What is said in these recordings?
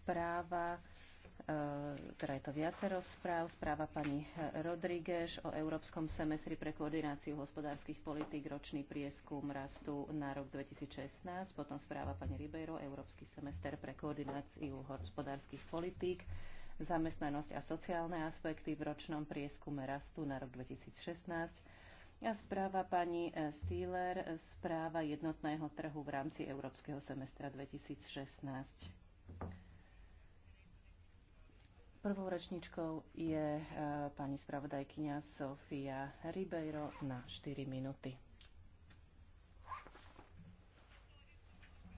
správa, e, teda je to viacero správ, správa pani Rodríguez o Európskom semestri pre koordináciu hospodárskych politík, ročný prieskum rastu na rok 2016, potom správa pani Ribeiro, Európsky semester pre koordináciu hospodárskych politík, zamestnanosť a sociálne aspekty v ročnom prieskume rastu na rok 2016, a správa pani e, Stieler, správa jednotného trhu v rámci Európskeho semestra 2016. Prvou rečničkou je e, pani spravodajkynia Sofia Ribeiro na 4 minúty.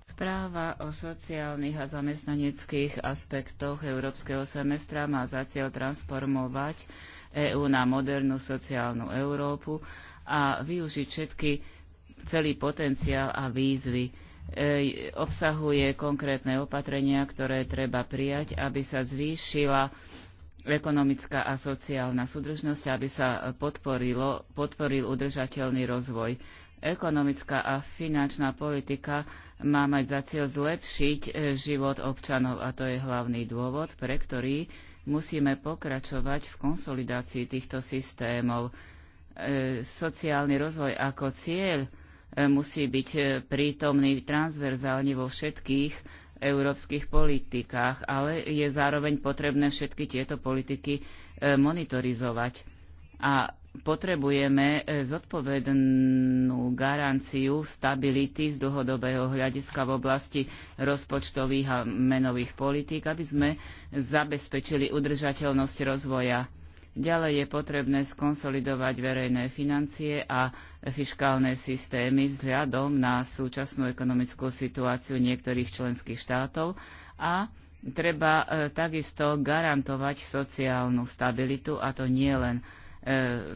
Správa o sociálnych a zamestnaneckých aspektoch európskeho semestra má za cieľ transformovať EÚ na modernú sociálnu Európu a využiť všetky celý potenciál a výzvy obsahuje konkrétne opatrenia, ktoré treba prijať, aby sa zvýšila ekonomická a sociálna súdržnosť, aby sa podporilo, podporil udržateľný rozvoj. Ekonomická a finančná politika má mať za cieľ zlepšiť e, život občanov a to je hlavný dôvod, pre ktorý musíme pokračovať v konsolidácii týchto systémov. E, sociálny rozvoj ako cieľ musí byť e, prítomný transverzálne vo všetkých európskych politikách, ale je zároveň potrebné všetky tieto politiky e, monitorizovať. A potrebujeme e, zodpovednú garanciu stability z dlhodobého hľadiska v oblasti rozpočtových a menových politík, aby sme zabezpečili udržateľnosť rozvoja. Ďalej je potrebné skonsolidovať verejné financie a fiskálne systémy vzhľadom na súčasnú ekonomickú situáciu niektorých členských štátov a treba e, takisto garantovať sociálnu stabilitu a to nie len e,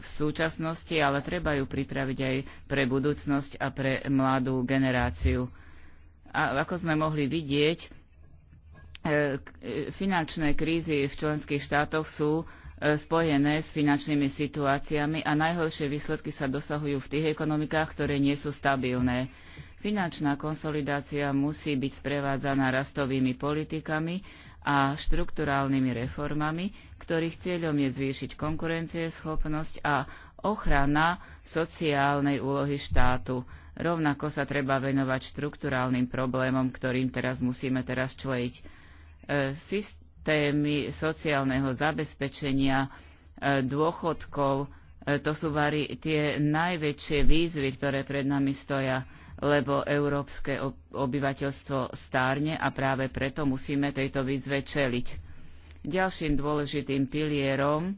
v súčasnosti, ale treba ju pripraviť aj pre budúcnosť a pre mladú generáciu. A ako sme mohli vidieť, e, e, finančné krízy v členských štátoch sú E, spojené s finančnými situáciami a najhoršie výsledky sa dosahujú v tých ekonomikách, ktoré nie sú stabilné. Finančná konsolidácia musí byť sprevádzaná rastovými politikami a štrukturálnymi reformami, ktorých cieľom je zvýšiť konkurencieschopnosť a ochrana sociálnej úlohy štátu. Rovnako sa treba venovať štrukturálnym problémom, ktorým teraz musíme teraz čeliť. E, témy sociálneho zabezpečenia, e, dôchodkov. E, to sú vari tie najväčšie výzvy, ktoré pred nami stoja, lebo európske obyvateľstvo stárne a práve preto musíme tejto výzve čeliť. Ďalším dôležitým pilierom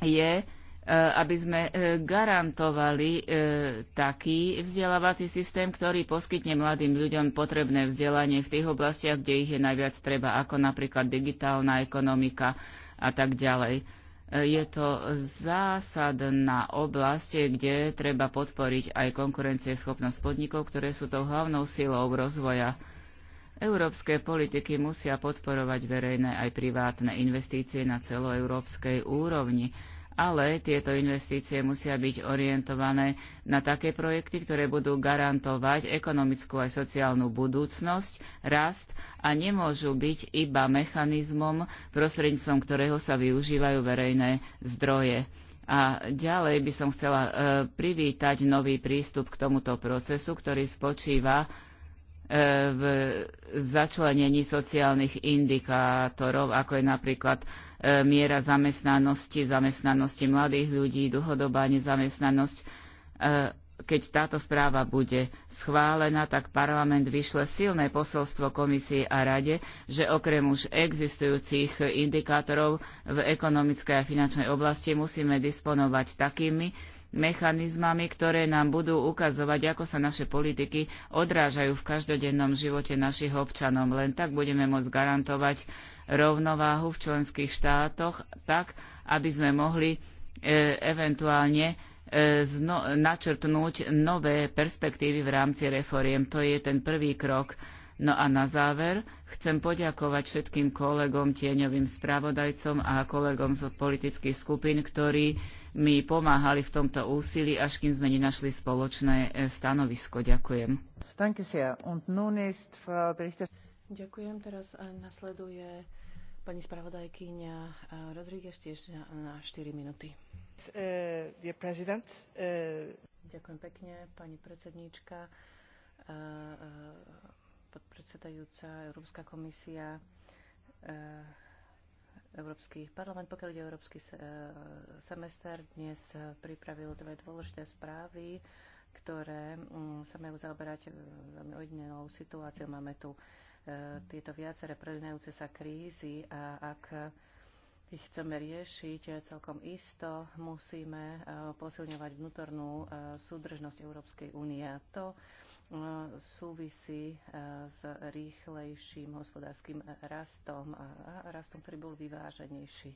je Eh, aby sme eh, garantovali eh, taký vzdelávací systém, ktorý poskytne mladým ľuďom potrebné vzdelanie v tých oblastiach, kde ich je najviac treba, ako napríklad digitálna ekonomika a tak ďalej. Je to zásadná oblasť, kde treba podporiť aj konkurencieschopnosť podnikov, ktoré sú tou hlavnou silou rozvoja. Európske politiky musia podporovať verejné aj privátne investície na celoeurópskej úrovni ale tieto investície musia byť orientované na také projekty, ktoré budú garantovať ekonomickú aj sociálnu budúcnosť, rast a nemôžu byť iba mechanizmom, prostredníctvom ktorého sa využívajú verejné zdroje. A ďalej by som chcela e, privítať nový prístup k tomuto procesu, ktorý spočíva E, v začlenení sociálnych indikátorov, ako je napríklad e, miera zamestnanosti, zamestnanosti mladých ľudí, dlhodobá nezamestnanosť. E, keď táto správa bude schválená, tak parlament vyšle silné posolstvo komisii a rade, že okrem už existujúcich indikátorov v ekonomickej a finančnej oblasti musíme disponovať takými, mechanizmami, ktoré nám budú ukazovať, ako sa naše politiky odrážajú v každodennom živote našich občanov. Len tak budeme môcť garantovať rovnováhu v členských štátoch, tak, aby sme mohli e, eventuálne e, zno, načrtnúť nové perspektívy v rámci reforiem. To je ten prvý krok. No a na záver chcem poďakovať všetkým kolegom, tieňovým spravodajcom a kolegom z politických skupín, ktorí mi pomáhali v tomto úsilí, až kým sme nenašli spoločné e, stanovisko. Ďakujem. Ďakujem. Teraz e, nasleduje pani spravodajkyňa e, Rodríguez tiež na 4 minúty. Eh, eh- Ďakujem pekne, pani predsedníčka, podpredsedajúca Európska komisia Európsky parlament, pokiaľ ide Európsky e, semester, dnes e, pripravil dve dôležité správy, ktoré mm, sa majú zaoberať e, veľmi ojedinelou situáciou. Máme tu tieto viaceré prelinajúce sa krízy a ak ich chceme riešiť eh, celkom isto, musíme eh, posilňovať vnútornú eh, súdržnosť Európskej únie. A to súvisí s rýchlejším hospodárskym rastom a rastom, ktorý bol vyváženejší.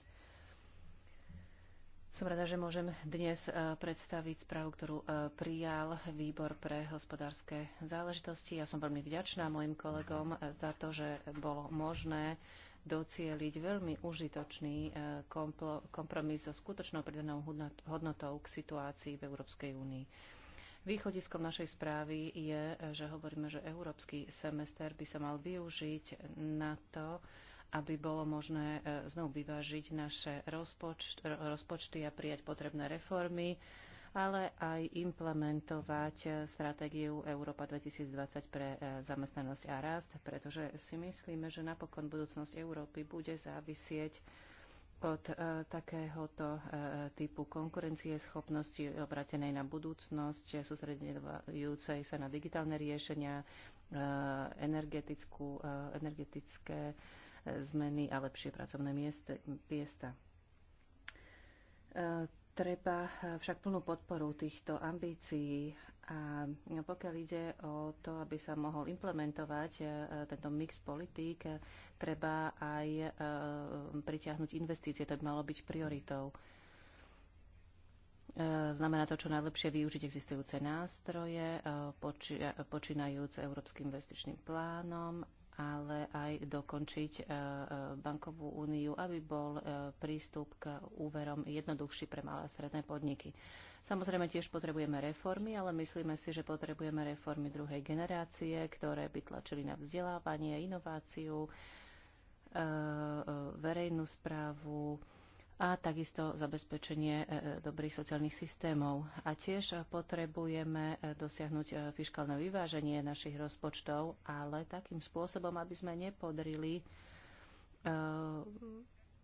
Som rada, že môžem dnes predstaviť správu, ktorú prijal Výbor pre hospodárske záležitosti. Ja som veľmi vďačná mojim kolegom za to, že bolo možné docieliť veľmi užitočný e, kompromis so skutočnou pridanou hodnotou k situácii v Európskej únii. Východiskom našej správy je, že hovoríme, že európsky semester by sa mal využiť na to, aby bolo možné e, znovu vyvážiť naše rozpočty a prijať potrebné reformy, ale aj implementovať eh, stratégiu Európa 2020 pre eh, zamestnanosť a rast, pretože si myslíme, že napokon budúcnosť Európy bude závisieť od eh, takéhoto typu konkurencie schopnosti obratenej na budúcnosť, sústredňujúcej sa na digitálne riešenia, energetickú, energetické zmeny a lepšie pracovné miesta. Treba eh, však plnú podporu týchto ambícií a pokiaľ ide o to, aby sa mohol implementovať eh, tento mix politík, eh, treba aj pritiahnuť investície, to by malo byť prioritou. Znamená to, čo najlepšie využiť existujúce nástroje, počínajúc Európskym investičným plánom ale aj dokončiť e, e, bankovú úniu, aby bol e, prístup k úverom jednoduchší pre malé a stredné podniky. Samozrejme tiež potrebujeme reformy, ale myslíme si, že potrebujeme reformy druhej generácie, ktoré by tlačili na vzdelávanie, inováciu, verejnú správu, a takisto zabezpečenie e, e, dobrých sociálnych systémov. A tiež potrebujeme e, dosiahnuť fiskálne vyváženie našich rozpočtov, ale takým spôsobom, aby sme nepodrili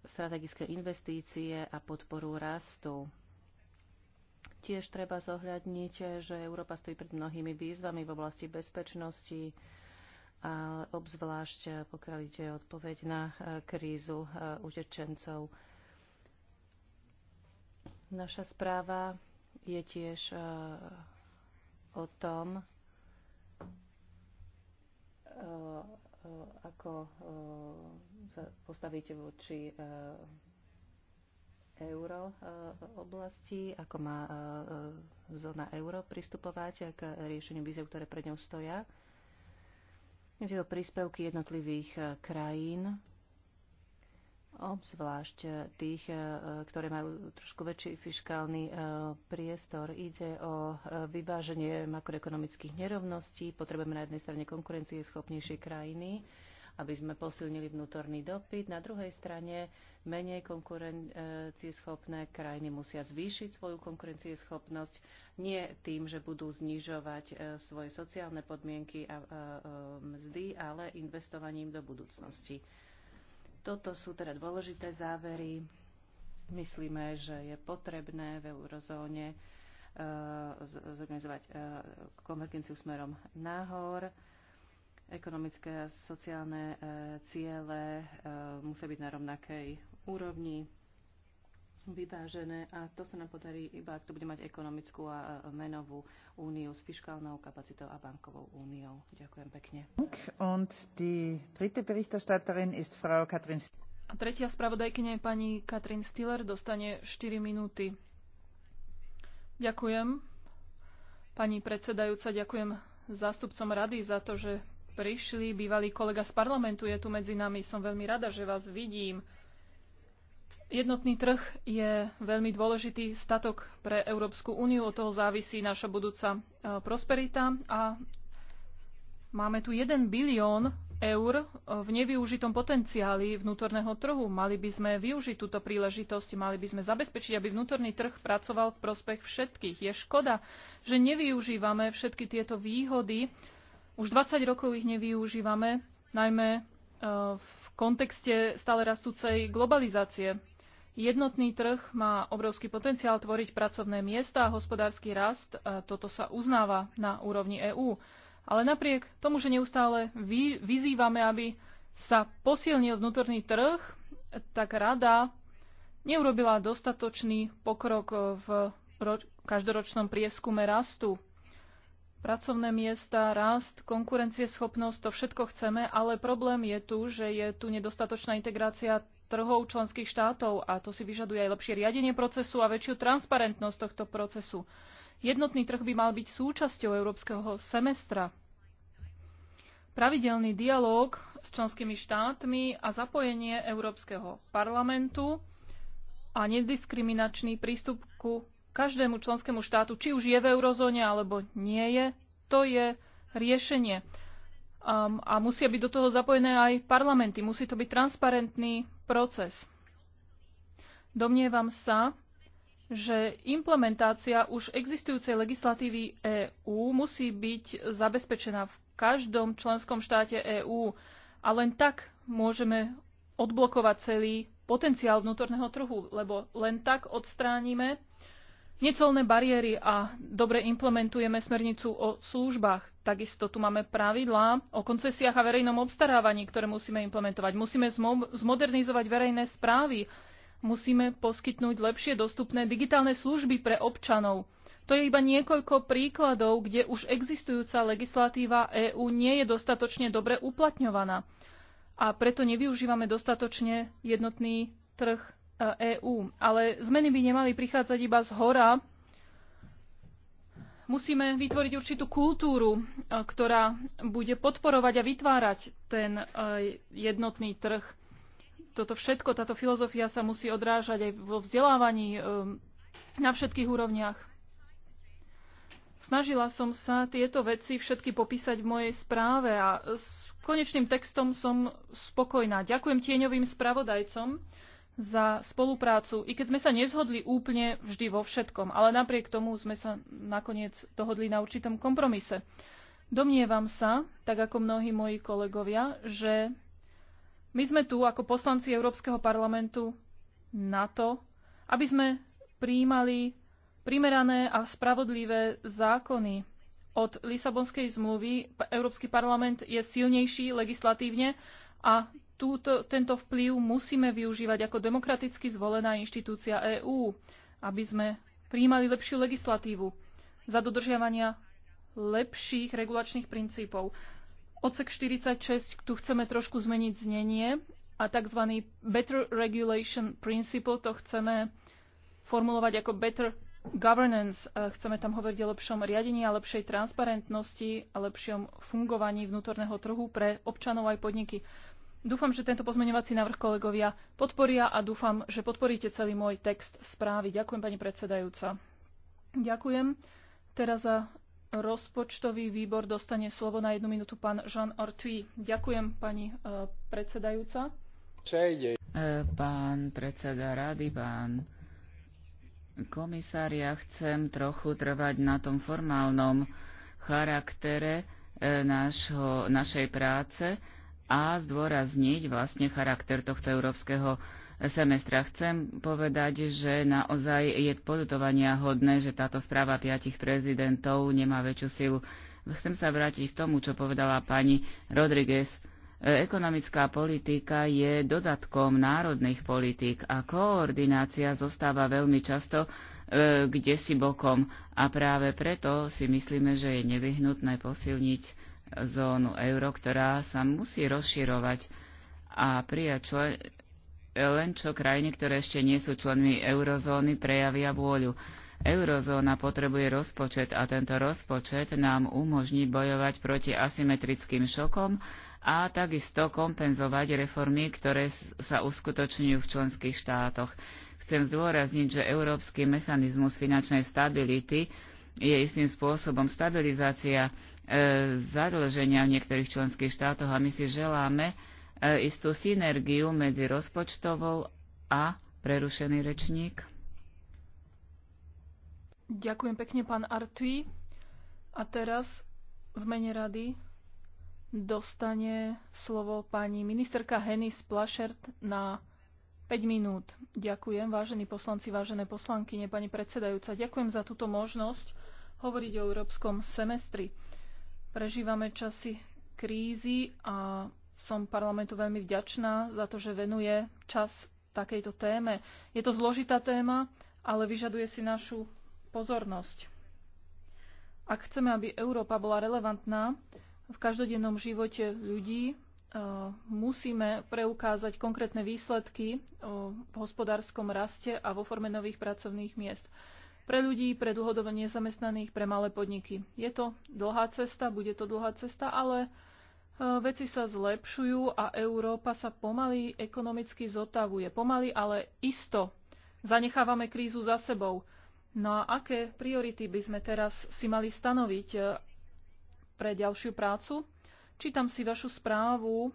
strategické investície a podporu rastu. Tiež treba zohľadniť, že Európa stojí pred mnohými výzvami v oblasti bezpečnosti, a obzvlášť pokiaľ ide odpoveď na krízu utečencov. Naša správa je tiež e, o tom, e, e, ako sa postavíte voči euro oblasti, ako má zóna euro pristupovať k riešeniu víziev, ktoré pred ňou stoja. Ide o príspevky jednotlivých krajín obzvlášť tých, e, ktoré majú trošku väčší fiskálny e, priestor. Ide o e, vyváženie makroekonomických nerovností. Potrebujeme na jednej strane konkurencie schopnejšie krajiny, aby sme posilnili vnútorný dopyt. Na druhej strane menej konkurencieschopné krajiny musia zvýšiť svoju konkurencieschopnosť nie tým, že budú znižovať svoje sociálne podmienky a mzdy, ale investovaním do budúcnosti. Toto sú teda dôležité závery. Myslíme, že je potrebné v eurozóne e, zorganizovať e, konvergenciu smerom nahor. Ekonomické a sociálne e, ciele musia byť na rovnakej úrovni vyvážené a to sa nám podarí iba, ak to bude mať ekonomickú a menovú úniu s fiskálnou kapacitou a bankovou úniou. Ďakujem pekne. Und die dritte Berichterstatterin ist Frau Katrin a tretia spravodajkynia je pani Katrin Stiller, dostane 4 minúty. Ďakujem. Pani predsedajúca, ďakujem zástupcom rady za to, že prišli. Bývalý kolega z parlamentu je tu medzi nami. Som veľmi rada, že vás vidím. Jednotný trh je veľmi dôležitý statok pre Európsku úniu, od toho závisí naša budúca e, prosperita a máme tu 1 bilión eur e, v nevyužitom potenciáli vnútorného trhu. Mali by sme využiť túto príležitosť, mali by sme zabezpečiť, aby vnútorný trh pracoval v prospech všetkých. Je škoda, že nevyužívame všetky tieto výhody. Už 20 rokov ich nevyužívame, najmä e, v kontekste stále rastúcej globalizácie. Jednotný trh má obrovský potenciál tvoriť pracovné miesta a hospodársky rast, a toto sa uznáva na úrovni EÚ. Ale napriek tomu, že neustále vy, vyzývame, aby sa posilnil vnútorný trh, tak rada neurobila dostatočný pokrok v každoročnom prieskume rastu. Pracovné miesta, rast, konkurencieschopnosť, to všetko chceme, ale problém je tu, že je tu nedostatočná integrácia trhov členských štátov a to si vyžaduje aj lepšie riadenie procesu a väčšiu transparentnosť tohto procesu. Jednotný trh by mal byť súčasťou európskeho semestra. Pravidelný dialóg s členskými štátmi a zapojenie Európskeho parlamentu a nediskriminačný prístup ku každému členskému štátu, či už je v eurozóne alebo nie je, to je riešenie. Um, a musia byť do toho zapojené aj parlamenty. Musí to byť transparentný proces. Domnievam sa, že implementácia už existujúcej legislatívy EÚ musí byť zabezpečená v každom členskom štáte EÚ a len tak môžeme odblokovať celý potenciál vnútorného trhu, lebo len tak odstránime necolné bariéry a dobre implementujeme smernicu o službách. Takisto tu máme pravidlá o koncesiách a verejnom obstarávaní, ktoré musíme implementovať. Musíme zmodernizovať verejné správy. Musíme poskytnúť lepšie dostupné digitálne služby pre občanov. To je iba niekoľko príkladov, kde už existujúca legislatíva EÚ nie je dostatočne dobre uplatňovaná. A preto nevyužívame dostatočne jednotný trh EÚ. E Ale zmeny by nemali prichádzať iba z hora. Musíme vytvoriť určitú kultúru, e, ktorá bude podporovať a vytvárať ten e, jednotný trh. Toto všetko, táto filozofia sa musí odrážať aj vo vzdelávaní na všetkých úrovniach. Snažila som sa tieto veci všetky popísať v mojej správe a s konečným textom som spokojná. Ďakujem tieňovým spravodajcom za spoluprácu, i keď sme sa nezhodli úplne vždy vo všetkom, ale napriek tomu sme sa nakoniec dohodli na určitom kompromise. Domnievam sa, tak ako mnohí moji kolegovia, že my sme tu ako poslanci Európskeho parlamentu na to, aby sme prijímali primerané a spravodlivé zákony. Od Lisabonskej zmluvy Európsky parlament je silnejší legislatívne a túto, tento vplyv musíme využívať ako demokraticky zvolená inštitúcia EÚ, aby sme prijímali lepšiu legislatívu za dodržiavania lepších regulačných princípov. Odsek 46, tu chceme trošku zmeniť znenie a tzv. Better Regulation Principle, to chceme formulovať ako Better Governance. E, chceme tam hovoriť o lepšom riadení a lepšej transparentnosti a lepšom fungovaní vnútorného trhu pre občanov aj podniky. Dúfam, že tento pozmeňovací návrh kolegovia podporia a dúfam, že podporíte celý môj text správy. Ďakujem, pani predsedajúca. Ďakujem. Teraz za rozpočtový výbor dostane slovo na jednu minútu pán Jean Ortuy. Ďakujem, pani e, predsedajúca. E, pán predseda rady, pán komisár, ja chcem trochu trvať na tom formálnom charaktere e, našho, našej práce a zdôrazniť vlastne charakter tohto európskeho semestra. Chcem povedať, že naozaj je podutovania hodné, že táto správa piatich prezidentov nemá väčšiu silu. Chcem sa vrátiť k tomu, čo povedala pani Rodriguez. E, ekonomická politika je dodatkom národných politík a koordinácia zostáva veľmi často e, kde si bokom a práve preto si myslíme, že je nevyhnutné posilniť zónu euro, ktorá sa musí rozširovať a prijať člen, len čo krajiny, ktoré ešte nie sú členmi eurozóny, prejavia vôľu. Eurozóna potrebuje rozpočet a tento rozpočet nám umožní bojovať proti asymetrickým šokom a takisto kompenzovať reformy, ktoré sa uskutočňujú v členských štátoch. Chcem zdôrazniť, že Európsky mechanizmus finančnej stability je istým spôsobom stabilizácia zadlženia v niektorých členských štátoch a my si želáme e, istú synergiu medzi rozpočtovou a prerušený rečník. Ďakujem pekne, pán Artui. A teraz v mene rady dostane slovo pani ministerka Henny Splašert na 5 minút. Ďakujem, vážení poslanci, vážené poslankyne, pani predsedajúca. Ďakujem za túto možnosť hovoriť o európskom semestri. Prežívame časy krízy a som parlamentu veľmi vďačná za to, že venuje čas takejto téme. Je to zložitá téma, ale vyžaduje si našu pozornosť. Ak chceme, aby Európa bola relevantná v každodennom živote ľudí, e, musíme preukázať konkrétne výsledky e, v hospodárskom raste a vo forme nových pracovných miest pre ľudí, pre dlhodobo nezamestnaných, pre malé podniky. Je to dlhá cesta, bude to dlhá cesta, ale e, veci sa zlepšujú a Európa sa pomaly ekonomicky zotavuje. Pomaly, ale isto. Zanechávame krízu za sebou. No a aké priority by sme teraz si mali stanoviť e, pre ďalšiu prácu? Čítam si vašu správu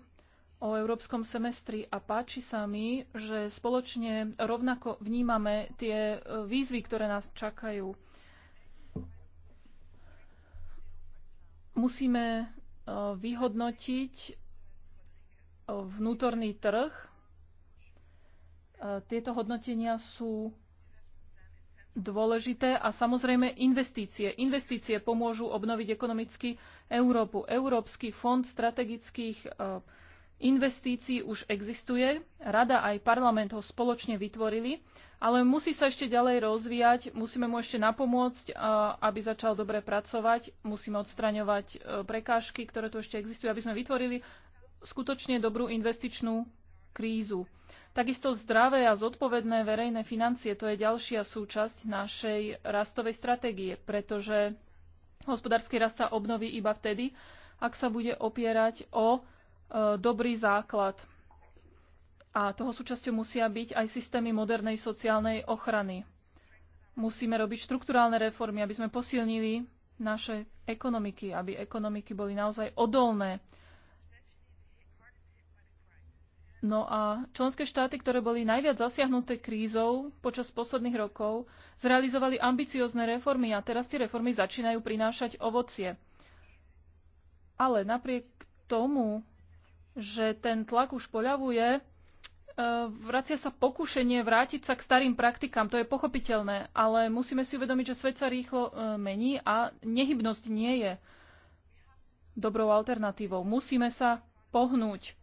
o európskom semestri a páči sa mi, že spoločne rovnako vnímame tie e, výzvy, ktoré nás čakajú. Musíme e, vyhodnotiť e, vnútorný trh. Tieto hodnotenia sú dôležité a samozrejme investície. Investície pomôžu obnoviť ekonomicky Európu. Európsky fond strategických investícií už existuje, rada aj parlament ho spoločne vytvorili, ale musí sa ešte ďalej rozvíjať, musíme mu ešte napomôcť, aby začal dobre pracovať, musíme odstraňovať e, prekážky, ktoré tu ešte existujú, aby sme vytvorili skutočne dobrú investičnú krízu. Takisto zdravé a zodpovedné verejné financie, to je ďalšia súčasť našej rastovej stratégie, pretože hospodársky rast sa obnoví iba vtedy, ak sa bude opierať o E, dobrý základ. A toho súčasťou musia byť aj systémy modernej sociálnej ochrany. Musíme robiť štruktúrálne reformy, aby sme posilnili naše ekonomiky, aby ekonomiky boli naozaj odolné. No a členské štáty, ktoré boli najviac zasiahnuté krízou počas posledných rokov, zrealizovali ambiciozne reformy a teraz tie reformy začínajú prinášať ovocie. Ale napriek tomu že ten tlak už poľavuje, e, vracia sa pokušenie vrátiť sa k starým praktikám. To je pochopiteľné, ale musíme si uvedomiť, že svet sa rýchlo e, mení a nehybnosť nie je dobrou alternatívou. Musíme sa pohnúť.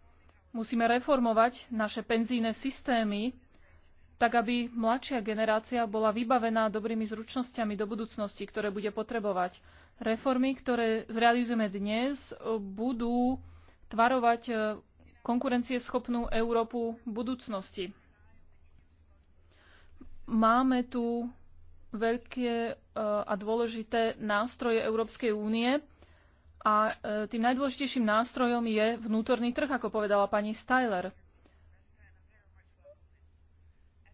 Musíme reformovať naše penzíne systémy, tak aby mladšia generácia bola vybavená dobrými zručnosťami do budúcnosti, ktoré bude potrebovať. Reformy, ktoré zrealizujeme dnes, e, budú tvarovať e, konkurencieschopnú Európu budúcnosti. Máme tu veľké e, a dôležité nástroje Európskej únie a e, tým najdôležitejším nástrojom je vnútorný trh, ako povedala pani Styler.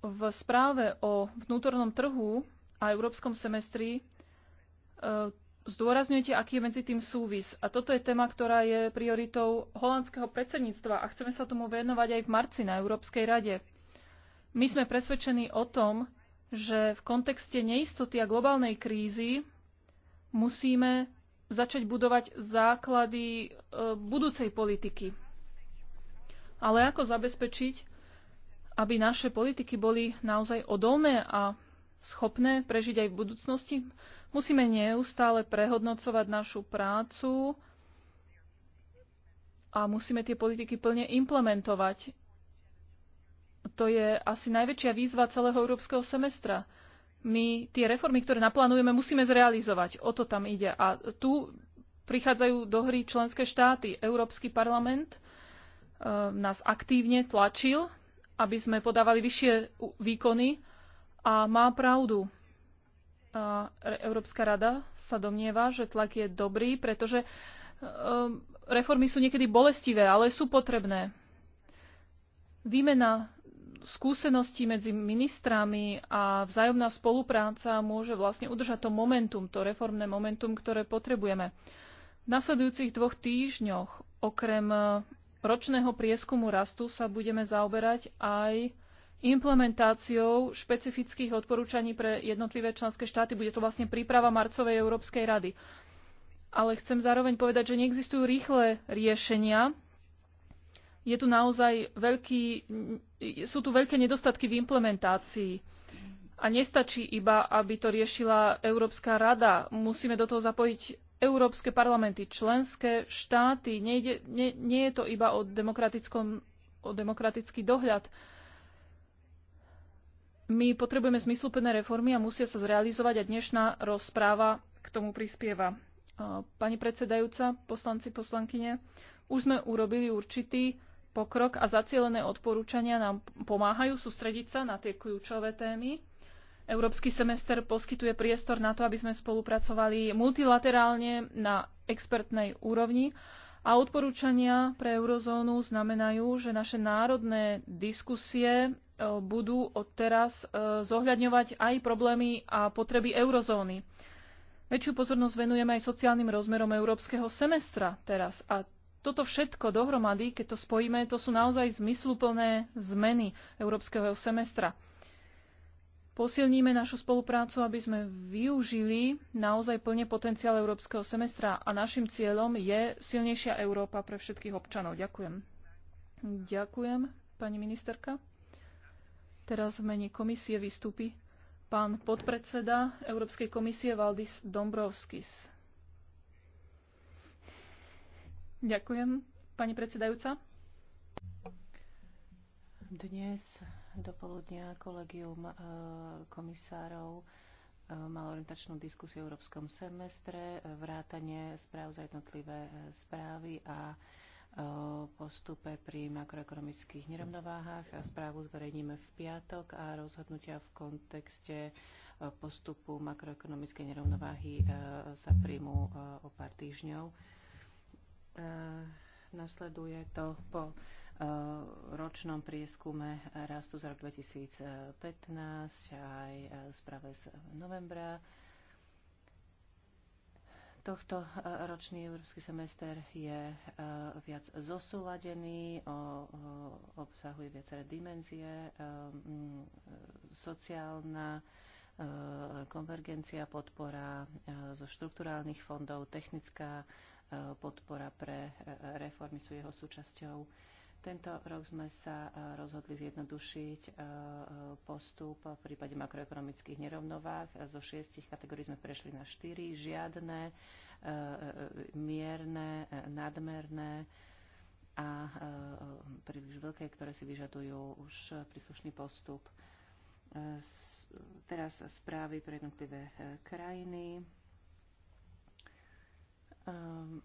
V správe o vnútornom trhu a európskom semestri zdôrazňujete, aký je medzi tým súvis. A toto je téma, ktorá je prioritou holandského predsedníctva a chceme sa tomu venovať aj v marci na Európskej rade. My sme presvedčení o tom, že v kontexte neistoty a globálnej krízy musíme začať budovať základy e, budúcej politiky. Ale ako zabezpečiť, aby naše politiky boli naozaj odolné a schopné prežiť aj v budúcnosti? Musíme neustále prehodnocovať našu prácu a musíme tie politiky plne implementovať. To je asi najväčšia výzva celého európskeho semestra. My tie reformy, ktoré naplánujeme, musíme zrealizovať. O to tam ide. A tu prichádzajú do hry členské štáty. Európsky parlament e, nás aktívne tlačil, aby sme podávali vyššie výkony a má pravdu. Európska rada sa domnieva, že tlak je dobrý, pretože um, reformy sú niekedy bolestivé, ale sú potrebné. Výmena skúseností medzi ministrami a vzájomná spolupráca môže vlastne udržať to momentum, to reformné momentum, ktoré potrebujeme. V nasledujúcich dvoch týždňoch okrem uh, ročného prieskumu rastu sa budeme zaoberať aj implementáciou špecifických odporúčaní pre jednotlivé členské štáty. Bude to vlastne príprava marcovej Európskej rady. Ale chcem zároveň povedať, že neexistujú rýchle riešenia. Je tu naozaj veľký, sú tu veľké nedostatky v implementácii. A nestačí iba, aby to riešila Európska rada. Musíme do toho zapojiť európske parlamenty, členské štáty. Nejde, nie, nie je to iba o, demokratickom, o demokratický dohľad. Uh, my potrebujeme zmysluplné reformy a musia sa zrealizovať a dnešná rozpráva k tomu prispieva. Pani predsedajúca, poslanci, poslankyne, už sme urobili určitý pokrok a zacielené odporúčania nám pomáhajú sústrediť sa na tie kľúčové témy. Európsky semester poskytuje priestor na to, aby sme spolupracovali multilaterálne na expertnej úrovni a odporúčania pre eurozónu znamenajú, že naše národné diskusie E, budú odteraz e, zohľadňovať aj problémy a potreby eurozóny. Väčšiu pozornosť venujeme aj sociálnym rozmerom európskeho semestra teraz. A toto všetko dohromady, keď to spojíme, to sú naozaj zmysluplné zmeny európskeho semestra. Posilníme našu spoluprácu, aby sme využili naozaj plne potenciál európskeho semestra a našim cieľom je silnejšia Európa pre všetkých občanov. Ďakujem. Ďakujem, pani ministerka. Teraz v mene komisie vystúpi pán podpredseda Európskej komisie Valdis Dombrovskis. Ďakujem, pani predsedajúca. Dnes do poludnia kolegium e, komisárov e, mal orientačnú diskusiu v európskom semestre, e, vrátanie správ za jednotlivé správy a o postupe pri makroekonomických nerovnováhach a správu zverejníme v piatok a rozhodnutia v kontexte e, postupu makroekonomickej nerovnováhy e, sa príjmú e, o pár týždňov. Nasleduje to po ročnom prieskume rastu za rok 2015 aj správe z novembra tohto eh, ročný európsky semester je eh, viac zosúladený, obsahuje viaceré dimenzie, eh, mm, sociálna konvergencia, podpora zo štrukturálnych fondov, technická podpora pre reformy sú jeho súčasťou tento rok sme sa e, rozhodli zjednodušiť e, e, postup v prípade makroekonomických nerovnovách. Zo šiestich kategórií sme prešli na štyri. Žiadne, mierne, nadmerné a príliš veľké, ktoré si vyžadujú už príslušný postup. Teraz správy pre jednotlivé krajiny ehm,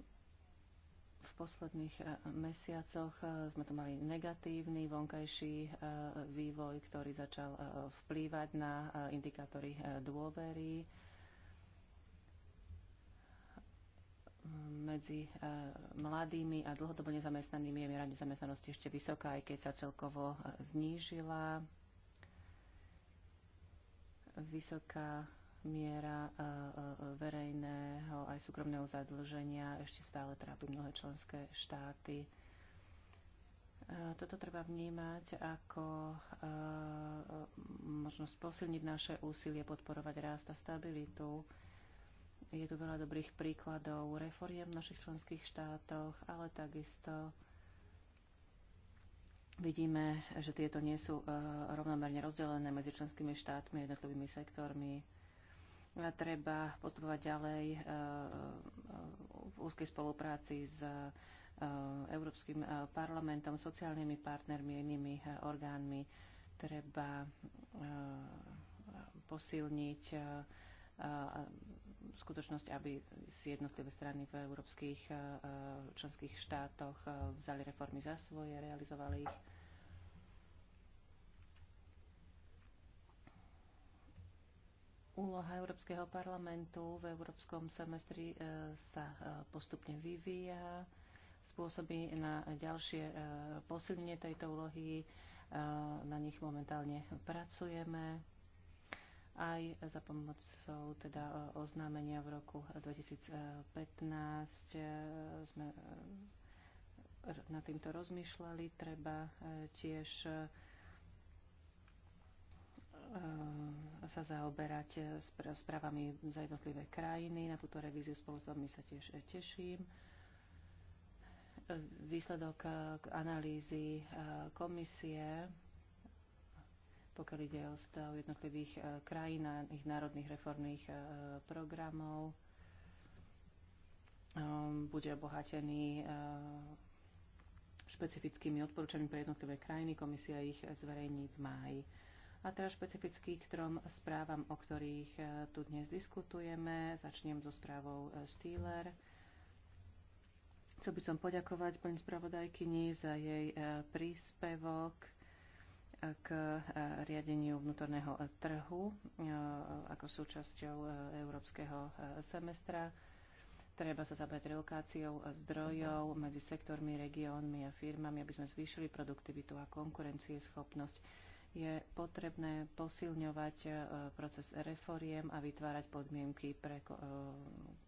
posledných e, mesiacoch e, sme tu mali negatívny vonkajší e, vývoj, ktorý začal vplývať na indikátory dôvery medzi mladými a dlhodobo nezamestnanými je miera nezamestnanosti ešte vysoká, aj keď sa celkovo znížila. Vysoká miera verejného aj súkromného zadlženia ešte stále trápi mnohé členské štáty. Toto treba vnímať ako možnosť posilniť naše úsilie, podporovať rast a stabilitu. Je tu veľa dobrých príkladov reforiem v našich členských štátoch, ale takisto vidíme, že tieto nie sú rovnomerne rozdelené medzi členskými štátmi a jednotlivými sektormi treba postupovať ďalej eh, eh, v úzkej spolupráci s eh, Európskym parlamentom, sociálnymi partnermi, inými orgánmi. Treba posilniť skutočnosť, aby si jednotlivé strany v európskych členských štátoch vzali reformy za svoje, realizovali ich Úloha Európskeho parlamentu v Európskom semestri e, sa e, postupne vyvíja, spôsoby na ďalšie e, posilnenie tejto úlohy, na nich momentálne pracujeme aj za pomocou teda oznámenia v roku 2015 sme na týmto rozmýšľali. Treba tiež sa zaoberať e, správami za jednotlivé krajiny. Na túto revíziu spolu s vami sa tiež e, teším. E, výsledok analýzy komisie, pokiaľ ide o stav jednotlivých krajín a ich národných reformných programov, bude obohatený špecifickými odporúčaniami pre jednotlivé krajiny. Komisia ich zverejní v máji. A teraz špecificky k trom správam, o ktorých e, tu dnes diskutujeme. Začnem so správou e, Steeler. Chcel by som poďakovať pani spravodajkyni za jej e, príspevok k riadeniu vnútorného trhu ako súčasťou európskeho semestra. Treba sa zabrať relokáciou zdrojov medzi sektormi, regiónmi a firmami, aby sme zvýšili produktivitu a konkurencieschopnosť je potrebné posilňovať e, proces reforiem a vytvárať podmienky pre e,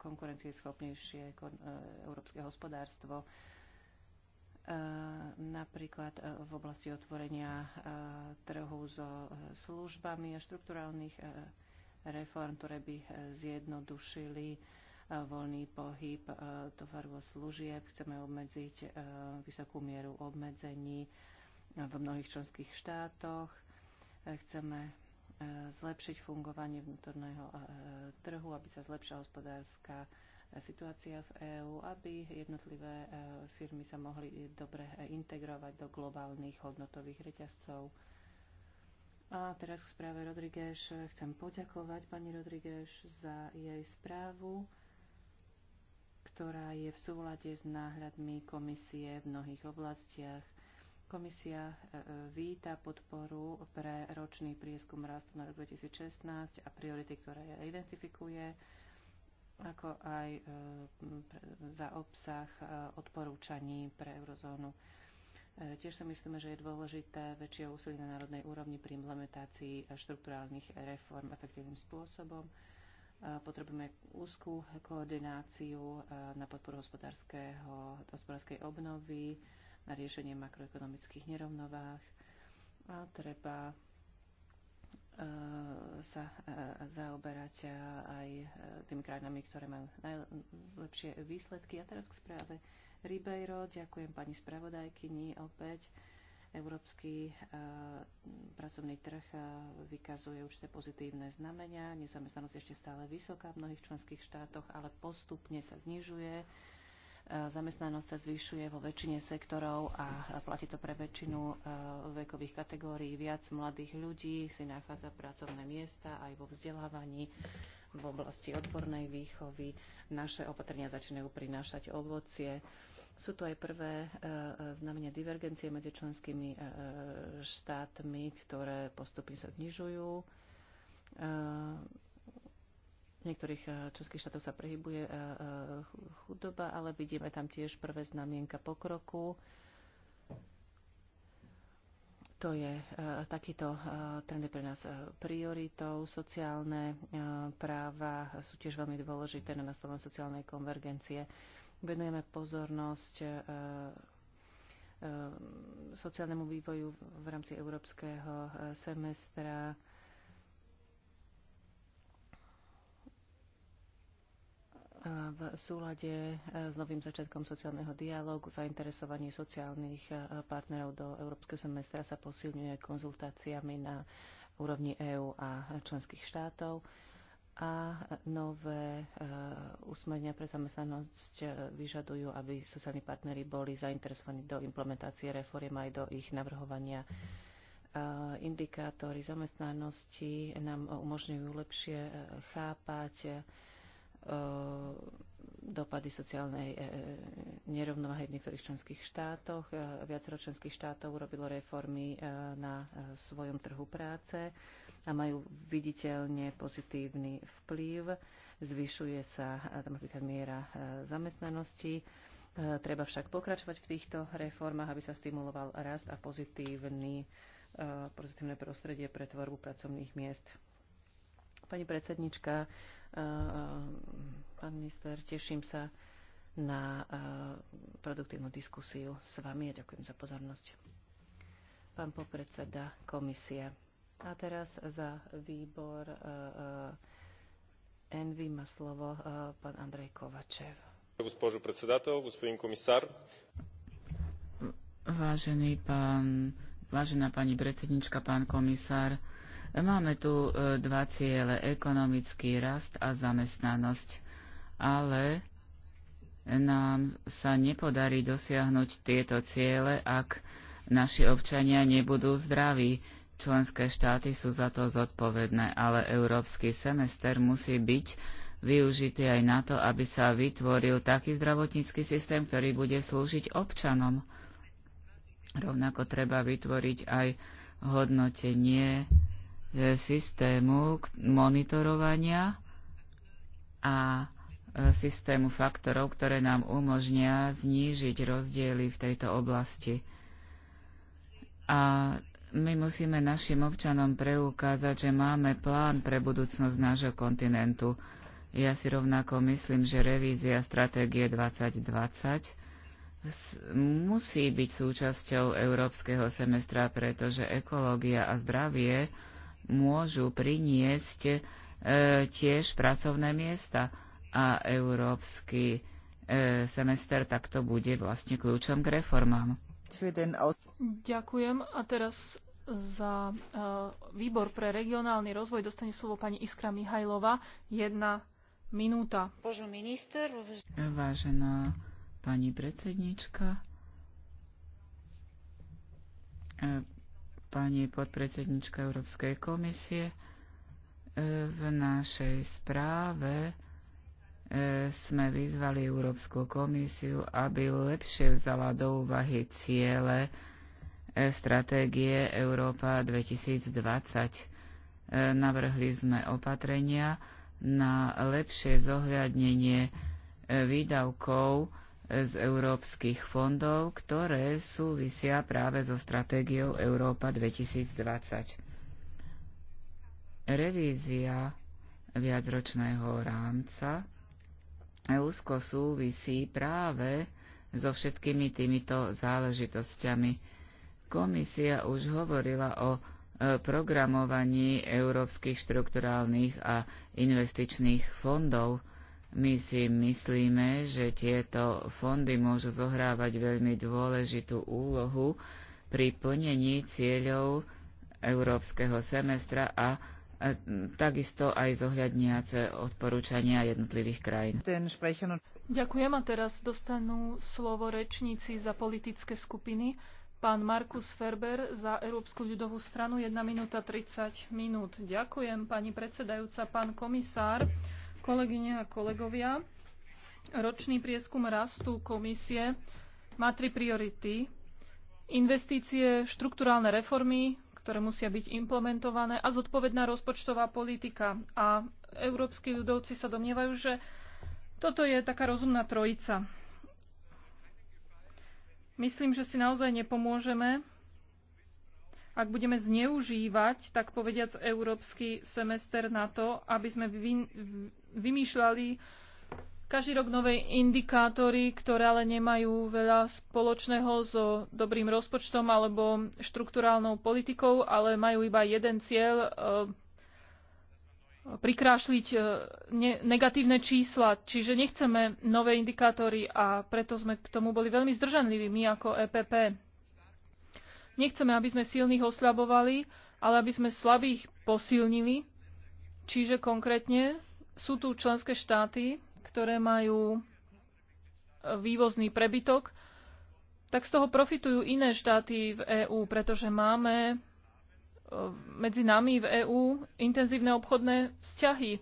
konkurencieschopnejšie e, európske hospodárstvo, napríklad v oblasti otvorenia trhu so službami a štrukturálnych reform, ktoré by zjednodušili voľný pohyb tovaru a služieb. Chceme obmedziť vysokú mieru obmedzení v mnohých členských štátoch. E, chceme e, zlepšiť fungovanie vnútorného e, trhu, aby sa zlepšila hospodárska situácia v EÚ, aby jednotlivé firmy sa mohli dobre integrovať do globálnych hodnotových reťazcov. A teraz k správe Rodriguez. Chcem poďakovať pani Rodriguez za jej správu, ktorá je v súlade s náhľadmi komisie v mnohých oblastiach. Komisia e, e, víta podporu pre ročný prieskum rastu na rok 2016 a priority, ktoré identifikuje, ako aj e, za obsah odporúčaní pre eurozónu. Tiež sa myslíme, že je dôležité väčšie úsilie na národnej úrovni pri implementácii štruktúrálnych reform efektívnym spôsobom. Potrebujeme úzkú koordináciu na podporu hospodárskej obnovy, na riešenie makroekonomických nerovnováh a treba e, sa e, zaoberať aj e, tými krajinami, ktoré majú najlepšie výsledky. A teraz k správe Ribeiro. Ďakujem pani spravodajkyni opäť. Európsky pracovný trh vykazuje určité pozitívne znamenia. Nezamestnanosť je ešte stále vysoká v mnohých členských štátoch, ale postupne sa znižuje Zamestnanosť sa zvyšuje vo väčšine sektorov a platí to pre väčšinu e, vekových kategórií. Viac mladých ľudí si nachádza pracovné miesta aj vo vzdelávaní v oblasti odbornej výchovy. Naše opatrenia začínajú prinášať ovocie. Sú tu aj prvé e, e, znamenia divergencie medzi členskými štátmi, ktoré postupne sa znižujú v niektorých eh, českých štátoch sa prehybuje eh, eh, chudoba, ale vidíme tam tiež prvé znamienka pokroku. To je takýto trend je pre nás prioritou. Sociálne práva sú tiež veľmi dôležité na nastavení sociálnej konvergencie. Venujeme pozornosť sociálnemu vývoju v rámci európskeho semestra v súlade e, s novým začiatkom sociálneho dialógu zainteresovanie sociálnych e, partnerov do Európskeho semestra sa posilňuje konzultáciami na úrovni EÚ a členských štátov a nové e, usmernia pre zamestnanosť vyžadujú, aby sociálni partnery boli zainteresovaní do implementácie reforiem aj do ich navrhovania indikátory zamestnanosti nám umožňujú lepšie chápať E, dopady sociálnej e, e, nerovnováhy v niektorých členských štátoch. Viacero členských štátov urobilo reformy na svojom trhu práce a majú viditeľne pozitívny vplyv. Zvyšuje sa napríklad miera zamestnanosti. Treba však pokračovať v týchto reformách, aby sa stimuloval rast a pozitívny, pozitívne prostredie pre tvorbu pracovných miest. Pani predsednička, e, e, pán minister, teším sa na e, produktívnu diskusiu s vami a ďakujem za pozornosť. Pán popredseda komisie. A teraz za výbor Envy má slovo pán Andrej Kovačev. Госпожо председател, gospodin komisár. Vážený pán, vážená pani predsednička, pán komisár, Máme tu e, dva ciele, ekonomický rast a zamestnanosť, ale nám sa nepodarí dosiahnuť tieto ciele, ak naši občania nebudú zdraví. Členské štáty sú za to zodpovedné, ale európsky semester musí byť využitý aj na to, aby sa vytvoril taký zdravotnícky systém, ktorý bude slúžiť občanom. Rovnako treba vytvoriť aj hodnotenie E, systému monitorovania a e, systému faktorov, ktoré nám umožnia znížiť rozdiely v tejto oblasti. A my musíme našim občanom preukázať, že máme plán pre budúcnosť nášho kontinentu. Ja si rovnako myslím, že revízia stratégie 2020 musí byť súčasťou európskeho semestra, pretože ekológia a zdravie môžu priniesť e, tiež pracovné miesta a európsky e, semester takto bude vlastne kľúčom k reformám. Ďakujem a teraz za e, výbor pre regionálny rozvoj dostane slovo pani Iskra Mihajlova. Jedna minúta. Vážená pani predsednička, e, pani podpredsednička Európskej komisie. E, v našej správe e, sme vyzvali Európsku komisiu, aby lepšie vzala do úvahy ciele e, stratégie Európa 2020. Navrhli sme opatrenia na lepšie zohľadnenie výdavkov z európskych fondov, ktoré súvisia práve so stratégiou Európa 2020. Revízia viacročného rámca úzko súvisí práve so všetkými týmito záležitosťami. Komisia už hovorila o e, programovaní európskych štrukturálnych a investičných fondov. My si myslíme, že tieto fondy môžu zohrávať veľmi dôležitú úlohu pri plnení cieľov európskeho semestra a takisto aj zohľadniace odporúčania jednotlivých krajín. Ďakujem a teraz dostanú slovo rečníci za politické skupiny. Pán Markus Ferber za Európsku ľudovú stranu 1 minúta 30 minút. Ďakujem, pani predsedajúca, pán komisár. Kolegyne a kolegovia, ročný prieskum rastu komisie má tri priority. Investície, štruktúrálne reformy, ktoré musia byť implementované a zodpovedná rozpočtová politika. A európsky ľudovci sa domnievajú, že toto je taká rozumná trojica. Myslím, že si naozaj nepomôžeme, ak budeme zneužívať, tak povediac, európsky semester na to, aby sme vymýšľali každý rok nové indikátory, ktoré ale nemajú veľa spoločného so dobrým rozpočtom alebo štruktúrálnou politikou, ale majú iba jeden cieľ e, prikrášliť e, negatívne čísla. Čiže nechceme nové indikátory a preto sme k tomu boli veľmi zdržanliví my ako EPP. Nechceme, aby sme silných oslabovali, ale aby sme slabých posilnili. Čiže konkrétne sú tu členské štáty, ktoré majú e, vývozný prebytok, tak z toho profitujú iné štáty v EÚ, pretože máme e, medzi nami v EÚ intenzívne obchodné vzťahy.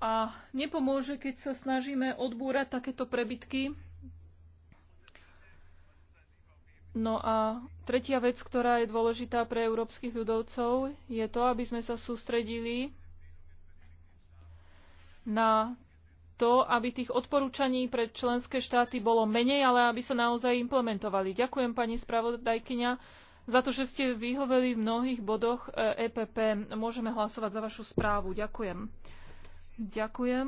A nepomôže, keď sa snažíme odbúrať takéto prebytky No a tretia vec, ktorá je dôležitá pre európskych ľudovcov, je to, aby sme sa sústredili na to, aby tých odporúčaní pre členské štáty bolo menej, ale aby sa naozaj implementovali. Ďakujem pani spravodajkyňa za to, že ste vyhoveli v mnohých bodoch EPP. E Môžeme hlasovať za vašu správu. Ďakujem. Ďakujem.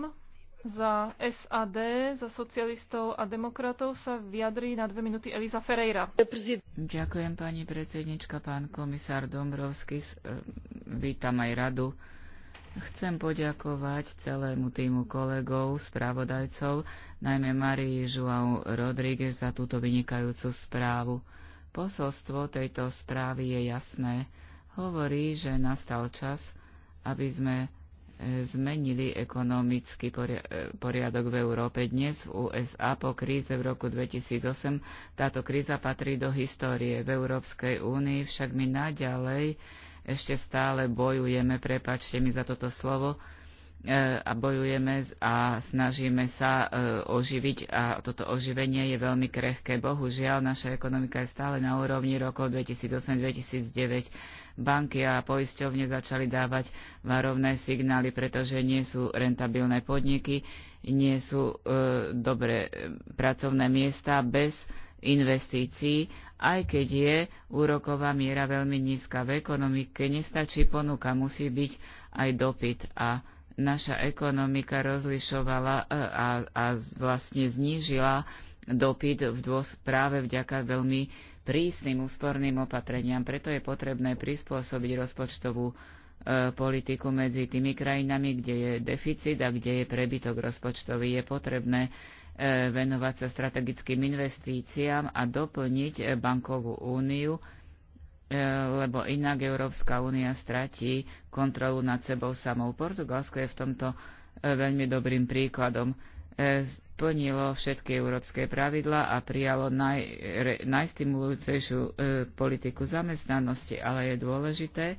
Za SAD, za socialistov a demokratov sa vyjadrí na dve minúty Eliza Ferreira. Ďakujem pani predsednička, pán komisár Dombrovský. E, vítam aj radu. Chcem poďakovať celému týmu kolegov, správodajcov, najmä Marii Žuau Rodríguez za túto vynikajúcu správu. Posolstvo tejto správy je jasné. Hovorí, že nastal čas, aby sme zmenili ekonomický e, poriadok v Európe. Dnes v USA po kríze v roku 2008 táto kríza patrí do histórie. V Európskej únii však my naďalej ešte stále bojujeme, prepačte mi za toto slovo, E, a bojujeme a snažíme sa e, oživiť a toto oživenie je veľmi krehké. Bohužiaľ, naša ekonomika je stále na úrovni rokov 2008-2009. Banky a poisťovne začali dávať varovné signály, pretože nie sú rentabilné podniky, nie sú e, dobré pracovné miesta bez investícií, aj keď je úroková miera veľmi nízka v ekonomike, nestačí ponuka, musí byť aj dopyt a naša ekonomika rozlišovala e, a, a vlastne znížila dopyt v dôs- práve vďaka veľmi prísnym úsporným opatreniam. Preto je potrebné prispôsobiť rozpočtovú e, politiku medzi tými krajinami, kde je deficit a kde je prebytok rozpočtový. Je potrebné e, venovať sa strategickým investíciám a doplniť e, bankovú úniu E, lebo inak Európska únia stratí kontrolu nad sebou samou. Portugalsko je v tomto e, veľmi dobrým príkladom. E, Plnilo všetky európske pravidla a prijalo naj, najstimulujúcejšiu politiku zamestnanosti, ale je dôležité,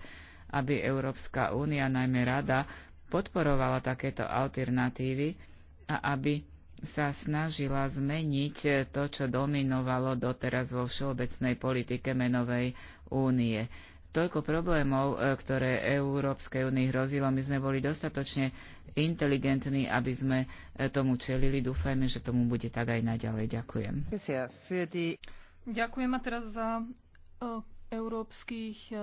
aby Európska únia, najmä rada, podporovala takéto alternatívy a aby sa snažila zmeniť to, čo dominovalo doteraz vo všeobecnej politike menovej únie. Toľko problémov, e, ktoré Európskej únii hrozilo, my sme boli dostatočne inteligentní, aby sme e, tomu čelili. Dúfajme, že tomu bude tak aj naďalej. Ďakujem. Ďakujem a teraz za e, európskych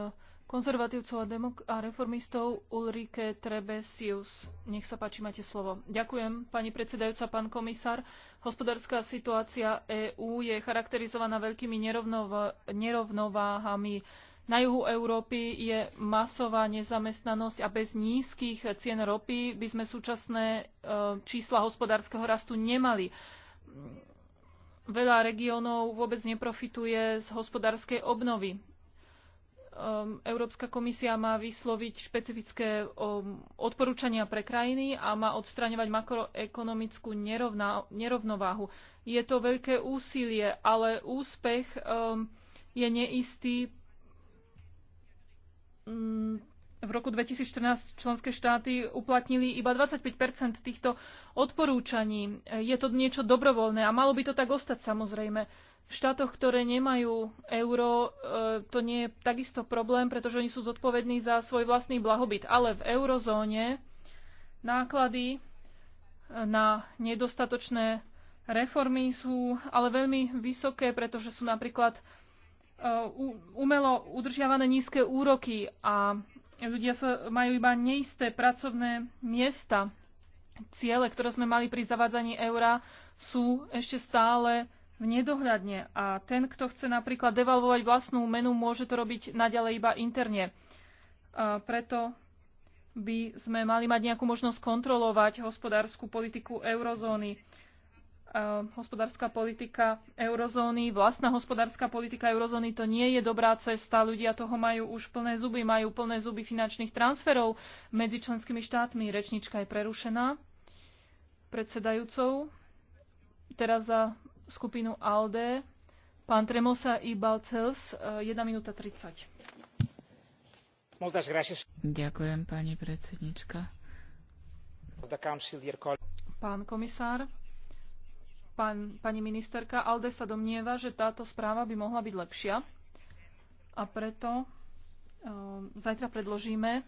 konzervatívcov a, demok- a reformistov Ulrike Trebesius. Nech sa páči, máte slovo. Ďakujem, pani predsedajúca, pán komisár. Hospodárska situácia EÚ je charakterizovaná veľkými nerovnov- nerovnováhami. Na juhu Európy je masová nezamestnanosť a bez nízkych cien ropy by sme súčasné e, čísla hospodárskeho rastu nemali. Veľa regiónov vôbec neprofituje z hospodárskej obnovy um, Európska komisia má vysloviť špecifické um, odporúčania pre krajiny a má odstraňovať makroekonomickú nerovná, nerovnováhu. Je to veľké úsilie, ale úspech um, je neistý. Um, v roku 2014 členské štáty uplatnili iba 25 týchto odporúčaní. Je to niečo dobrovoľné a malo by to tak ostať samozrejme. V štátoch, ktoré nemajú euro, e, to nie je takisto problém, pretože oni sú zodpovední za svoj vlastný blahobyt. Ale v eurozóne náklady e, na nedostatočné reformy sú ale veľmi vysoké, pretože sú napríklad e, umelo udržiavané nízke úroky a ľudia sa majú iba neisté pracovné miesta. Ciele, ktoré sme mali pri zavádzaní eura, sú ešte stále v nedohľadne. A ten, kto chce napríklad devalvovať vlastnú menu, môže to robiť naďalej iba interne. A preto by sme mali mať nejakú možnosť kontrolovať hospodárskú politiku eurozóny. A hospodárska politika eurozóny, vlastná hospodárska politika eurozóny to nie je dobrá cesta. Ľudia toho majú už plné zuby, majú plné zuby finančných transferov medzi členskými štátmi. Rečnička je prerušená predsedajúcou. Teraz za skupinu ALDE. Pán Tremosa i Balcels, 1 e, minúta 30. Ďakujem, pani predsednička. Pán komisár, pán, pani ministerka, ALDE sa domnieva, že táto správa by mohla byť lepšia a preto um, zajtra predložíme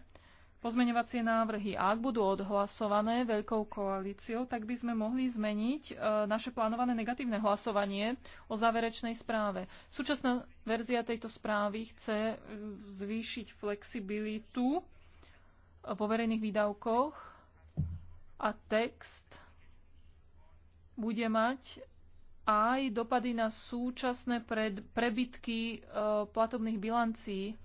pozmeňovacie návrhy. A ak budú odhlasované veľkou koalíciou, tak by sme mohli zmeniť e, naše plánované negatívne hlasovanie o záverečnej správe. Súčasná verzia tejto správy chce e, zvýšiť flexibilitu e, vo verejných výdavkoch a text bude mať aj dopady na súčasné prebytky platobných bilancií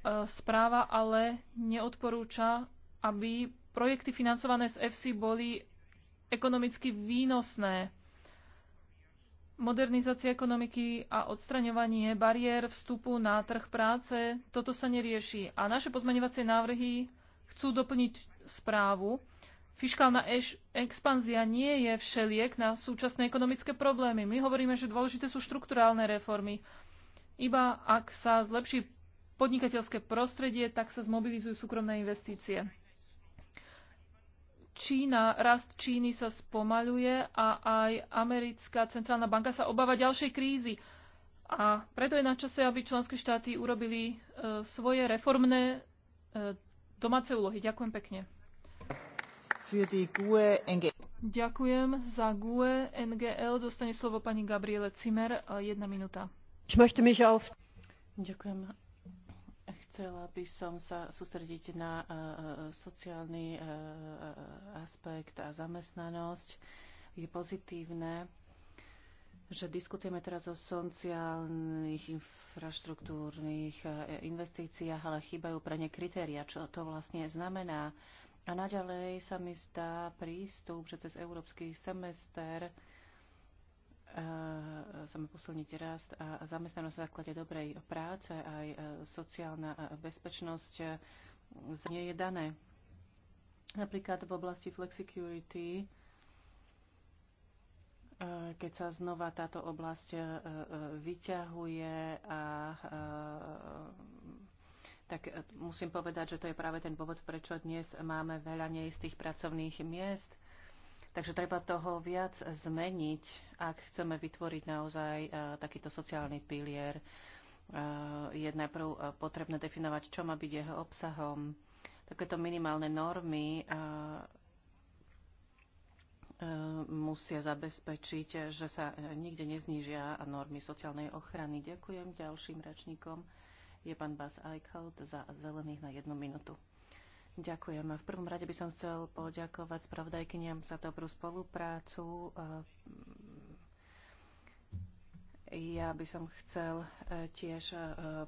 E, správa ale neodporúča, aby projekty financované z EFSI boli ekonomicky výnosné. Modernizácia ekonomiky a odstraňovanie bariér vstupu na trh práce, toto sa nerieši. A naše pozmeňovacie návrhy chcú doplniť správu. Fiškálna expanzia nie je všeliek na súčasné ekonomické problémy. My hovoríme, že dôležité sú štrukturálne reformy. Iba ak sa zlepší podnikateľské prostredie, tak sa zmobilizujú súkromné investície. Čína, rast Číny sa spomaľuje a aj americká centrálna banka sa obáva ďalšej krízy. A preto je na čase, aby členské štáty urobili e, svoje reformné e, domáce úlohy. Ďakujem pekne. E Ďakujem za GUE NGL. Dostane slovo pani Gabriele Cimer. E, jedna minúta. Ďakujem Chcela by som sa sústrediť na e, e, sociálny e, aspekt a zamestnanosť. Je pozitívne, že diskutujeme teraz o sociálnych infraštruktúrnych investíciách, ale chýbajú pre ne kritéria, čo to vlastne znamená. A naďalej sa mi zdá prístup, že cez európsky semester E, e, sa posilniť rast a zamestnanosť na základe dobrej práce, aj e, sociálna bezpečnosť nie je dané. Napríklad v oblasti flexicurity, keď sa znova táto oblasť vyťahuje a tak musím povedať, že to je práve ten dôvod, prečo dnes máme veľa neistých pracovných miest Takže treba toho viac zmeniť, ak chceme vytvoriť naozaj e, takýto sociálny pilier. E, je najprv e, potrebné definovať, čo má byť jeho obsahom. Takéto minimálne normy musia zabezpečiť, že sa nikde neznížia normy sociálnej ochrany. Ďakujem ďalším rečníkom. Je pán Bas Eichhout za zelených na jednu minútu. Ďakujem. V prvom rade by som chcel poďakovať spravodajkyniam za dobrú spoluprácu. Ja by som chcel e, tiež e,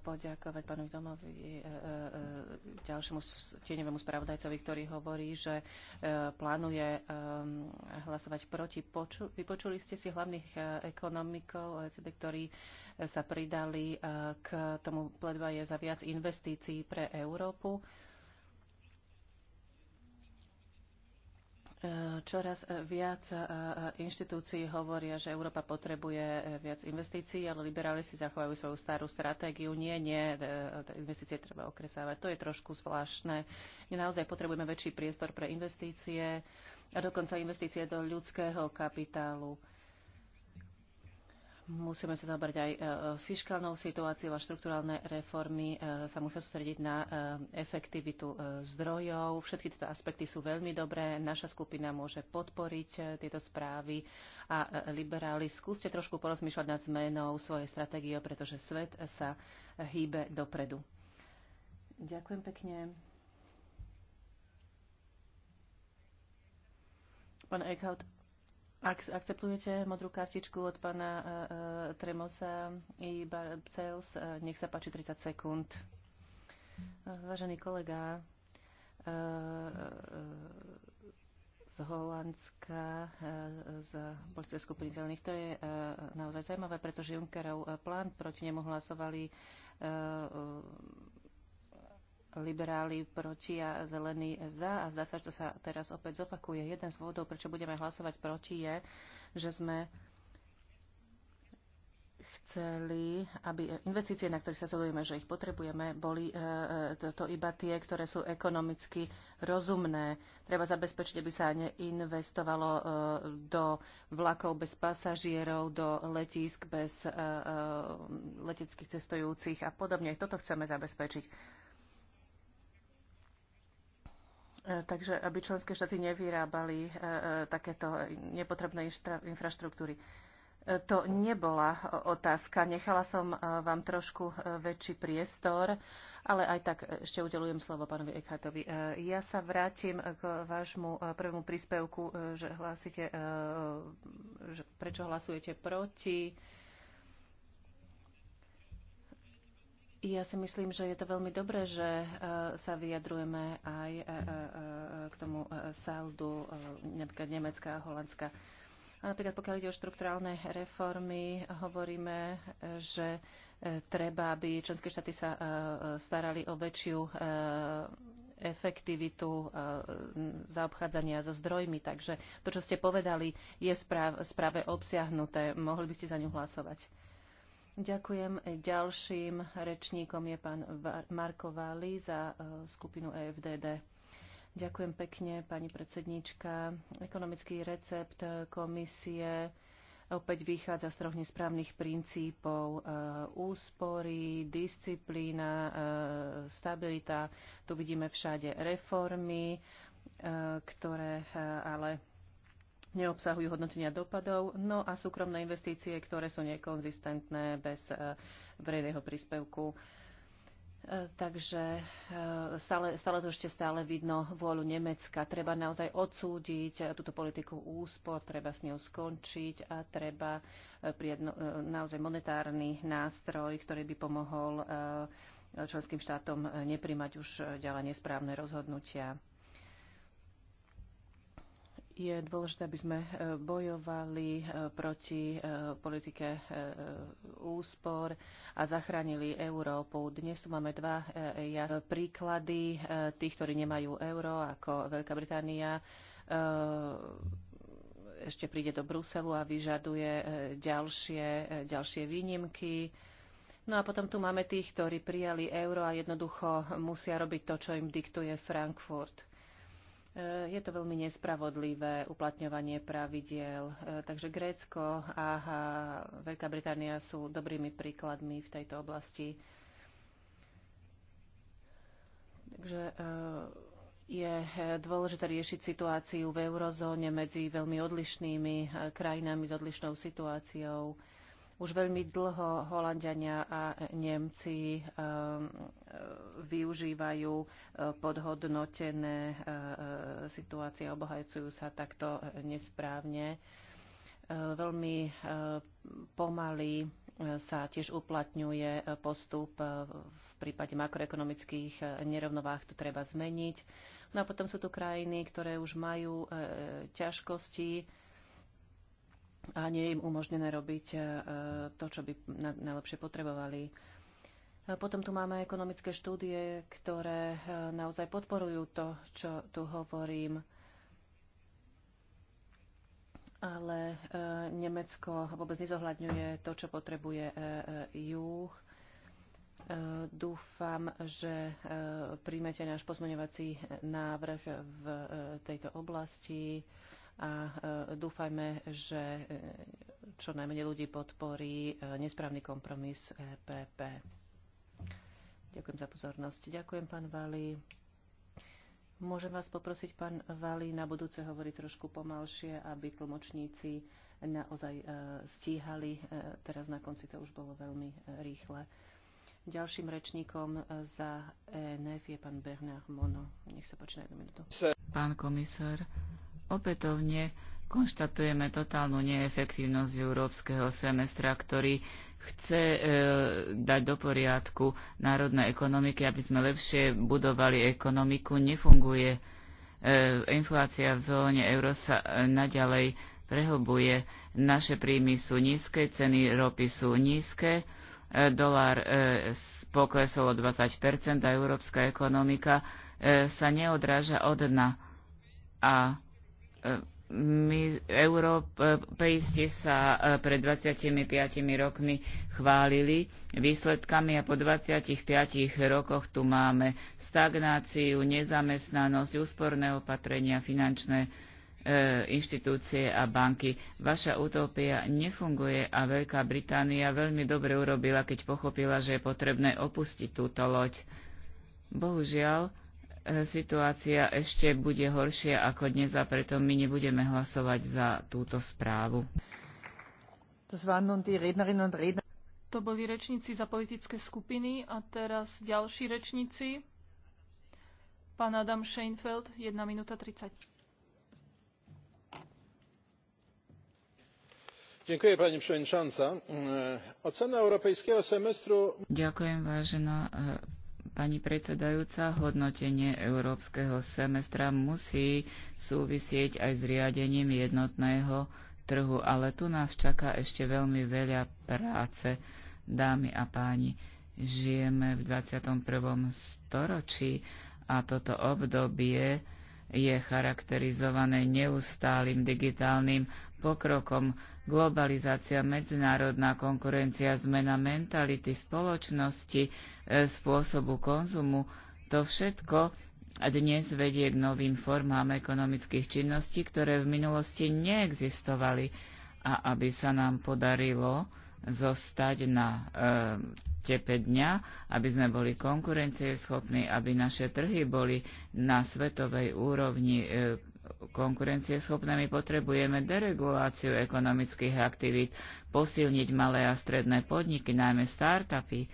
poďakovať pánovi Domovi, e, ďalšiemu tieňovému spravodajcovi, ktorý hovorí, že plánuje hlasovať proti. Vypočuli ste si hlavných ekonomikov OECD, ktorí sa pridali k tomu pledvaje za viac investícií pre Európu. Čoraz viac e, e, inštitúcií hovoria, že Európa potrebuje e, viac investícií, ale liberáli si zachovajú svoju starú stratégiu. Nie, nie, investície treba okresávať. To je trošku zvláštne. My naozaj potrebujeme väčší priestor pre investície a dokonca investície do ľudského kapitálu. Musíme sa zabrať aj e, fiskálnou situáciou a štruktúralne reformy e, sa musia sústrediť na e, efektivitu zdrojov. Všetky tieto aspekty sú veľmi dobré. Naša skupina môže podporiť tieto správy a liberáli skúste trošku porozmýšľať nad zmenou svojej stratégie, pretože svet sa hýbe dopredu. Ďakujem pekne. Pán Eichhout, ak akceptujete modrú kartičku od pána uh, Tremosa i Barcells, uh, e, nech sa páči 30 sekúnd. Uh, vážený kolega uh, uh, z Holandska, uh, z Polskej skupiny zelených, to je uh, naozaj zaujímavé, pretože Junckerov plán proti nemu hlasovali uh, uh liberáli proti a zelení za. A zdá sa, že to sa teraz opäť zopakuje. Jeden z dôvodov, prečo budeme hlasovať proti, je, že sme chceli, aby investície, na ktorých sa zhodujeme, že ich potrebujeme, boli e, e, to, to iba tie, ktoré sú ekonomicky rozumné. Treba zabezpečiť, aby sa neinvestovalo e, do vlakov bez pasažierov, do letísk bez leteckých cestujúcich a podobne. Toto chceme zabezpečiť. E, takže aby členské štáty nevyrábali e, e, takéto nepotrebné infraštruktúry. To nebola otázka. Nechala som vám trošku väčší priestor, ale aj tak ešte udelujem slovo pánovi Eckhartovi. Ja sa vrátim k vášmu prvému príspevku, že, hlásite, že prečo hlasujete proti Ja si myslím, že je to veľmi dobré, že e, sa vyjadrujeme aj e, e, k tomu saldu napríklad Nemecka a Holandska. A napríklad pokiaľ ide o štrukturálne reformy, hovoríme, že treba, aby členské štáty sa starali o väčšiu efektivitu zaobchádzania so zdrojmi. Takže to, čo ste povedali, je správe obsiahnuté. Mohli by ste za ňu hlasovať. Ďakujem. Ďalším rečníkom je pán Marko Váli za e, skupinu EFDD. Ďakujem pekne, pani predsedníčka. Ekonomický recept e, komisie opäť vychádza z troch nesprávnych princípov. E, úspory, disciplína, stabilita. Tu vidíme všade reformy, ktoré ale neobsahujú hodnotenia dopadov, no a súkromné investície, ktoré sú nekonzistentné bez e, verejného príspevku. E, takže e, stále, stále to ešte stále vidno vôľu Nemecka. Treba naozaj odsúdiť túto politiku úspor, treba s ňou skončiť a treba prijať no, naozaj monetárny nástroj, ktorý by pomohol členským štátom neprimať už ďalej nesprávne rozhodnutia je dôležité, aby sme e, bojovali e, proti e, politike úspor a zachránili Európu. Dnes tu máme dva príklady tých, ktorí nemajú euro, ako Veľká Británia ešte príde do Bruselu a vyžaduje ďalšie, ďalšie výnimky. No a potom tu máme tých, ktorí prijali euro a jednoducho musia robiť to, čo im diktuje Frankfurt je to veľmi nespravodlivé uplatňovanie pravidiel. E, takže Grécko a Veľká Británia sú dobrými príkladmi v tejto oblasti. Takže e, je e, dôležité riešiť situáciu v eurozóne medzi veľmi odlišnými krajinami s odlišnou situáciou. Už veľmi dlho Holandiania a Nemci ehm, e, využívajú e, podhodnotené e, situácie, obohajcujú sa takto nesprávne. Veľmi pomaly sa tiež uplatňuje postup v prípade makroekonomických nerovnovách, to treba zmeniť. No a potom sú tu krajiny, ktoré už majú ťažkosti a nie je im umožnené robiť e, to, čo by najlepšie potrebovali. Potom tu máme ekonomické štúdie, ktoré e, naozaj podporujú to, čo tu hovorím. Ale e, Nemecko vôbec nezohľadňuje to, čo potrebuje juh. Dúfam, že príjmete náš pozmeňovací návrh v tejto oblasti a e, dúfajme, že e, čo najmenej ľudí podporí e, nesprávny kompromis EPP. Ďakujem za pozornosť. Ďakujem, pán Vali. Môžem vás poprosiť, pán Vali, na budúce hovoriť trošku pomalšie, aby tlmočníci naozaj stíhali. Teraz na konci to už bolo veľmi rýchle. Ďalším rečníkom za ENF je pán Bernard Mono. Nech sa počne na jednu minútu. Pán komisár, Opätovne konštatujeme totálnu neefektívnosť európskeho semestra, ktorý chce e, dať do poriadku národné ekonomiky, aby sme lepšie budovali ekonomiku. Nefunguje. E, inflácia v zóne euro sa e, naďalej prehlbuje. Naše príjmy sú nízke, ceny ropy sú nízke, e, dolár e, poklesol o 20 a európska ekonomika e, sa neodráža od dna. A my, Európejsti sa e, pred 25 rokmi chválili výsledkami a po 25 rokoch tu máme stagnáciu, nezamestnanosť, úsporné opatrenia, finančné e, inštitúcie a banky. Vaša utopia nefunguje a Veľká Británia veľmi dobre urobila, keď pochopila, že je potrebné opustiť túto loď. Bohužiaľ, E, situácia ešte bude horšia ako dnes a preto my nebudeme hlasovať za túto správu. To boli rečníci za politické skupiny a teraz ďalší rečníci. Pán Adam Scheinfeld, 1 minúta 30. Dziękuję pani przewodnicząca. E, ocena europejskiego semestru. Ďakujem vážená e, Pani predsedajúca, hodnotenie európskeho semestra musí súvisieť aj s riadením jednotného trhu, ale tu nás čaká ešte veľmi veľa práce, dámy a páni. Žijeme v 21. storočí a toto obdobie je charakterizované neustálým digitálnym pokrokom, Globalizácia, medzinárodná konkurencia, zmena mentality spoločnosti, e, spôsobu konzumu, to všetko dnes vedie k novým formám ekonomických činností, ktoré v minulosti neexistovali. A aby sa nám podarilo zostať na e, tepe dňa, aby sme boli konkurencieschopní, aby naše trhy boli na svetovej úrovni e, konkurencieschopné, my potrebujeme dereguláciu ekonomických aktivít, posilniť malé a stredné podniky, najmä startupy.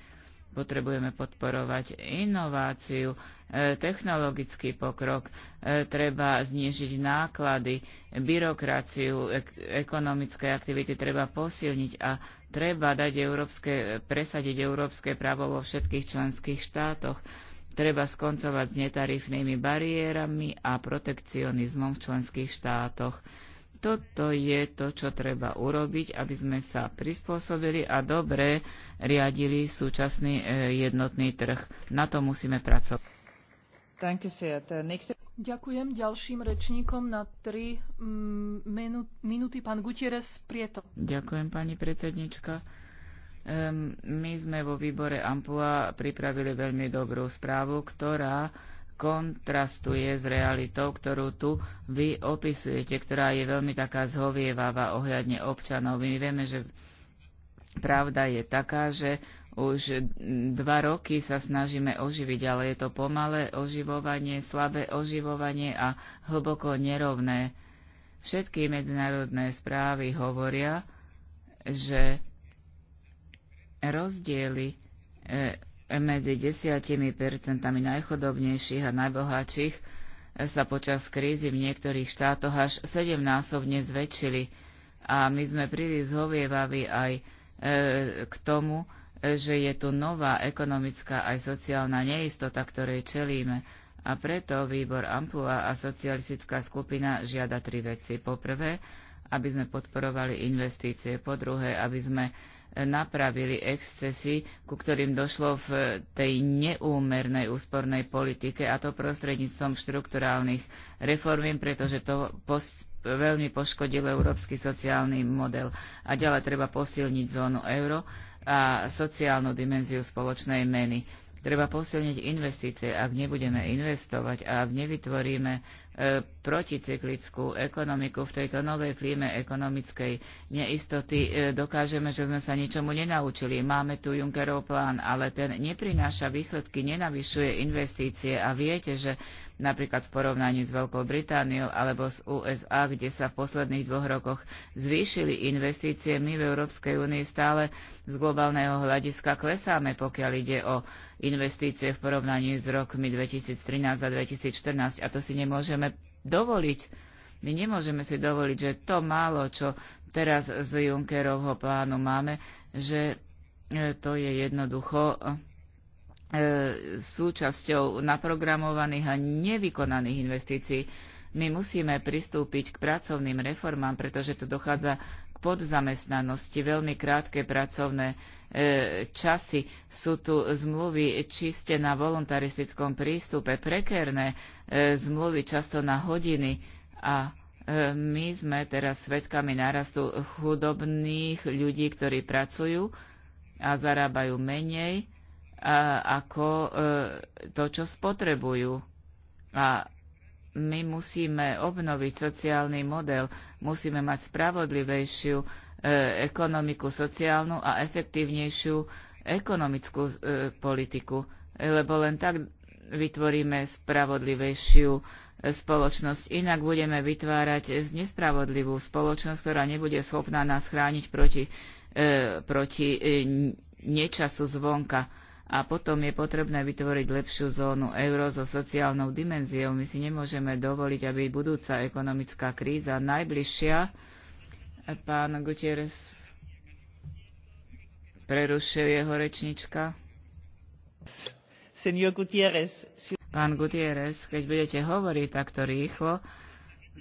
Potrebujeme podporovať inováciu, e, technologický pokrok, e, treba znižiť náklady, byrokraciu, ekonomické aktivity treba posilniť a treba dať európske, presadiť európske právo vo všetkých členských štátoch Treba skoncovať s netarifnými bariérami a protekcionizmom v členských štátoch. Toto je to, čo treba urobiť, aby sme sa prispôsobili a dobre riadili súčasný e, jednotný trh. Na to musíme pracovať. Ďakujem ďalším rečníkom na 3 mm, minúty. Pán Gutierrez Prieto. Ďakujem, pani predsednička my sme vo výbore Ampua pripravili veľmi dobrú správu, ktorá kontrastuje s realitou, ktorú tu vy opisujete, ktorá je veľmi taká zhovievavá ohľadne občanov. My vieme, že pravda je taká, že už dva roky sa snažíme oživiť, ale je to pomalé oživovanie, slabé oživovanie a hlboko nerovné. Všetky medzinárodné správy hovoria, že rozdiely e, medzi desiatimi percentami najchodobnejších a najbohatších e, sa počas krízy v niektorých štátoch až sedemnásobne zväčšili a my sme príliš zhovievaví aj e, k tomu, že je tu nová ekonomická aj sociálna neistota, ktorej čelíme. A preto výbor AMPUA a socialistická skupina žiada tri veci. Po prvé, aby sme podporovali investície. Po druhé, aby sme napravili excesy, ku ktorým došlo v tej neúmernej úspornej politike a to prostredníctvom štrukturálnych reformiem, pretože to veľmi poškodil európsky sociálny model. A ďalej treba posilniť zónu euro a sociálnu dimenziu spoločnej meny. Treba posilniť investície. Ak nebudeme investovať a ak nevytvoríme E, proticyklickú ekonomiku v tejto novej klíme ekonomickej neistoty e, dokážeme, že sme sa ničomu nenaučili. Máme tu Junckerov plán, ale ten neprináša výsledky, nenavyšuje investície a viete, že napríklad v porovnaní s Veľkou Britániou alebo s USA, kde sa v posledných dvoch rokoch zvýšili investície, my v Európskej únii stále z globálneho hľadiska klesáme, pokiaľ ide o investície v porovnaní s rokmi 2013 a 2014 a to si nemôžeme dovoliť. My nemôžeme si dovoliť, že to málo, čo teraz z Junckerovho plánu máme, že e, to je jednoducho e, súčasťou naprogramovaných a nevykonaných investícií. My musíme pristúpiť k pracovným reformám, pretože tu dochádza podzamestnanosti, veľmi krátke pracovné e, časy. Sú tu zmluvy čiste na voluntaristickom prístupe, prekerné e, zmluvy často na hodiny a e, my sme teraz svedkami nárastu chudobných ľudí, ktorí pracujú a zarábajú menej a, ako e, to, čo spotrebujú. A my musíme obnoviť sociálny model, musíme mať spravodlivejšiu e, ekonomiku sociálnu a efektívnejšiu ekonomickú e, politiku, lebo len tak vytvoríme spravodlivejšiu e, spoločnosť. Inak budeme vytvárať nespravodlivú spoločnosť, ktorá nebude schopná nás chrániť proti, e, proti e, nečasu zvonka a potom je potrebné vytvoriť lepšiu zónu euro so sociálnou dimenziou. My si nemôžeme dovoliť, aby budúca ekonomická kríza najbližšia, pán Gutierrez prerušil jeho rečnička. Senior Gutierrez. Pán Gutierrez, keď budete hovoriť takto rýchlo,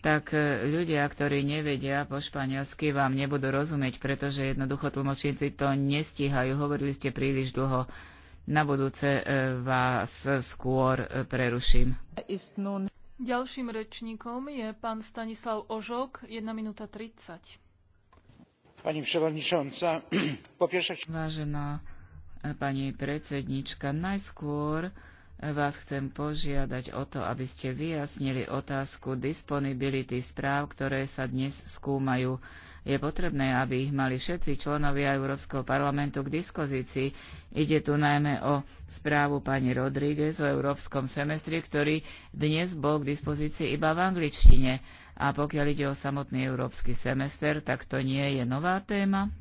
tak e, ľudia, ktorí nevedia po španielsky, vám nebudú rozumieť, pretože jednoducho tlmočníci to nestíhajú. Hovorili ste príliš dlho. Na budúce e, vás skôr e, preruším. Ďalším rečníkom je pán Stanislav Ožok, 1 minúta 30. Pani przewodnicząca, po pierwsze... Vážená e, pani predsednička, najskôr vás chcem požiadať o to, aby ste vyjasnili otázku disponibility správ, ktoré sa dnes skúmajú je potrebné, aby ich mali všetci členovia Európskeho parlamentu k dispozícii. Ide tu najmä o správu pani Rodríguez o Európskom semestri, ktorý dnes bol k dispozícii iba v angličtine. A pokiaľ ide o samotný Európsky semester, tak to nie je nová téma.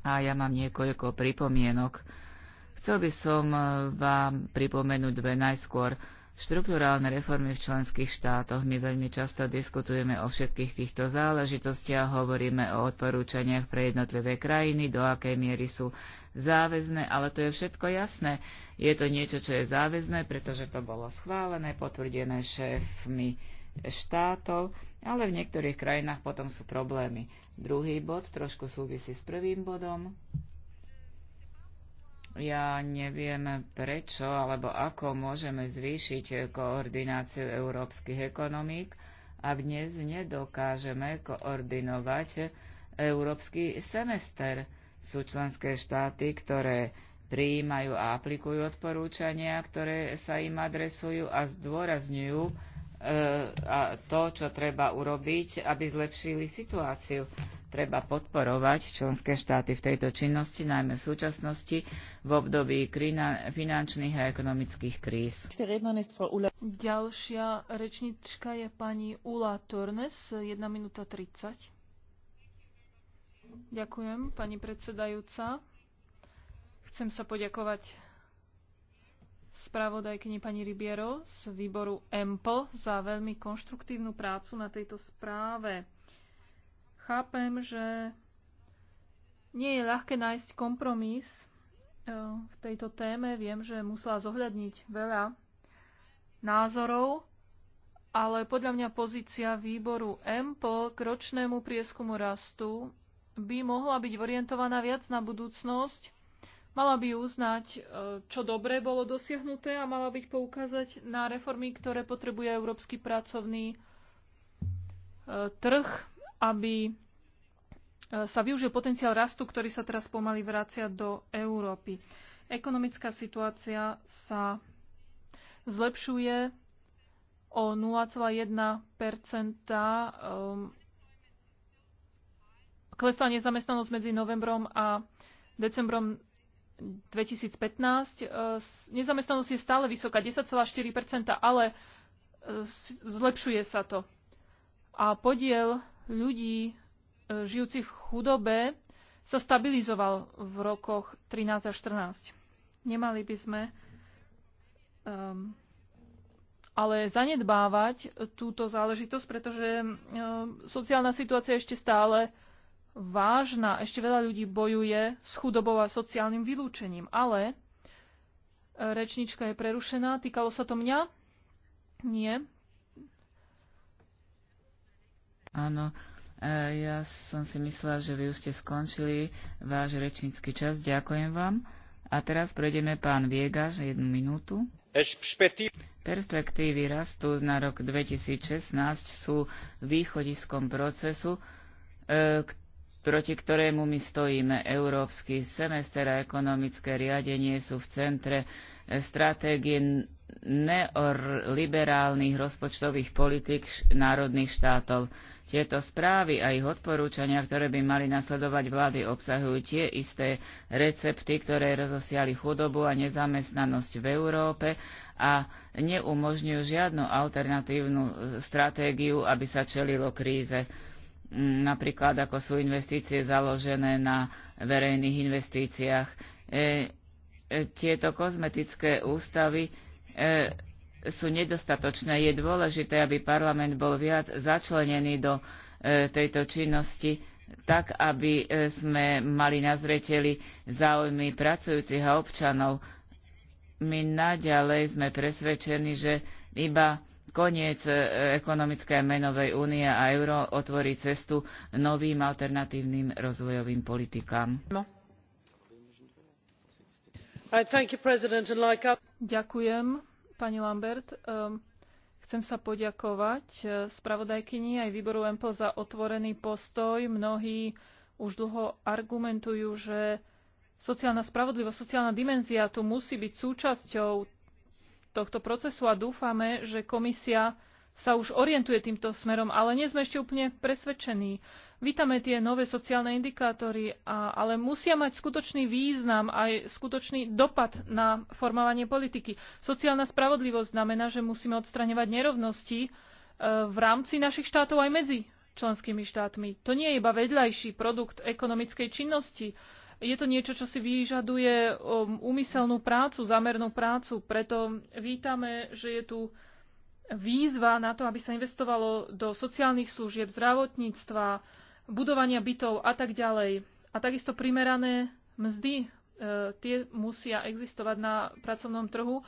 A ja mám niekoľko pripomienok. Chcel by som vám pripomenúť dve najskôr štruktúrálne reformy v členských štátoch. My veľmi často diskutujeme o všetkých týchto záležitostiach, hovoríme o odporúčaniach pre jednotlivé krajiny, do akej miery sú záväzné, ale to je všetko jasné. Je to niečo, čo je záväzné, pretože to bolo schválené, potvrdené šéfmi štátov, ale v niektorých krajinách potom sú problémy. Druhý bod trošku súvisí s prvým bodom. Ja neviem prečo alebo ako môžeme zvýšiť koordináciu európskych ekonomík, ak dnes nedokážeme koordinovať európsky semester. Sú členské štáty, ktoré prijímajú a aplikujú odporúčania, ktoré sa im adresujú a zdôrazňujú, E, a to, čo treba urobiť, aby zlepšili situáciu. Treba podporovať členské štáty v tejto činnosti, najmä v súčasnosti, v období finančných a ekonomických kríz. Ďalšia rečnička je pani Ula Tornes, 1 minúta 30. Ďakujem, pani predsedajúca. Chcem sa poďakovať spravodajkyni pani Ribiero z výboru EMPL za veľmi konštruktívnu prácu na tejto správe. Chápem, že nie je ľahké nájsť kompromis e, v tejto téme. Viem, že musela zohľadniť veľa názorov, ale podľa mňa pozícia výboru EMPL k ročnému prieskumu rastu by mohla byť orientovaná viac na budúcnosť Mala by uznať, e, čo dobre bolo dosiahnuté a mala byť poukázať na reformy, ktoré potrebuje európsky pracovný e, trh, aby e, sa využil potenciál rastu, ktorý sa teraz pomaly vracia do Európy. Ekonomická situácia sa zlepšuje o 0,1 Klesla nezamestnanosť medzi novembrom a decembrom 2015. E, nezamestnanosť je stále vysoká, 10,4%, ale e, zlepšuje sa to. A podiel ľudí e, žijúcich v chudobe sa stabilizoval v rokoch 13 až 14. Nemali by sme um, ale zanedbávať túto záležitosť, pretože um, sociálna situácia je ešte stále vážna. Ešte veľa ľudí bojuje s chudobou a sociálnym vylúčením. Ale e, rečnička je prerušená. Týkalo sa to mňa? Nie. Áno, e, ja som si myslela, že vy už ste skončili váš rečnícky čas. Ďakujem vám. A teraz prejdeme pán že jednu minútu. Perspektívy rastu na rok 2016 sú východiskom procesu, e, proti ktorému my stojíme. Európsky semester a ekonomické riadenie sú v centre e, stratégie neoliberálnych rozpočtových politik národných štátov. Tieto správy a ich odporúčania, ktoré by mali nasledovať vlády, obsahujú tie isté recepty, ktoré rozosiali chudobu a nezamestnanosť v Európe a neumožňujú žiadnu alternatívnu e, stratégiu, aby sa čelilo kríze napríklad ako sú investície založené na verejných investíciách. E, e, tieto kozmetické ústavy e, sú nedostatočné. Je dôležité, aby parlament bol viac začlenený do e, tejto činnosti tak, aby e, sme mali na zreteli záujmy pracujúcich a občanov. My naďalej sme presvedčení, že iba Koniec e, ekonomickej menovej únie a euro otvorí cestu novým alternatívnym rozvojovým politikám. No. Ďakujem, pani Lambert. Ehm, chcem sa poďakovať e, spravodajkyni aj výboru MPO za otvorený postoj. Mnohí už dlho argumentujú, že sociálna spravodlivosť, sociálna dimenzia tu musí byť súčasťou tohto procesu a dúfame, že komisia sa už orientuje týmto smerom, ale nie sme ešte úplne presvedčení. Vítame tie nové sociálne indikátory, a, ale musia mať skutočný význam aj skutočný dopad na formovanie politiky. Sociálna spravodlivosť znamená, že musíme odstraňovať nerovnosti e, v rámci našich štátov aj medzi členskými štátmi. To nie je iba vedľajší produkt ekonomickej činnosti. Je to niečo, čo si vyžaduje um, úmyselnú prácu, zamernú prácu, preto vítame, že je tu výzva na to, aby sa investovalo do sociálnych služieb, zdravotníctva, budovania bytov a tak ďalej. A takisto primerané mzdy, e, tie musia existovať na pracovnom trhu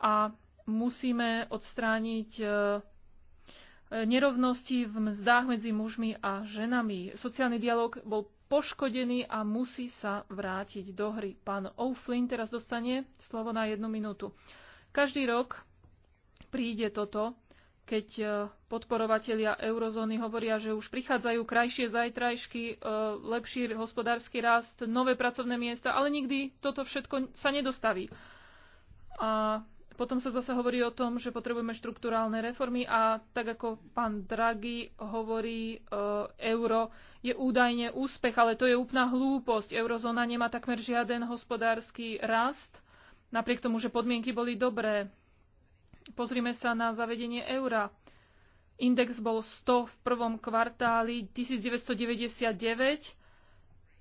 a musíme odstrániť e, nerovnosti v mzdách medzi mužmi a ženami. Sociálny dialog bol poškodený a musí sa vrátiť do hry. Pán O'Flynn teraz dostane slovo na jednu minútu. Každý rok príde toto, keď e, podporovatelia eurozóny hovoria, že už prichádzajú krajšie zajtrajšky, e, lepší hospodársky rast, nové pracovné miesta, ale nikdy toto všetko sa nedostaví. A potom sa zase hovorí o tom, že potrebujeme štruktúrálne reformy a tak ako pán Draghi hovorí, e, euro je údajne úspech, ale to je úplná hlúposť. Eurozóna nemá takmer žiaden hospodársky rast, napriek tomu, že podmienky boli dobré. Pozrime sa na zavedenie eura. Index bol 100 v prvom kvartáli 1999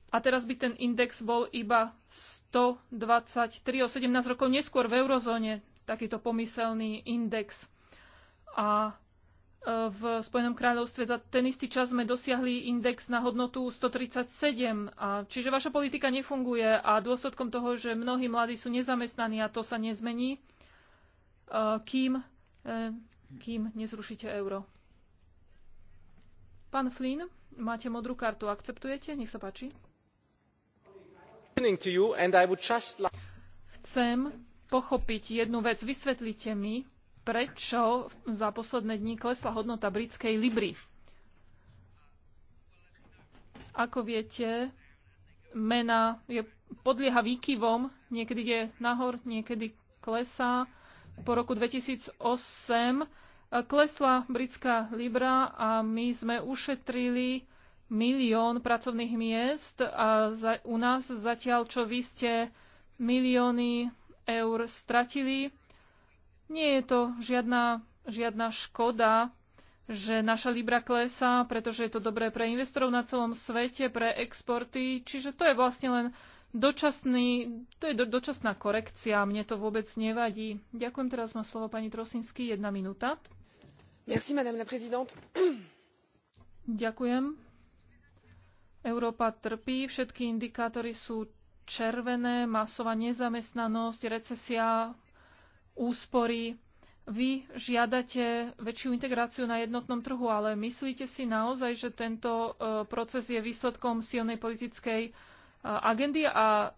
a teraz by ten index bol iba 123 o 17 rokov neskôr v eurozóne takýto pomyselný index. A e, v Spojenom kráľovstve za ten istý čas sme dosiahli index na hodnotu 137. A čiže vaša politika nefunguje a dôsledkom toho, že mnohí mladí sú nezamestnaní a to sa nezmení, e, kým, e, kým nezrušíte euro. Pán Flynn, máte modrú kartu. Akceptujete? Nech sa páči. Chcem pochopiť jednu vec. Vysvetlite mi, prečo za posledné dní klesla hodnota britskej libry. Ako viete, mena je, podlieha výkyvom, niekedy je nahor, niekedy klesá. Po roku 2008 e, klesla britská libra a my sme ušetrili milión pracovných miest a za, u nás zatiaľ, čo vy ste milióny eur stratili. Nie je to žiadna, žiadna škoda, že naša Libra klesá, pretože je to dobré pre investorov na celom svete, pre exporty. Čiže to je vlastne len dočasný, to je do, dočasná korekcia. Mne to vôbec nevadí. Ďakujem teraz má slovo pani Trosinsky. Jedna minúta. Merci, madame la présidente. Ďakujem. Európa trpí, všetky indikátory sú červené, masová nezamestnanosť, recesia, úspory. Vy žiadate väčšiu integráciu na jednotnom trhu, ale myslíte si naozaj, že tento e, proces je výsledkom silnej politickej e, agendy a e,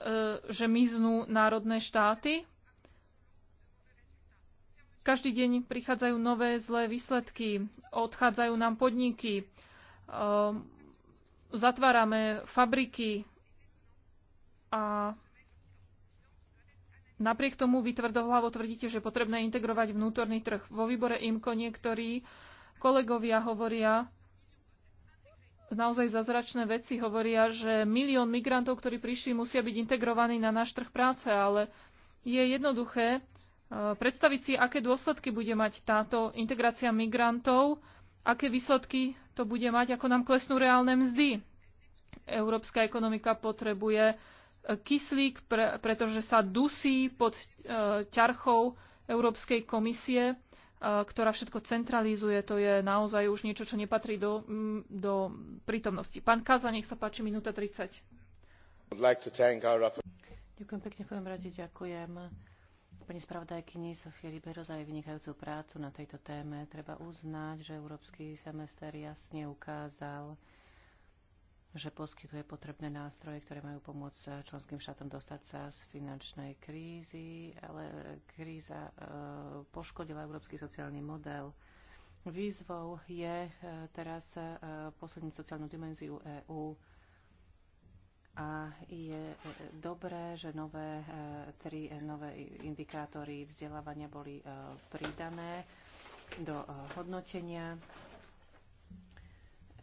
že miznú národné štáty? Každý deň prichádzajú nové zlé výsledky, odchádzajú nám podniky, zatvárame fabriky, a napriek tomu vy tvrdohlavo tvrdíte, že potrebné integrovať vnútorný trh. Vo výbore IMKO niektorí kolegovia hovoria, naozaj zázračné veci hovoria, že milión migrantov, ktorí prišli, musia byť integrovaní na náš trh práce, ale je jednoduché e, predstaviť si, aké dôsledky bude mať táto integrácia migrantov, aké výsledky to bude mať, ako nám klesnú reálne mzdy. Európska ekonomika potrebuje kyslík, pre, pretože sa dusí pod e, ťarchou Európskej komisie, e, ktorá všetko centralizuje. To je naozaj už niečo, čo nepatrí do, do prítomnosti. Pán Kaza, nech sa páči, minúta 30. Like our... Ďakujem pekne, poviem rade, ďakujem. Pani spravodajkyni Sofie Libero za jej vynikajúcu prácu na tejto téme. Treba uznať, že Európsky semester jasne ukázal, že poskytuje potrebné nástroje, ktoré majú pomôcť eh, členským štátom dostať sa z finančnej krízy, ale kríza eh, poškodila európsky sociálny model. Výzvou je eh, teraz posilniť sociálnu dimenziu EÚ a je dobré, že nové, tri nové indikátory vzdelávania boli pridané do hodnotenia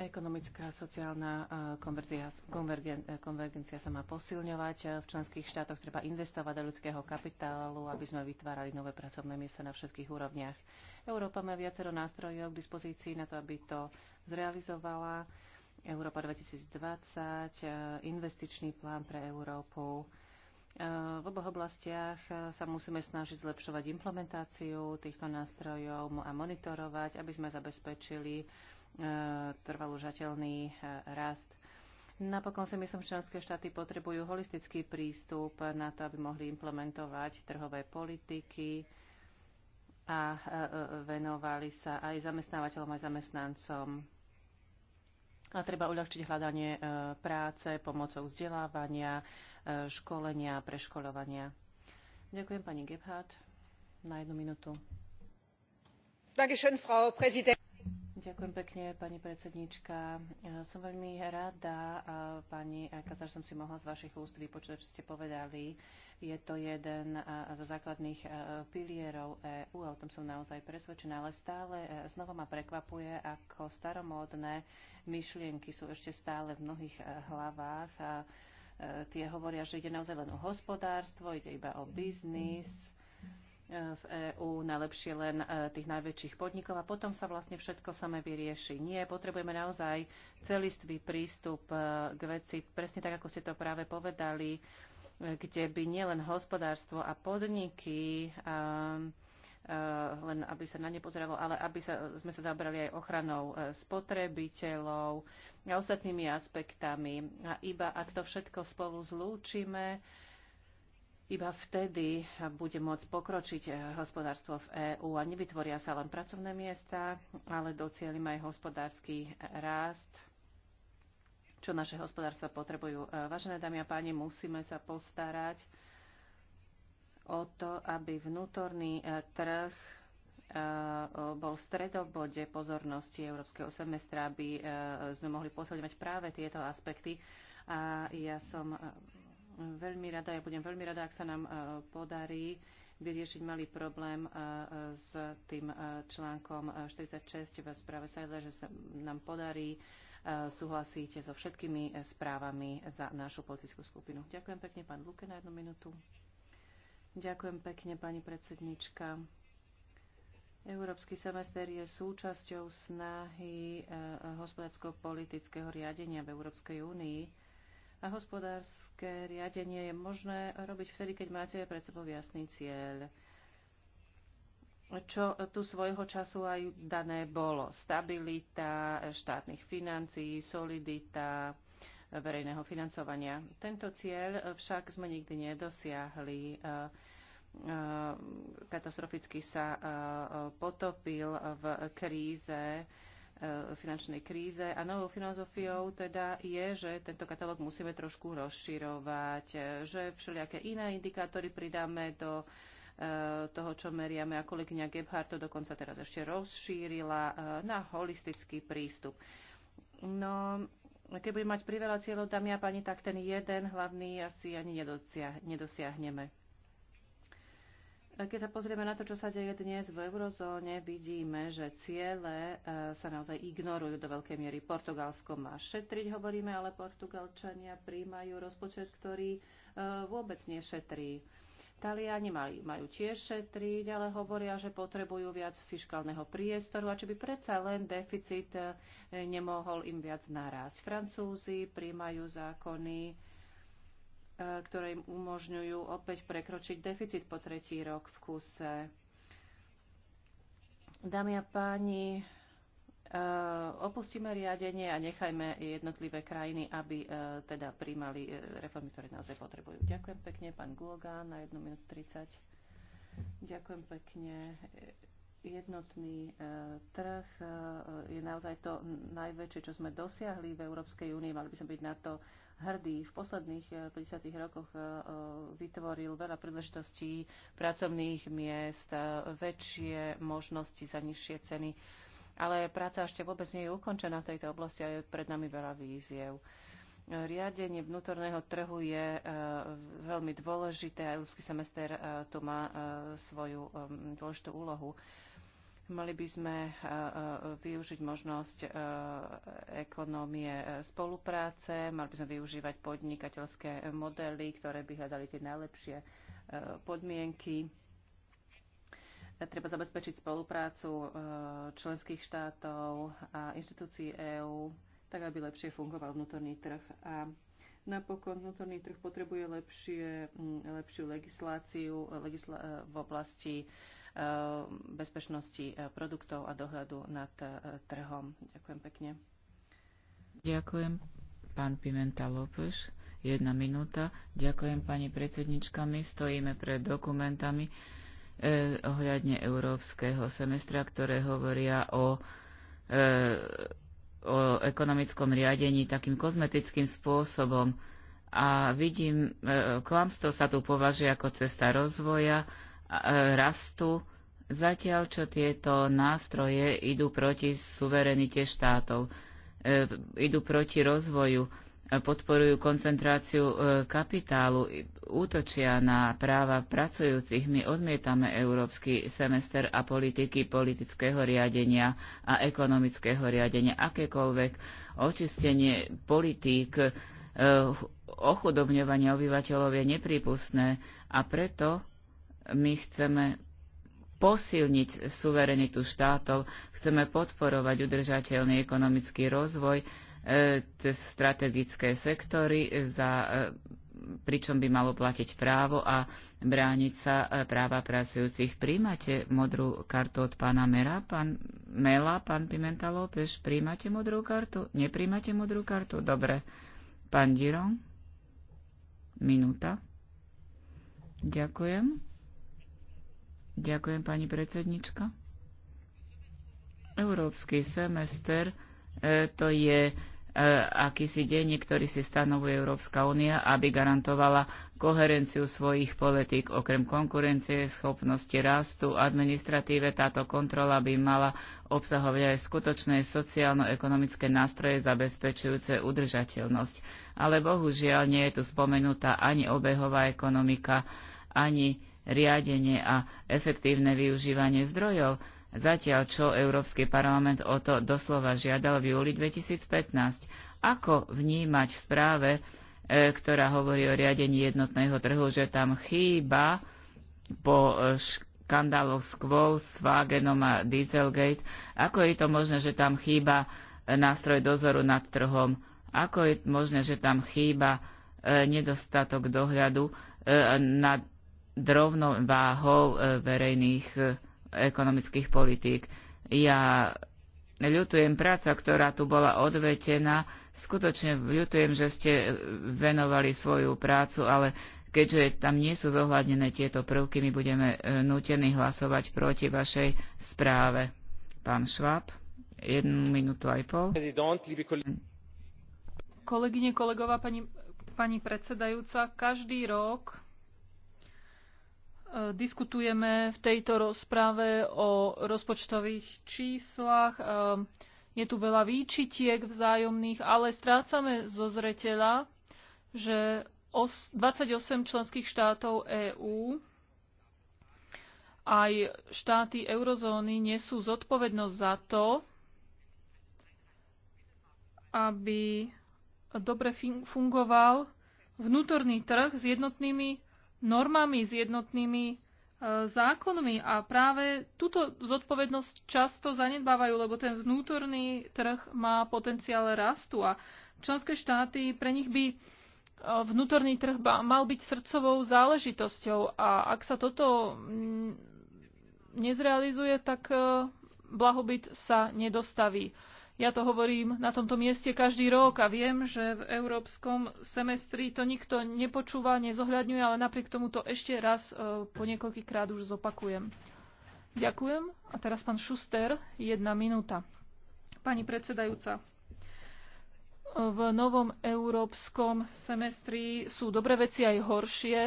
Ekonomická a sociálna e, e, konvergencia sa má posilňovať. E, v členských štátoch treba investovať do ľudského kapitálu, aby sme vytvárali nové pracovné miesta na všetkých úrovniach. Európa má viacero nástrojov k dispozícii na to, aby to zrealizovala. Európa 2020, investičný plán pre Európu. V oboch oblastiach sa musíme snažiť zlepšovať implementáciu týchto nástrojov a monitorovať, aby sme zabezpečili trvalúžateľný e, rast. Napokon si myslím, že členské štáty potrebujú holistický prístup na to, aby mohli implementovať trhové politiky a e, e, venovali sa aj zamestnávateľom, aj zamestnancom. A treba uľahčiť hľadanie práce pomocou vzdelávania, školenia, preškolovania. Ďakujem pani Gebhardt. Na jednu minútu. Dankeschön, Frau Präsident. Ďakujem pekne, pani predsednička. Som veľmi rada, pani Kazar, som si mohla z vašich úst vypočítať, čo ste povedali. Je to jeden zo základných e, pilierov EÚ a o tom som naozaj presvedčená, ale stále e, znova ma prekvapuje, ako staromódne myšlienky sú ešte stále v mnohých e, hlavách a tie hovoria, že ide naozaj len o hospodárstvo, ide iba o biznis v EÚ najlepšie len e, tých najväčších podnikov a potom sa vlastne všetko samé vyrieši. Nie, potrebujeme naozaj celistvý prístup e, k veci, presne tak, ako ste to práve povedali, e, kde by nielen hospodárstvo a podniky len aby sa na ne pozeralo, ale aby sa, sme sa zabrali aj ochranou spotrebiteľov a ostatnými aspektami. A iba ak to všetko spolu zlúčime, iba vtedy bude môcť pokročiť eh, hospodárstvo v EÚ a nevytvoria sa len pracovné miesta, ale docielime aj hospodársky eh, rást, čo naše hospodárstva potrebujú. Eh, Vážené dámy a páni, musíme sa postarať o to, aby vnútorný trh bol v stredobode pozornosti Európskeho semestra, aby sme mohli posledovať práve tieto aspekty. A ja som veľmi rada, ja budem veľmi rada, ak sa nám e, podarí vyriešiť malý problém e, s tým e, článkom 46 v správe Sajdla, že sa nám podarí súhlasiť so všetkými správami za našu politickú skupinu. Ďakujem pekne, pán Luke, na jednu minútu. Ďakujem pekne, pani predsednička. Európsky semester je súčasťou snahy hospodársko-politického riadenia v Európskej únii a hospodárske riadenie je možné robiť vtedy, keď máte pred sebou jasný cieľ čo tu svojho času aj dané bolo. Stabilita štátnych financií, solidita verejného financovania. Tento cieľ však sme nikdy nedosiahli. Katastroficky sa e, potopil v kríze E, finančnej kríze. A novou filozofiou teda je, že tento katalóg musíme trošku rozširovať, e, že všelijaké iné indikátory pridáme do e, toho, čo meriame. A kolegyňa Gebhardt to dokonca teraz ešte rozšírila na holistický prístup. No, keď budeme mať priveľa cieľov, dámy a pani, tak ten jeden hlavný asi ani nedosiahneme. Keď sa pozrieme na to, čo sa deje dnes v eurozóne, vidíme, že ciele e, sa naozaj ignorujú do veľkej miery. Portugalsko má šetriť, hovoríme, ale Portugalčania príjmajú rozpočet, ktorý e, vôbec nešetrí. Taliani mali, majú tiež šetriť, ale hovoria, že potrebujú viac fiskálneho priestoru a či by predsa len deficit e, nemohol im viac narásť. Francúzi príjmajú zákony, E, ktoré im umožňujú opäť prekročiť deficit po tretí rok v kuse. Dámy a páni, e, opustíme riadenie a nechajme jednotlivé krajiny, aby e, teda príjmali reformy, ktoré naozaj potrebujú. Ďakujem pekne, pán Guoga, na 1 minútu 30. Ďakujem pekne. Jednotný trh je naozaj to najväčšie, čo sme dosiahli v Európskej únii. Mali by sme byť na to hrdý. V posledných 50 eh, rokoch eh, eh, vytvoril veľa príležitostí pracovných miest, väčšie možnosti za nižšie ceny. Ale práca ešte vôbec nie je ukončená v tejto oblasti a je pred nami veľa víziev. Riadenie vnútorného trhu je veľmi dôležité a Európsky semester tu má svoju dôležitú úlohu. Mali by sme e, e, využiť možnosť e, ekonómie spolupráce, mali by sme využívať podnikateľské modely, ktoré by hľadali tie najlepšie podmienky. Treba zabezpečiť spoluprácu členských štátov a inštitúcií EÚ, tak aby lepšie fungoval vnútorný trh. A napokon vnútorný trh potrebuje lepšie, lepšiu legisláciu legisla- v oblasti Eh, bezpečnosti eh, produktov a dohľadu nad eh, trhom. Ďakujem pekne. Ďakujem, pán Pimenta López. Jedna minúta. Ďakujem, pani predsednička. My stojíme pred dokumentami ohľadne európskeho semestra, ktoré hovoria o, o ekonomickom riadení takým kozmetickým spôsobom. A vidím, klamstvo sa tu považuje ako cesta rozvoja E, rastu, zatiaľ čo tieto nástroje idú proti suverenite štátov, e, idú proti rozvoju, e, podporujú koncentráciu kapitálu, útočia na práva pracujúcich. My odmietame európsky semester a politiky politického riadenia a ekonomického riadenia. Akékoľvek očistenie politík ochudobňovania obyvateľov je nepripustné a preto my chceme posilniť suverenitu štátov, chceme podporovať udržateľný ekonomický rozvoj, e, strategické sektory, e, za, e, pričom by malo platiť právo a brániť sa e, práva pracujúcich. Príjmate modrú kartu od pána Mera, pán Mela, pán Pimenta López, príjmate modrú kartu? Nepríjmate modrú kartu? Dobre. Pán Diron? Minúta. Ďakujem. Ďakujem, pani predsednička. Európsky semester e, to je e, akýsi denník, ktorý si stanovuje Európska únia, aby garantovala koherenciu svojich politík. Okrem konkurencie, schopnosti rastu, administratíve táto kontrola by mala obsahovať aj skutočné sociálno-ekonomické nástroje zabezpečujúce udržateľnosť. Ale bohužiaľ nie je tu spomenutá ani obehová ekonomika, ani riadenie a efektívne využívanie zdrojov, zatiaľ čo Európsky parlament o to doslova žiadal v júli 2015. Ako vnímať v správe, e, ktorá hovorí o riadení jednotného trhu, že tam chýba po e, škandáloch s Quol, a Dieselgate, ako je to možné, že tam chýba e, nástroj dozoru nad trhom, ako je možné, že tam chýba e, nedostatok dohľadu nad rovnováhou e, verejných e, ekonomických politík. Ja ľutujem práca, ktorá tu bola odvetená. Skutočne ľutujem, že ste venovali svoju prácu, ale keďže tam nie sú zohľadnené tieto prvky, my budeme e, nútení hlasovať proti vašej správe. Pán Šváb, jednu minútu aj pol. Kolegyne, kolegová, pani, pani predsedajúca, každý rok E, diskutujeme v tejto rozprave o rozpočtových číslach. E, je tu veľa výčitiek vzájomných, ale strácame zo zreteľa, že 28 členských štátov EÚ aj štáty eurozóny nesú zodpovednosť za to, aby dobre fungoval vnútorný trh s jednotnými normami, s jednotnými e, zákonmi a práve túto zodpovednosť často zanedbávajú, lebo ten vnútorný trh má potenciál rastu a členské štáty pre nich by e, vnútorný trh mal byť srdcovou záležitosťou a ak sa toto mm, nezrealizuje, tak e, blahobyt sa nedostaví. Ja to hovorím na tomto mieste každý rok a viem, že v európskom semestri to nikto nepočúva, nezohľadňuje, ale napriek tomu to ešte raz e, po niekoľkýkrát krát už zopakujem. Ďakujem. A teraz pán Šuster, jedna minúta. Pani predsedajúca, e, v novom európskom semestri sú dobré veci aj horšie.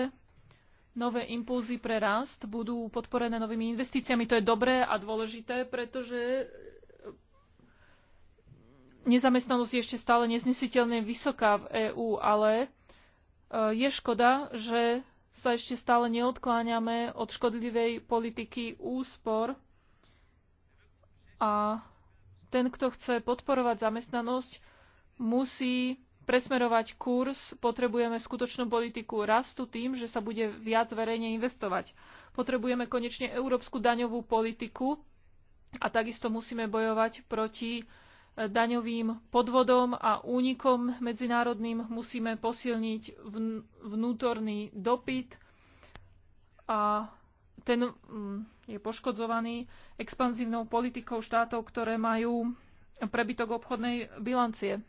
Nové impulzy pre rast budú podporené novými investíciami. To je dobré a dôležité, pretože Nezamestnanosť je ešte stále neznesiteľne vysoká v EÚ, ale e, je škoda, že sa ešte stále neodkláňame od škodlivej politiky úspor a ten, kto chce podporovať zamestnanosť, musí presmerovať kurz, potrebujeme skutočnú politiku rastu tým, že sa bude viac verejne investovať. Potrebujeme konečne európsku daňovú politiku a takisto musíme bojovať proti daňovým podvodom a únikom medzinárodným. Musíme posilniť vnútorný dopyt a ten mm, je poškodzovaný expanzívnou politikou štátov, ktoré majú prebytok obchodnej bilancie.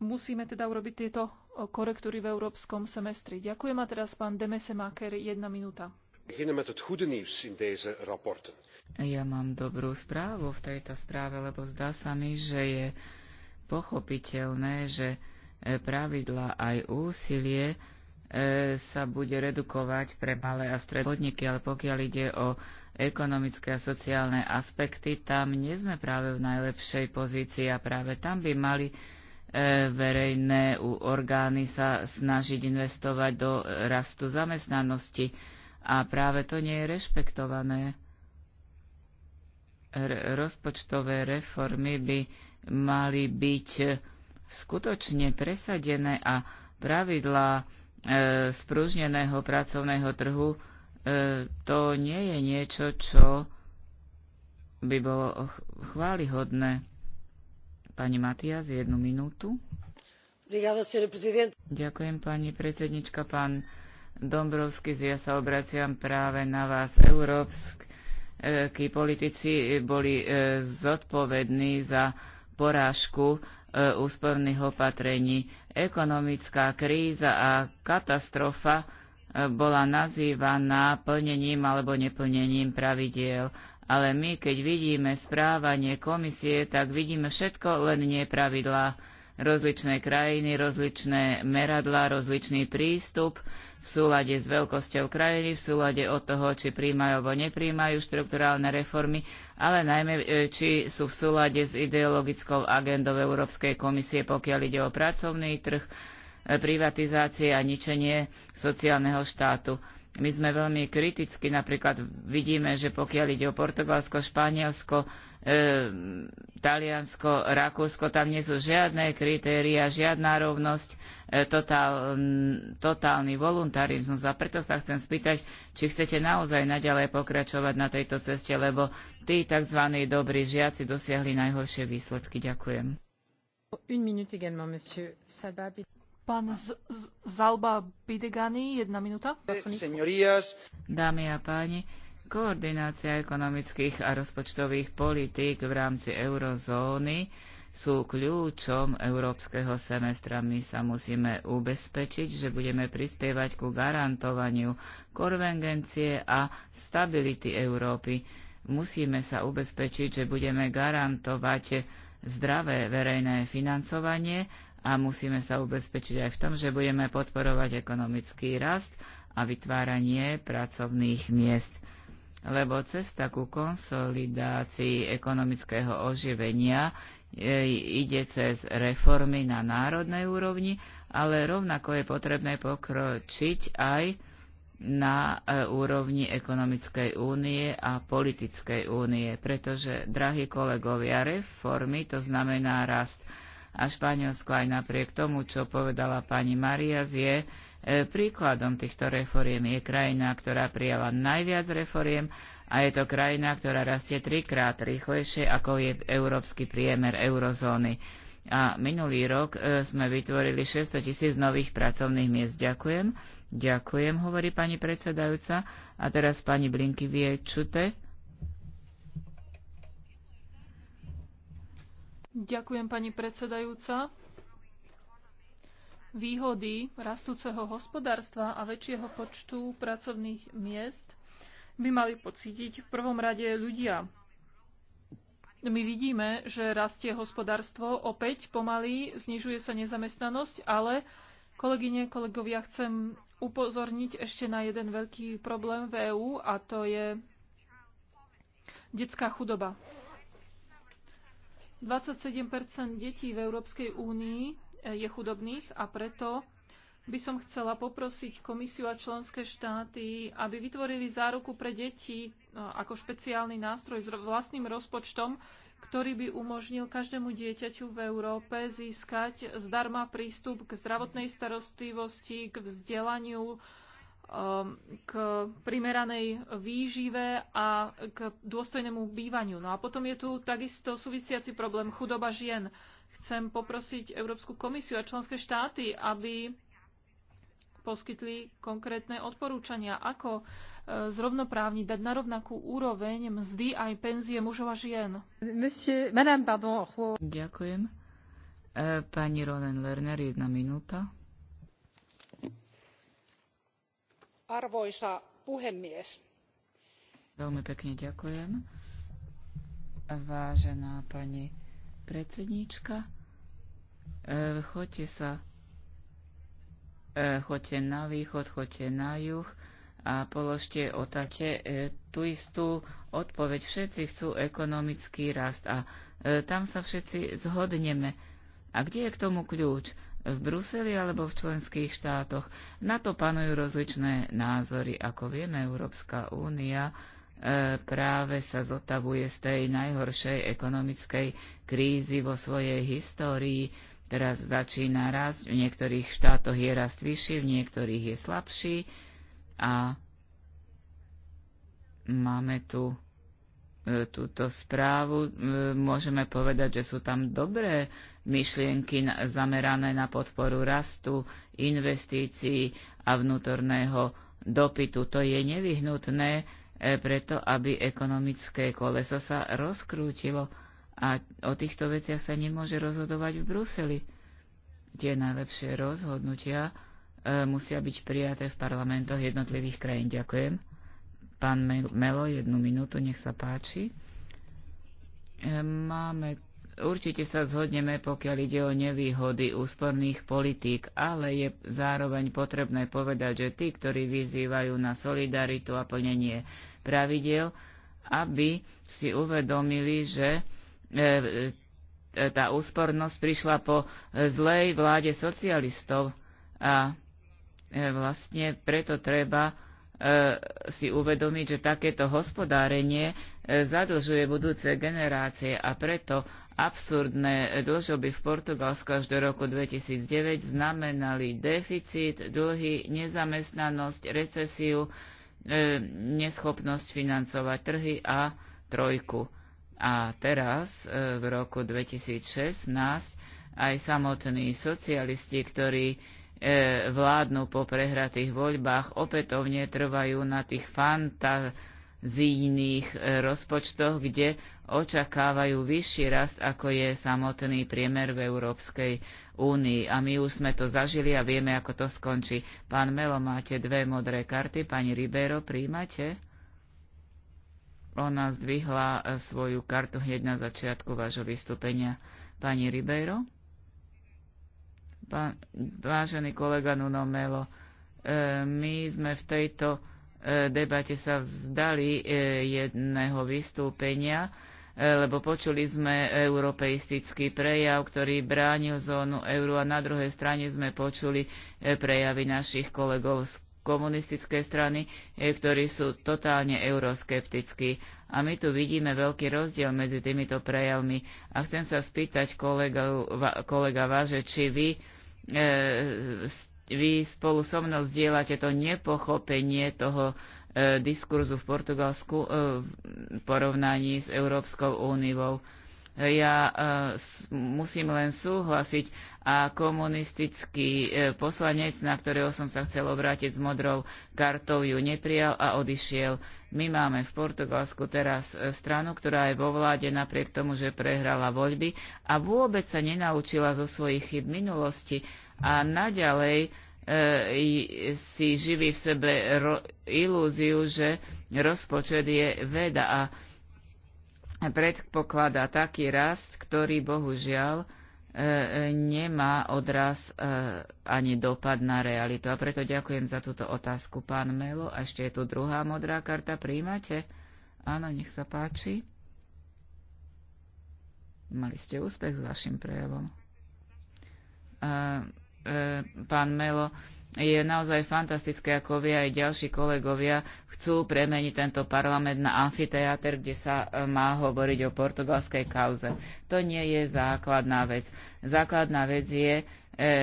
Musíme teda urobiť tieto korektúry v európskom semestri. Ďakujem a teraz pán Demese Maker, jedna minúta. Beginnen met het goede nieuws in deze rapporten ja mám dobrú správu v tejto správe, lebo zdá sa mi, že je pochopiteľné, že e, pravidla aj úsilie e, sa bude redukovať pre malé a stredné podniky, ale pokiaľ ide o ekonomické a sociálne aspekty, tam nie sme práve v najlepšej pozícii a práve tam by mali e, verejné orgány sa snažiť investovať do rastu zamestnanosti. A práve to nie je rešpektované rozpočtové reformy by mali byť e, skutočne presadené a pravidlá e, sprúžneného pracovného trhu e, to nie je niečo, čo by bolo chválihodné. Pani Matias, jednu minútu. Ďakujem, pani predsednička. Pán Dombrovský, ja sa obraciam práve na vás. Európsk, kí politici boli e, zodpovední za porážku e, úsporných opatrení. Ekonomická kríza a katastrofa e, bola nazývaná plnením alebo neplnením pravidiel. Ale my, keď vidíme správanie komisie, tak vidíme všetko, len nie pravidlá. Rozličné krajiny, rozličné meradlá, rozličný prístup, v súlade s veľkosťou krajiny, v súlade od toho, či príjmajú alebo nepríjmajú štrukturálne reformy, ale najmä e, či sú v súlade s ideologickou agendou Európskej komisie, pokiaľ ide o pracovný trh, e, privatizácie a ničenie sociálneho štátu. My sme veľmi kriticky, napríklad vidíme, že pokiaľ ide o Portugalsko, Španielsko, E, Taliansko, Rakúsko, tam nie sú žiadne kritéria, žiadna rovnosť, e, totál, totálny voluntarizmus. A preto sa chcem spýtať, či chcete naozaj naďalej pokračovať na tejto ceste, lebo tí tzv. dobrí žiaci dosiahli najhoršie výsledky. Ďakujem. Pán Zalba Bidegani, jedna minúta. Eh, Dámy a páni, Koordinácia ekonomických a rozpočtových politík v rámci eurozóny sú kľúčom európskeho semestra. My sa musíme ubezpečiť, že budeme prispievať ku garantovaniu konvergencie a stability Európy. Musíme sa ubezpečiť, že budeme garantovať zdravé verejné financovanie a musíme sa ubezpečiť aj v tom, že budeme podporovať ekonomický rast a vytváranie pracovných miest lebo cesta ku konsolidácii ekonomického oživenia e, ide cez reformy na národnej úrovni, ale rovnako je potrebné pokročiť aj na e, úrovni ekonomickej únie a politickej únie, pretože, drahí kolegovia, reformy to znamená rast. A Španielsko aj napriek tomu, čo povedala pani Marias, je E, príkladom týchto reforiem je krajina, ktorá prijala najviac reforiem a je to krajina, ktorá rastie trikrát rýchlejšie, ako je európsky priemer eurozóny. A minulý rok e, sme vytvorili 600 tisíc nových pracovných miest. Ďakujem. Ďakujem, hovorí pani predsedajúca. A teraz pani Blinky vie čute. Ďakujem, pani predsedajúca výhody rastúceho hospodárstva a väčšieho počtu pracovných miest by mali pocítiť v prvom rade ľudia. My vidíme, že rastie hospodárstvo opäť pomaly, znižuje sa nezamestnanosť, ale kolegyne, kolegovia, chcem upozorniť ešte na jeden veľký problém v EÚ a to je detská chudoba. 27 detí v Európskej únii je chudobných a preto by som chcela poprosiť komisiu a členské štáty, aby vytvorili záruku pre deti e, ako špeciálny nástroj s vlastným rozpočtom, ktorý by umožnil každému dieťaťu v Európe získať zdarma prístup k zdravotnej starostlivosti, k vzdelaniu, e, k primeranej výžive a k dôstojnému bývaniu. No a potom je tu takisto súvisiaci problém chudoba žien. Chcem poprosiť Európsku komisiu a členské štáty, aby poskytli konkrétne odporúčania, ako e, zrovnoprávniť, dať na rovnakú úroveň mzdy aj penzie mužov a žien. Monsieur, madame, pardon. Ďakujem. E, pani Ronen Lerner, jedna minúta. Arvoisa puhemies. Veľmi pekne ďakujem. Vážená pani Predsedníčka, e, chodte sa, e, chodte na východ, chodte na juh a položte otate e, tú istú odpoveď. Všetci chcú ekonomický rast a e, tam sa všetci zhodneme. A kde je k tomu kľúč? V Bruseli alebo v členských štátoch? Na to panujú rozličné názory. Ako vieme, Európska únia E, práve sa zotavuje z tej najhoršej ekonomickej krízy vo svojej histórii. Teraz začína rásť, v niektorých štátoch je rast vyšší, v niektorých je slabší a máme tu e, túto správu. E, môžeme povedať, že sú tam dobré myšlienky zamerané na podporu rastu, investícií a vnútorného dopytu. To je nevyhnutné, E, preto, aby ekonomické koleso sa rozkrútilo a o týchto veciach sa nemôže rozhodovať v Bruseli. Tie najlepšie rozhodnutia e, musia byť prijaté v parlamentoch jednotlivých krajín. Ďakujem. Pán Melo, jednu minútu, nech sa páči. E, máme, určite sa zhodneme, pokiaľ ide o nevýhody úsporných politík, ale je zároveň potrebné povedať, že tí, ktorí vyzývajú na solidaritu a plnenie pravidel, aby si uvedomili, že e, e, tá úspornosť prišla po e, zlej vláde socialistov a vlastne preto treba si uvedomiť, že takéto hospodárenie zadlžuje budúce generácie a preto absurdné dlžoby v Portugalsku až do roku 2009 znamenali deficit, dlhy, nezamestnanosť, recesiu, E, neschopnosť financovať trhy a trojku. A teraz, e, v roku 2016, aj samotní socialisti, ktorí e, vládnu po prehratých voľbách, opätovne trvajú na tých fantazijných rozpočtoch, kde očakávajú vyšší rast, ako je samotný priemer v Európskej únii. A my už sme to zažili a vieme, ako to skončí. Pán Melo, máte dve modré karty. Pani Ribeiro, príjmate? Ona zdvihla eh, svoju kartu hneď na začiatku vášho vystúpenia. Pani Ribeiro? Pán, vážený kolega Nuno Melo, e, my sme v tejto eh, debate sa vzdali jedného vystúpenia, E, lebo počuli sme europeistický prejav, ktorý bránil zónu euru a na druhej strane sme počuli e, prejavy našich kolegov z komunistickej strany, e, ktorí sú totálne euroskeptickí. A my tu vidíme veľký rozdiel medzi týmito prejavmi. A chcem sa spýtať kolega, kolega Váže, či vy, e, vy spolu so mnou zdieľate to nepochopenie toho E, diskurzu v Portugalsku e, v porovnaní s Európskou úniou. Ja e, musím len súhlasiť a komunistický poslanec, na ktorého som sa chcel obrátiť s modrou kartou, ju neprijal a odišiel. My máme v Portugalsku teraz stranu, ktorá je vo vláde napriek tomu, že prehrala voľby a vôbec sa nenaučila zo svojich chyb minulosti a naďalej E, si živí v sebe ro- ilúziu, že rozpočet je veda a predpokladá taký rast, ktorý bohužiaľ e, e, nemá odraz e, ani dopad na realitu. A preto ďakujem za túto otázku, pán Melo. A ešte je tu druhá modrá karta. Príjmate? Áno, nech sa páči. Mali ste úspech s vašim prejavom. E, E, pán Melo, je naozaj fantastické, ako vy aj ďalší kolegovia, chcú premeniť tento parlament na amfiteáter, kde sa e, má hovoriť o portugalskej kauze. To nie je základná vec. Základná vec je e,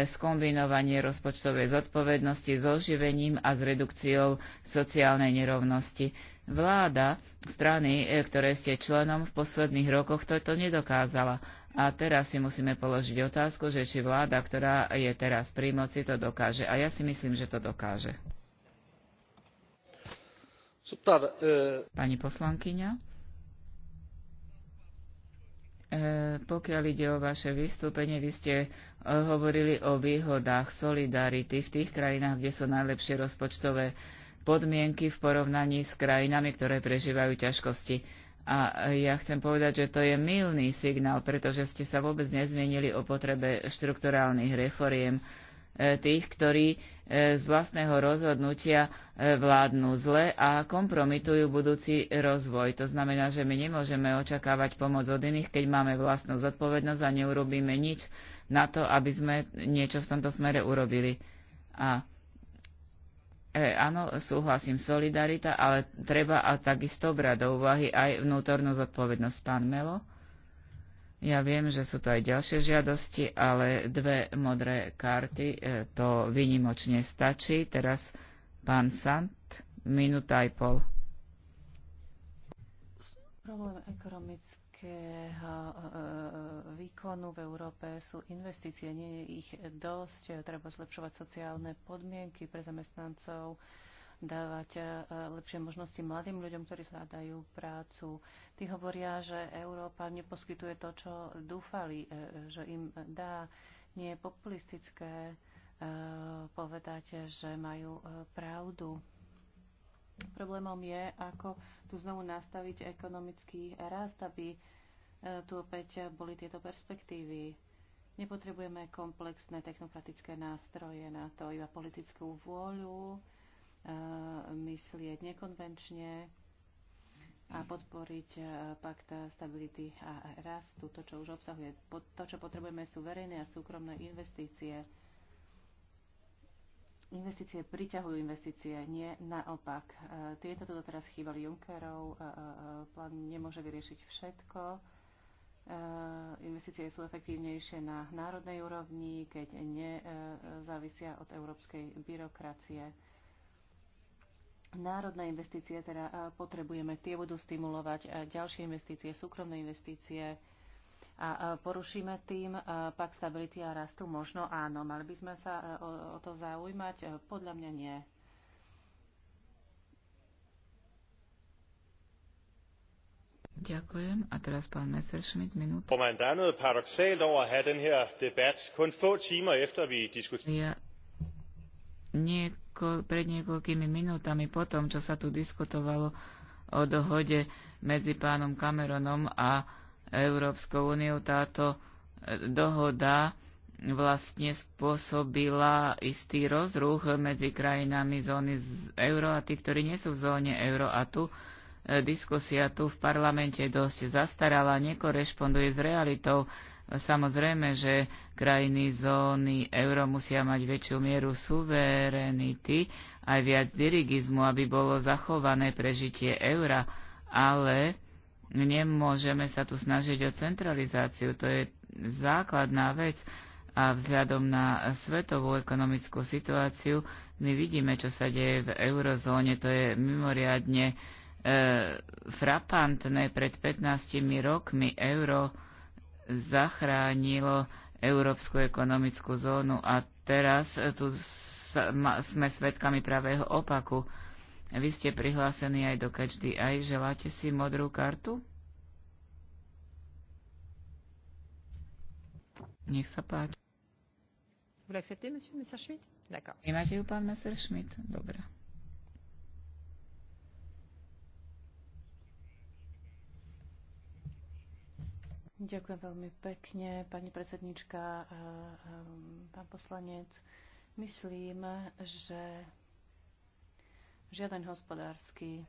skombinovanie rozpočtovej zodpovednosti s oživením a s redukciou sociálnej nerovnosti. Vláda strany, ktoré ste členom v posledných rokoch, toto nedokázala. A teraz si musíme položiť otázku, že či vláda, ktorá je teraz pri moci, to dokáže. A ja si myslím, že to dokáže. Pani poslankyňa, e, pokiaľ ide o vaše vystúpenie, vy ste e, hovorili o výhodách solidarity v tých krajinách, kde sú najlepšie rozpočtové podmienky v porovnaní s krajinami, ktoré prežívajú ťažkosti. A ja chcem povedať, že to je mylný signál, pretože ste sa vôbec nezmienili o potrebe štrukturálnych reforiem e, tých, ktorí e, z vlastného rozhodnutia e, vládnu zle a kompromitujú budúci rozvoj. To znamená, že my nemôžeme očakávať pomoc od iných, keď máme vlastnú zodpovednosť a neurobíme nič na to, aby sme niečo v tomto smere urobili. A E, áno, súhlasím, solidarita, ale treba a takisto brať do úvahy aj vnútornú zodpovednosť. Pán Melo? Ja viem, že sú to aj ďalšie žiadosti, ale dve modré karty e, to vynimočne stačí. Teraz pán Sant, minúta aj pol. Problém ekonomický nízkeho eh, výkonu v Európe sú investície, nie je ich dosť. Treba zlepšovať sociálne podmienky pre zamestnancov, dávať eh, lepšie možnosti mladým ľuďom, ktorí hľadajú prácu. Tí hovoria, že Európa neposkytuje to, čo dúfali, eh, že im dá. Nie je populistické povedať, že majú pravdu. Problémom je, ako tu znovu nastaviť ekonomický rast, aby e, tu opäť boli tieto perspektívy. Nepotrebujeme komplexné technokratické nástroje na to, iba politickú vôľu, e, myslieť nekonvenčne a podporiť e, pakt stability a rastu. To, čo už obsahuje, to, čo potrebujeme, sú verejné a súkromné investície Investície priťahujú investície, nie naopak. E, tieto tu doteraz chýbali Junckerov. E, e, plán nemôže vyriešiť všetko. Investície sú efektívnejšie na národnej úrovni, keď nezávisia od európskej byrokracie. Národné investície teda potrebujeme, tie budú stimulovať ďalšie investície, súkromné investície, a porušíme tým pak stability a rastu? Možno áno. Mali by sme sa e, o to zaujímať? E, podľa mňa nie. Ďakujem. A teraz pán Messerschmidt, minút. Pomeň, der je er noget paradoxalt over at have den her debat kun få timer efter vi diskuterer. Ja, nieko, pred niekoľkými minútami potom, čo sa tu diskutovalo o dohode medzi pánom Cameronom a Európskou úniou. Táto e, dohoda vlastne spôsobila istý rozruch medzi krajinami zóny z euro a tí, ktorí nie sú v zóne euro. A tu e, diskusia tu v parlamente dosť zastarala, nekorešponduje s realitou. Samozrejme, že krajiny zóny euro musia mať väčšiu mieru suverenity, aj viac dirigizmu, aby bolo zachované prežitie eura, ale Nemôžeme sa tu snažiť o centralizáciu, to je základná vec a vzhľadom na svetovú ekonomickú situáciu my vidíme, čo sa deje v eurozóne. To je mimoriadne e, frapantné. Pred 15 rokmi euro zachránilo európsku ekonomickú zónu a teraz tu sa, ma, sme svedkami pravého opaku. E, vy ste prihlásení aj do každý aj Želáte si modrú kartu? Nech sa páči. Vous l'acceptez, monsieur Messerschmidt D'accord. Primáte ju, pán Messerschmidt? Dobre. Ďakujem veľmi pekne, pani predsednička, pán poslanec. Myslím, že žiaden hospodársky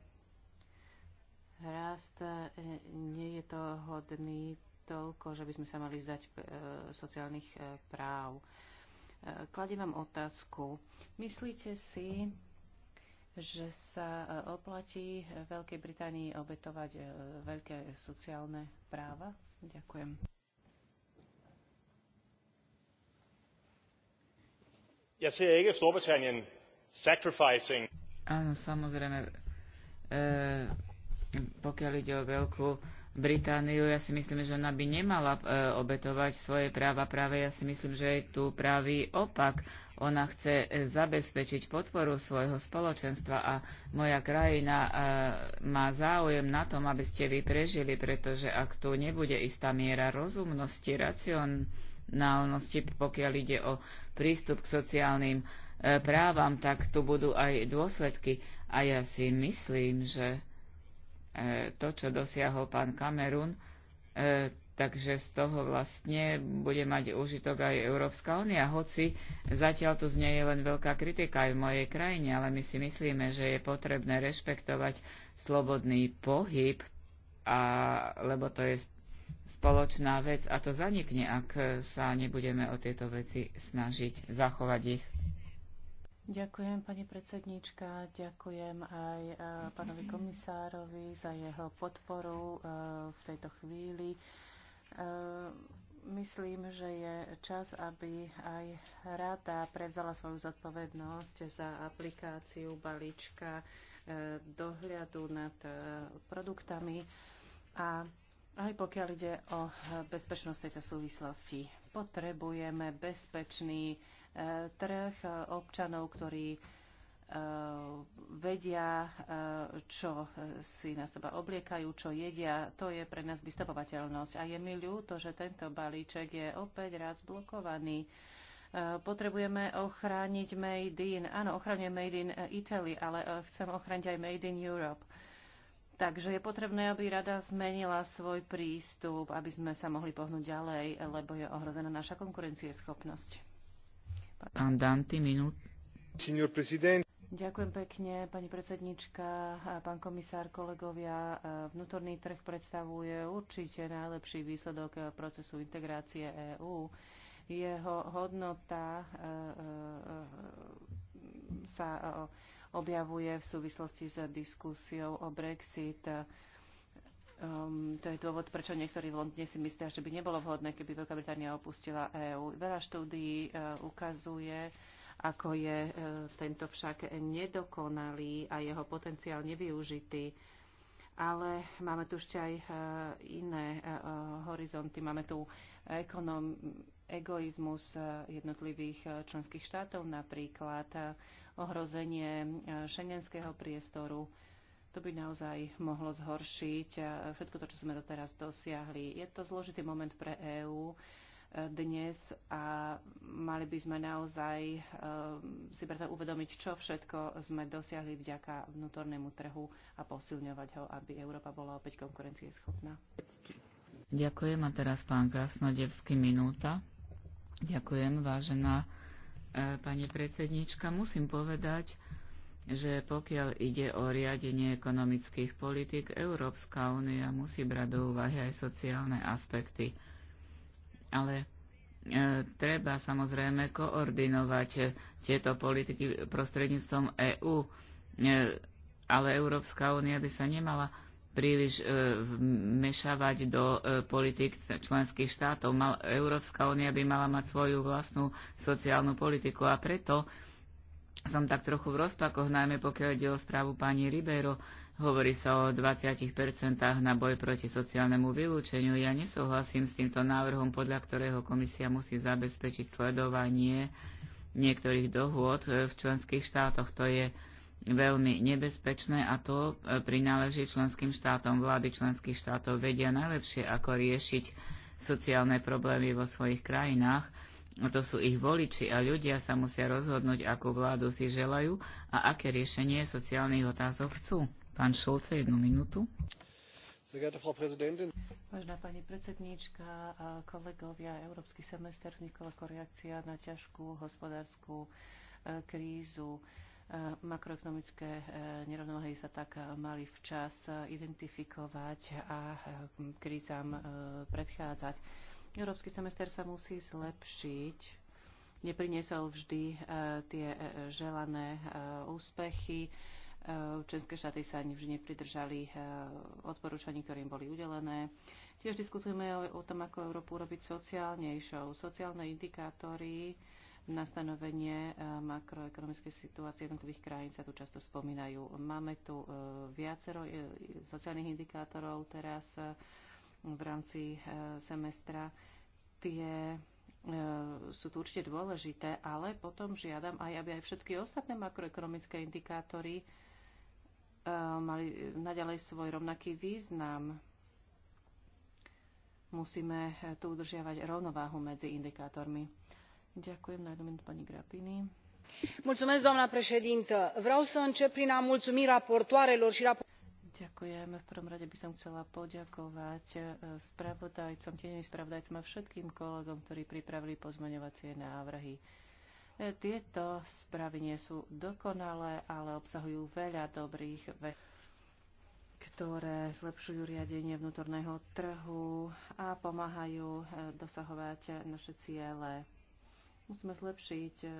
rast e, nie je to hodný toľko, že by sme sa mali vzdať e, sociálnych e, práv. Kladím vám otázku. Myslíte si, že sa oplatí Veľkej Británii obetovať veľké sociálne práva? Ďakujem. Jeg ser ikke Storbritannien sacrificing Áno, samozrejme, e, pokiaľ ide o Veľkú Britániu, ja si myslím, že ona by nemala e, obetovať svoje práva. Práve ja si myslím, že je tu pravý opak. Ona chce e, zabezpečiť podporu svojho spoločenstva a moja krajina e, má záujem na tom, aby ste vy prežili, pretože ak tu nebude istá miera rozumnosti, racionálnosti, pokiaľ ide o prístup k sociálnym E, právam, tak tu budú aj dôsledky. A ja si myslím, že e, to, čo dosiahol pán Kamerun, e, takže z toho vlastne bude mať užitok aj Európska únia, hoci zatiaľ tu znie je len veľká kritika aj v mojej krajine, ale my si myslíme, že je potrebné rešpektovať slobodný pohyb, a, lebo to je spoločná vec a to zanikne, ak sa nebudeme o tieto veci snažiť zachovať ich. Ďakujem, pani predsednička. Ďakujem aj eh, pánovi komisárovi za jeho podporu eh, v tejto chvíli. Eh, myslím, že je čas, aby aj rada prevzala svoju zodpovednosť za aplikáciu balíčka dohľadu nad produktami a aj pokiaľ ide o bezpečnosť tejto súvislosti. Potrebujeme bezpečný trh e, občanov, ktorí e, vedia, e, čo si na seba obliekajú, čo jedia. To je pre nás vystavovateľnosť. A je mi ľúto, že tento balíček je opäť raz blokovaný. Potrebujeme ochrániť Made in, áno, ochraňujem Made in Italy, ale chcem ochrániť aj Made in Europe. Takže je potrebné, aby rada zmenila svoj prístup, aby sme sa mohli pohnúť ďalej, lebo je ohrozená naša konkurencieschopnosť. Pán Danty, minút. Ďakujem pekne, pani predsednička, pán komisár, kolegovia. Vnútorný trh predstavuje určite najlepší výsledok procesu integrácie EÚ. Jeho hodnota e, e, e, sa objavuje v súvislosti s diskusiou o Brexit. Um, to je dôvod, prečo niektorí v Londýne si myslia, že by nebolo vhodné, keby Veľká Británia opustila EÚ. Veľa štúdií uh, e, ukazuje, ako je uh, tento však nedokonalý a jeho potenciál nevyužitý. Ale máme tu ešte aj uh, iné uh, horizonty. Máme tu ekonom, egoizmus jednotlivých členských štátov, napríklad ohrozenie šengenského priestoru to by naozaj mohlo zhoršiť eh, všetko to, čo sme doteraz dosiahli. Je to zložitý moment pre EÚ eh, dnes a mali by sme naozaj eh, si preto uvedomiť, čo všetko sme dosiahli vďaka vnútornému trhu a posilňovať ho, aby Európa bola opäť konkurencieschopná. Ďakujem a teraz pán Krasnodevský minúta. Ďakujem, vážená e, pani predsednička. Musím povedať, že pokiaľ ide o riadenie ekonomických politik, Európska únia musí brať do úvahy aj sociálne aspekty. Ale e, treba samozrejme koordinovať tieto politiky prostredníctvom EÚ, e, ale Európska únia by sa nemala príliš e, mešavať do e, politik členských štátov. Mal, Európska únia by mala mať svoju vlastnú sociálnu politiku a preto e, som tak trochu v rozpakoch, najmä pokiaľ ide o správu pani Ribeiro. Hovorí sa o 20% na boj proti sociálnemu vylúčeniu. Ja nesúhlasím s týmto návrhom, podľa ktorého komisia musí zabezpečiť sledovanie niektorých dohôd v členských štátoch. To je veľmi nebezpečné a to e, prináleží členským štátom. Vlády členských štátov vedia najlepšie, ako riešiť sociálne problémy vo svojich krajinách to sú ich voliči a ľudia sa musia rozhodnúť, akú vládu si želajú a aké riešenie sociálnych otázok chcú. Pán Šulce, jednu minútu. Vážená pani predsedníčka, kolegovia, Európsky semester vznikol ako reakcia na ťažkú hospodárskú e, krízu. E, makroekonomické e, nerovnováhy sa tak mali včas identifikovať a krízam predchádzať Európsky semester sa musí zlepšiť nepriniesol vždy e, tie e, želané e, úspechy. České štáty sa ani vždy nepridržali odporúčaní, ktorým boli udelené. Tiež diskutujeme o, o tom, ako Európu robiť sociálnejšou. Sociálne indikátory na stanovenie makroekonomickej situácie jednotlivých krajín sa tu často spomínajú. Máme tu viacero sociálnych indikátorov teraz v rámci e, semestra, tie e, sú tu určite dôležité, ale potom žiadam aj, aby aj všetky ostatné makroekonomické indikátory e, mali naďalej svoj rovnaký význam. Musíme tu udržiavať rovnováhu medzi indikátormi. Ďakujem na jednu minútu pani Grapini. Mulțumesc, doamna președintă. Vreau să încep prin a mulțumi raportoarelor și raportoarelor. Ďakujem. V prvom rade by som chcela poďakovať e, spravodajcom, tieňovým spravodajcom a všetkým kolegom, ktorí pripravili pozmeňovacie návrhy. E, tieto správy nie sú dokonalé, ale obsahujú veľa dobrých vecí ktoré zlepšujú riadenie vnútorného trhu a pomáhajú e, dosahovať naše ciele. Musíme zlepšiť e, e,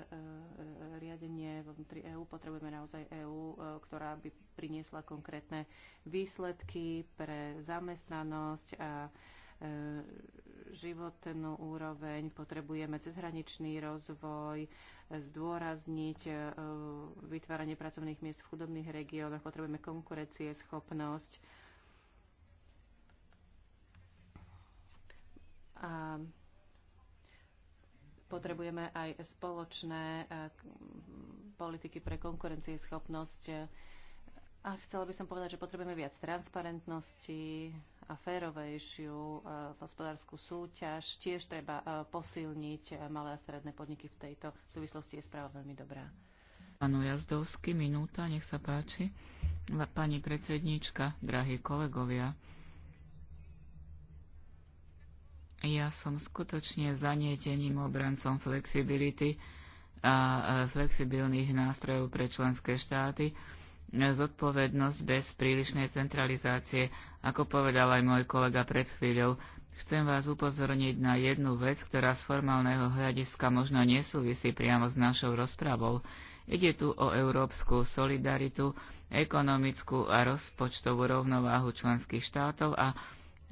riadenie vnútri EÚ. Potrebujeme naozaj EÚ, e, ktorá by priniesla konkrétne výsledky pre zamestnanosť a životnú úroveň, potrebujeme cezhraničný rozvoj, zdôrazniť vytváranie pracovných miest v chudobných regiónoch, potrebujeme konkurencie, schopnosť. A Potrebujeme aj spoločné eh, politiky pre konkurencieschopnosť. A chcela by som povedať, že potrebujeme viac transparentnosti a férovejšiu eh, hospodárskú súťaž. Tiež treba eh, posilniť malé a stredné podniky v tejto súvislosti. Je správa veľmi dobrá. Pánu Jazdovský, minúta, nech sa páči. Pani predsedníčka, drahí kolegovia, ja som skutočne zanietením obrancom flexibility a flexibilných nástrojov pre členské štáty, zodpovednosť bez prílišnej centralizácie, ako povedal aj môj kolega pred chvíľou. Chcem vás upozorniť na jednu vec, ktorá z formálneho hľadiska možno nesúvisí priamo s našou rozpravou. Ide tu o európsku solidaritu, ekonomickú a rozpočtovú rovnováhu členských štátov a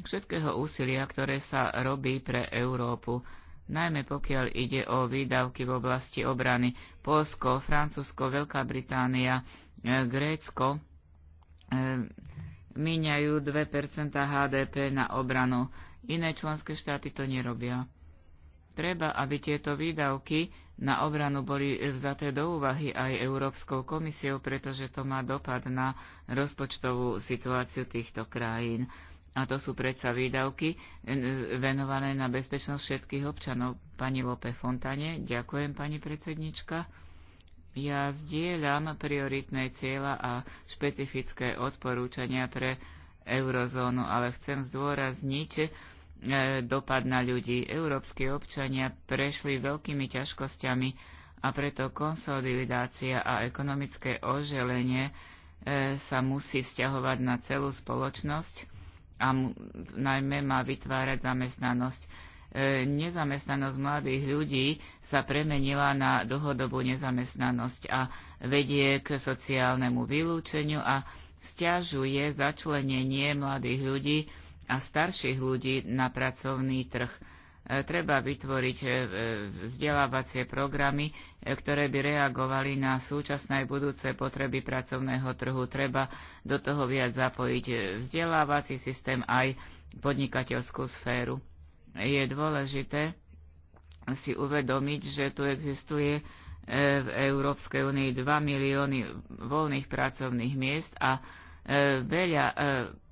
všetkého úsilia, ktoré sa robí pre Európu, najmä pokiaľ ide o výdavky v oblasti obrany. Polsko, Francúzsko, Veľká Británia, e, Grécko e, míňajú 2% HDP na obranu. Iné členské štáty to nerobia. Treba, aby tieto výdavky na obranu boli vzaté do úvahy aj Európskou komisiou, pretože to má dopad na rozpočtovú situáciu týchto krajín. A to sú predsa výdavky eh, venované na bezpečnosť všetkých občanov. Pani Lope Fontane, ďakujem pani predsednička. Ja zdieľam prioritné cieľa a špecifické odporúčania pre eurozónu, ale chcem zdôrazniť eh, dopad na ľudí. Európsky občania prešli veľkými ťažkosťami a preto konsolidácia a ekonomické oželenie eh, sa musí vzťahovať na celú spoločnosť a najmä má vytvárať zamestnanosť. E, nezamestnanosť mladých ľudí sa premenila na dlhodobú nezamestnanosť a vedie k sociálnemu vylúčeniu a stiažuje začlenenie mladých ľudí a starších ľudí na pracovný trh treba vytvoriť e, vzdelávacie programy, e, ktoré by reagovali na súčasné aj budúce potreby pracovného trhu. Treba do toho viac zapojiť e, vzdelávací systém aj podnikateľskú sféru. Je dôležité si uvedomiť, že tu existuje v Európskej únii 2 milióny voľných pracovných miest a veľa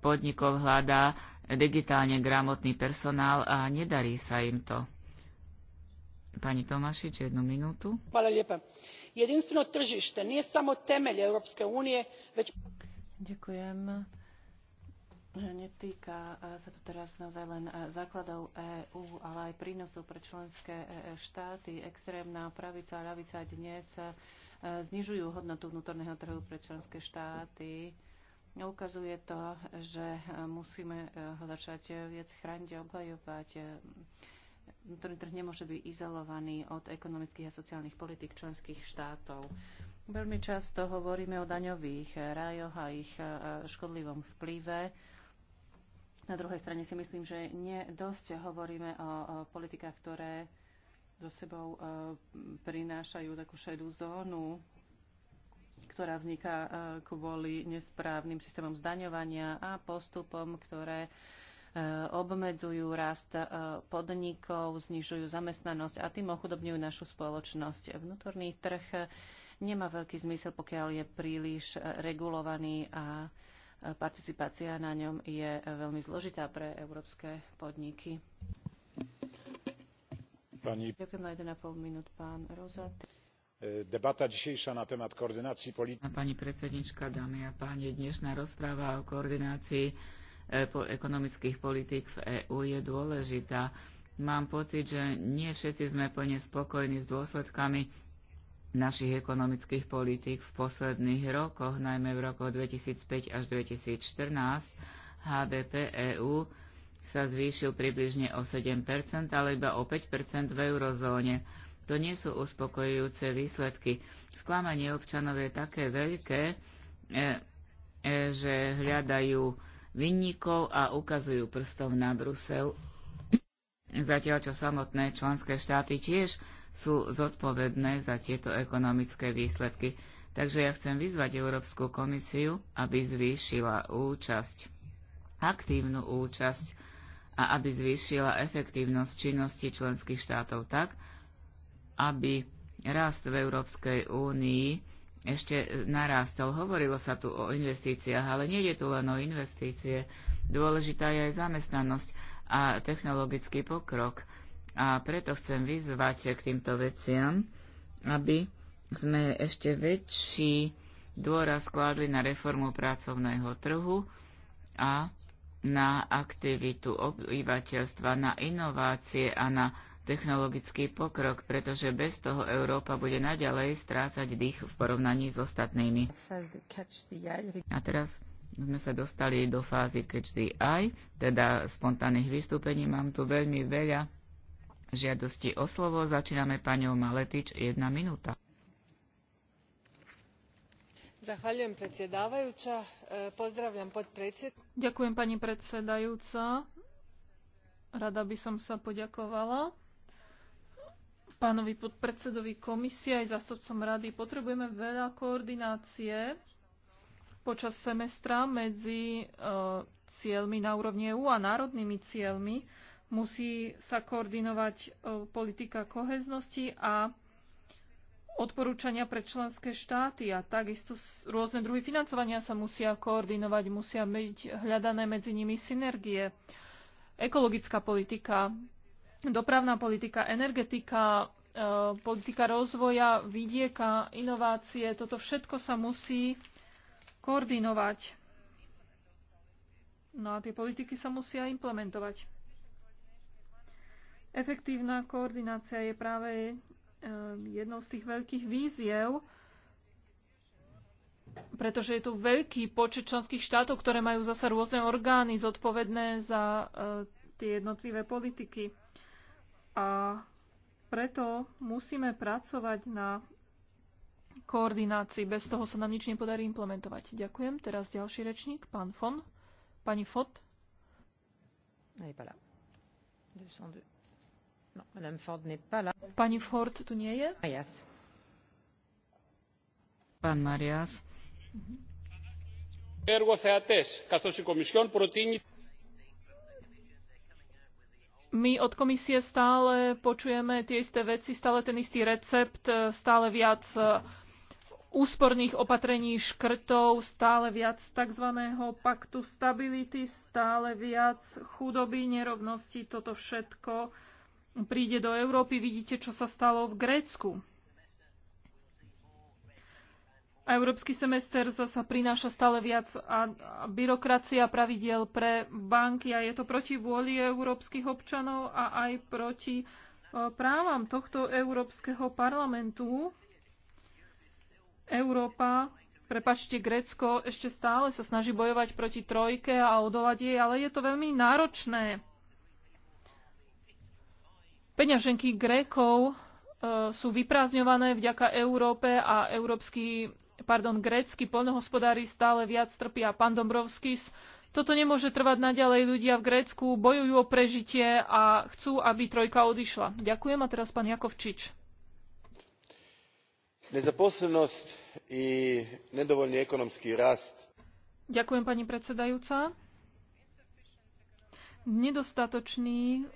podnikov hľadá digitálne gramotný personál a nedarí sa im to. Pani Tomášič, jednu minútu. Hvala lijepa. Jedinstveno tržište nije samo temelj Europske únie, već... Ďakujem. Netýka sa to teraz naozaj len základov EÚ, ale aj prínosov pre členské štáty. Extrémna pravica a ľavica dnes eh, znižujú hodnotu vnútorného trhu pre členské štáty Ukazuje to, že e, musíme e, začať e, viac chrániť a obhajovať. Vnútorný trh nemôže byť izolovaný od ekonomických a sociálnych politik členských štátov. Veľmi často hovoríme o daňových rájoch a ich škodlivom vplyve. Na druhej strane si myslím, že nie dosť hovoríme o politikách, ktoré so sebou prinášajú takú šedú zónu ktorá vzniká e, kvôli nesprávnym systémom zdaňovania a postupom, ktoré e, obmedzujú rast e, podnikov, znižujú zamestnanosť a tým ochudobňujú našu spoločnosť. Vnútorný trh nemá veľký zmysel, pokiaľ je príliš regulovaný a participácia na ňom je veľmi zložitá pre európske podniky. Pani... Ďakujem na 1,5 minút, pán Rozat. E, debata dzisiejsza na temat koordynacji polityki. Pani predsedníčka, dámy a páni, dnešná rozpráva o koordinácii e, ekonomických politík v EÚ je dôležitá. Mám pocit, že nie všetci sme plne spokojní s dôsledkami našich ekonomických politík v posledných rokoch, najmä v rokoch 2005 až 2014, HDP EÚ sa zvýšil približne o 7 ale iba o 5 v eurozóne. To nie sú uspokojujúce výsledky. Sklamanie občanov je také veľké, e, e, že hľadajú vinníkov a ukazujú prstom na Brusel, zatiaľ čo samotné členské štáty tiež sú zodpovedné za tieto ekonomické výsledky. Takže ja chcem vyzvať Európsku komisiu, aby zvýšila účasť, aktívnu účasť a aby zvýšila efektívnosť činnosti členských štátov tak, aby rast v Európskej únii ešte narástol. Hovorilo sa tu o investíciách, ale nie je tu len o investície. Dôležitá je aj zamestnanosť a technologický pokrok. A preto chcem vyzvať k týmto veciam, aby sme ešte väčší dôraz skladli na reformu pracovného trhu a na aktivitu obyvateľstva, na inovácie a na technologický pokrok, pretože bez toho Európa bude naďalej strácať dých v porovnaní s ostatnými. A teraz sme sa dostali do fázy Catch the Eye, teda spontánnych vystúpení. Mám tu veľmi veľa žiadosti o slovo. Začíname paňou Maletič, jedna minúta. Zahvaljujem predsjedavajuća. E, Pozdravujem podpredsjednika. Ďakujem pani predsedajúca. Rada by som sa poďakovala pánovi podpredsedovi komisie aj zastupcom rady. Potrebujeme veľa koordinácie počas semestra medzi uh, cieľmi na úrovni EU a národnými cieľmi. Musí sa koordinovať uh, politika koheznosti a odporúčania pre členské štáty a takisto rôzne druhy financovania sa musia koordinovať, musia byť hľadané medzi nimi synergie. Ekologická politika, dopravná politika, energetika, e, politika rozvoja, vidieka, inovácie, toto všetko sa musí koordinovať. No a tie politiky sa musia implementovať. Efektívna koordinácia je práve e, jednou z tých veľkých víziev, pretože je tu veľký počet členských štátov, ktoré majú zasa rôzne orgány zodpovedné za e, tie jednotlivé politiky. A preto musíme pracovať na koordinácii. Bez toho sa nám nič nepodarí implementovať. Ďakujem. Teraz ďalší rečník, pán Fon. Pani Fot. Pani Ford tu nie je? Marias. Pán Marias. Έργο θεατές, καθώς η Κομισιόν προτείνει my od komisie stále počujeme tie isté veci, stále ten istý recept, stále viac e, úsporných opatrení, škrtov, stále viac tzv. paktu stability, stále viac chudoby, nerovnosti, toto všetko príde do Európy. Vidíte, čo sa stalo v Grécku. Európsky semester zasa prináša stále viac a, byrokracia pravidiel pre banky a je to proti vôli európskych občanov a aj proti e, právam tohto Európskeho parlamentu. Európa, prepačte Grécko, ešte stále sa snaží bojovať proti trojke a odoladie, ale je to veľmi náročné. Peňaženky Grékov e, sú vyprázdňované vďaka Európe a európsky pardon, grécky polnohospodári stále viac trpia. Pán Dombrovskis, toto nemôže trvať naďalej. Ľudia v Grécku bojujú o prežitie a chcú, aby trojka odišla. Ďakujem a teraz pán Jakovčič. Nezaposlenosť i nedovoľný ekonomický rast. Ďakujem pani predsedajúca. Nedostatočný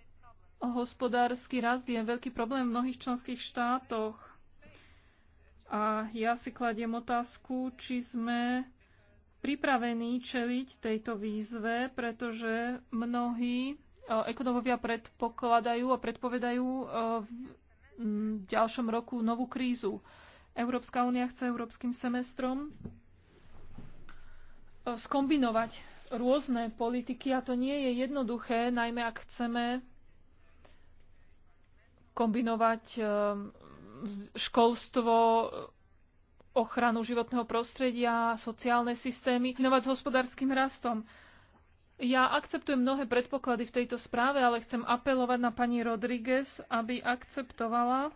hospodársky rast je veľký problém v mnohých členských štátoch a ja si kladiem otázku, či sme pripravení čeliť tejto výzve, pretože mnohí e, ekonómovia predpokladajú a predpovedajú e, v ďalšom roku novú krízu. Európska únia chce európskym semestrom e, skombinovať rôzne politiky a to nie je jednoduché, najmä ak chceme kombinovať školstvo, ochranu životného prostredia, sociálne systémy, inovať s hospodárskym rastom. Ja akceptujem mnohé predpoklady v tejto správe, ale chcem apelovať na pani Rodriguez, aby akceptovala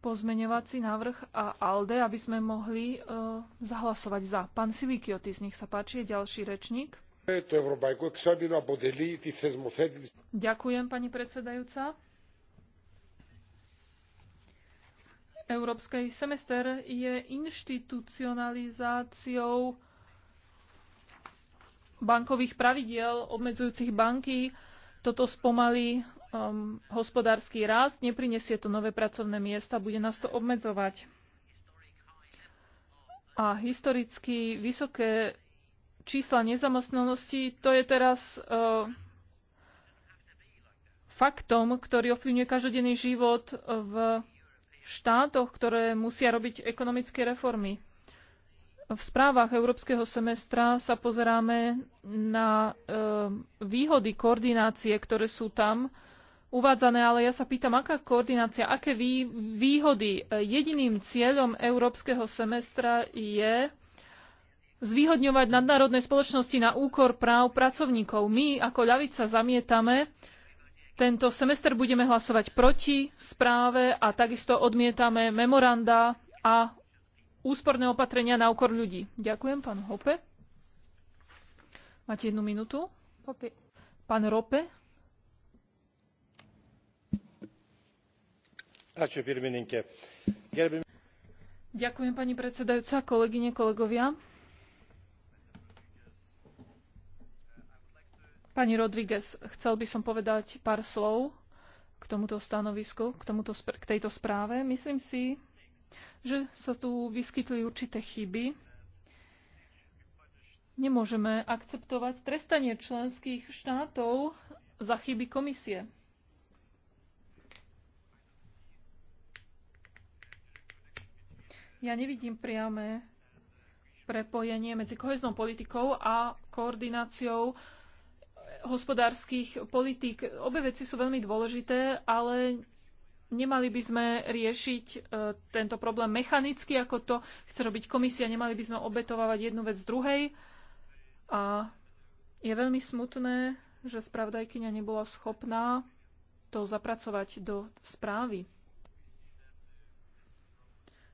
pozmeňovací návrh a ALDE, aby sme mohli e, zahlasovať za. Pán Silikiotis, nech sa páči, je ďalší rečník. Ďakujem, pani predsedajúca. Európskej semester je inštitucionalizáciou bankových pravidiel obmedzujúcich banky. Toto spomalí um, hospodársky rast, neprinesie to nové pracovné miesta, bude nás to obmedzovať. A historicky vysoké čísla nezamestnanosti, to je teraz uh, faktom, ktorý ovplyvňuje každodenný život v štátoch, ktoré musia robiť ekonomické reformy. V správach európskeho semestra sa pozeráme na e, výhody koordinácie, ktoré sú tam uvádzané, ale ja sa pýtam, aká koordinácia, aké vý, výhody. Jediným cieľom európskeho semestra je zvýhodňovať nadnárodné spoločnosti na úkor práv pracovníkov. My ako ľavica zamietame tento semester budeme hlasovať proti správe a takisto odmietame memoranda a úsporné opatrenia na úkor ľudí. Ďakujem, pán Hope. Máte jednu minútu? Hope. Pán Rope. Ďakujem, pani predsedajúca, kolegyne, kolegovia Pani Rodriguez, chcel by som povedať pár slov k tomuto stanovisku, k, tomuto, k tejto správe. Myslím si, že sa tu vyskytli určité chyby. Nemôžeme akceptovať trestanie členských štátov za chyby komisie. Ja nevidím priame prepojenie medzi koheznou politikou a koordináciou uh, hospodárskych politík. Obe veci sú veľmi dôležité, ale nemali by sme riešiť e, tento problém mechanicky, ako to chce robiť komisia. Nemali by sme obetovávať jednu vec druhej. A je veľmi smutné, že spravdajkyňa nebola schopná to zapracovať do správy.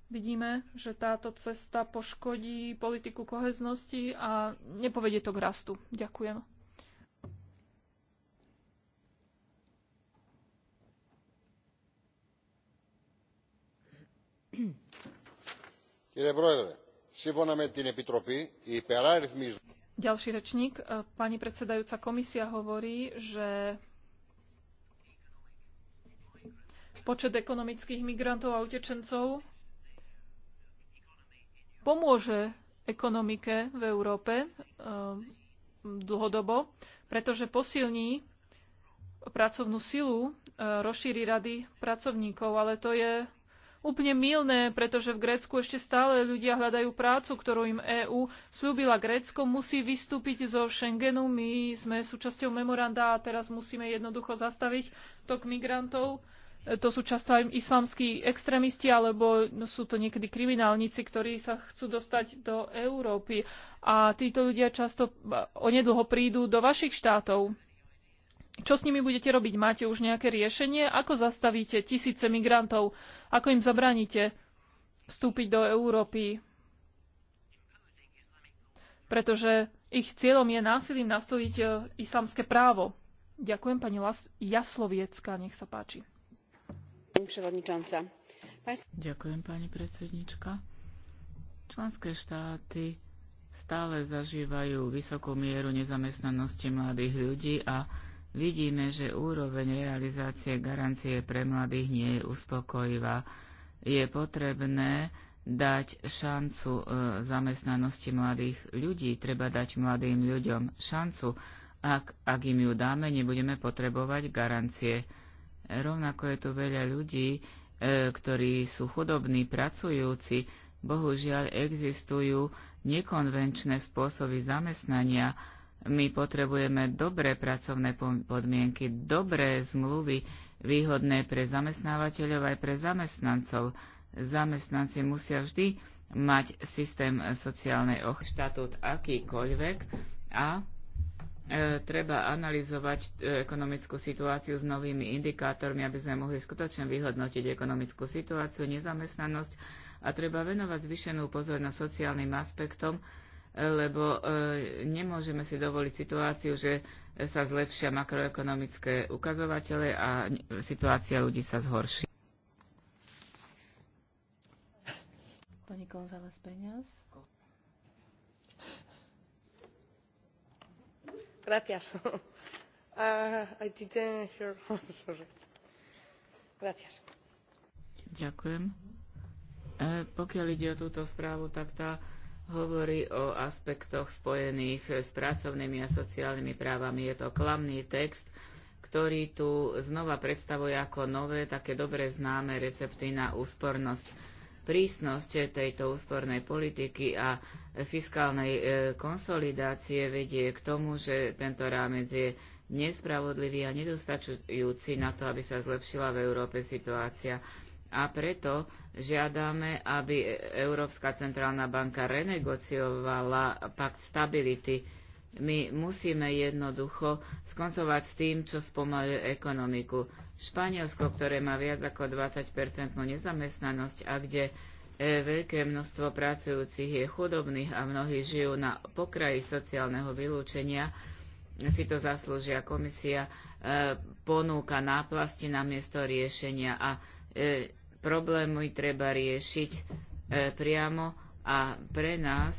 Vidíme, že táto cesta poškodí politiku koheznosti a nepovedie to k rastu. Ďakujem. Ďalší rečník, pani predsedajúca komisia hovorí, že počet ekonomických migrantov a utečencov pomôže ekonomike v Európe e, dlhodobo, pretože posilní pracovnú silu, e, rozšíri rady pracovníkov, ale to je úplne milné, pretože v Grécku ešte stále ľudia hľadajú prácu, ktorú im EÚ slúbila. Grécko musí vystúpiť zo Schengenu, my sme súčasťou memoranda a teraz musíme jednoducho zastaviť tok migrantov. To sú často aj islamskí extrémisti, alebo sú to niekedy kriminálnici, ktorí sa chcú dostať do Európy. A títo ľudia často onedlho prídu do vašich štátov. Čo s nimi budete robiť? Máte už nejaké riešenie? Ako zastavíte tisíce migrantov? Ako im zabraníte vstúpiť do Európy? Pretože ich cieľom je násilím nastoliť e, islamské právo. Ďakujem pani Las- Jasloviecka, nech sa páči. Ďakujem pani predsednička. Členské štáty stále zažívajú vysokú mieru nezamestnanosti mladých ľudí a Vidíme, že úroveň realizácie garancie pre mladých nie je uspokojivá. Je potrebné dať šancu e, zamestnanosti mladých ľudí, treba dať mladým ľuďom šancu. Ak, ak im ju dáme, nebudeme potrebovať garancie. Rovnako je tu veľa ľudí, e, ktorí sú chudobní, pracujúci. Bohužiaľ existujú nekonvenčné spôsoby zamestnania, my potrebujeme dobré pracovné podmienky, dobré zmluvy, výhodné pre zamestnávateľov aj pre zamestnancov. Zamestnanci musia vždy mať systém sociálnej ochrany, štatút akýkoľvek a e, treba analyzovať e, ekonomickú situáciu s novými indikátormi, aby sme mohli skutočne vyhodnotiť ekonomickú situáciu, nezamestnanosť a treba venovať zvyšenú pozornosť sociálnym aspektom, lebo e, nemôžeme si dovoliť situáciu, že sa zlepšia makroekonomické ukazovatele a situácia ľudí sa zhorší. Pani González peniaz. Gracias. Uh, I didn't hear. Sorry. Gracias. Ďakujem. E, pokiaľ ide o túto správu, tak tá uh, hovorí o aspektoch spojených s pracovnými a sociálnymi právami. Je to klamný text, ktorý tu znova predstavuje ako nové, také dobre známe recepty na úspornosť. Prísnosť tejto úspornej politiky a fiskálnej e, konsolidácie vedie k tomu, že tento rámec je nespravodlivý a nedostačujúci na to, aby sa zlepšila v Európe situácia a preto žiadame, aby Európska centrálna banka renegociovala pakt stability. My musíme jednoducho skoncovať s tým, čo spomaluje ekonomiku. Španielsko, ktoré má viac ako 20-percentnú nezamestnanosť a kde e, veľké množstvo pracujúcich je chudobných a mnohí žijú na pokraji sociálneho vylúčenia, si to zaslúžia. Komisia e, ponúka náplasti na miesto riešenia a e, Problémy treba riešiť e, priamo a pre nás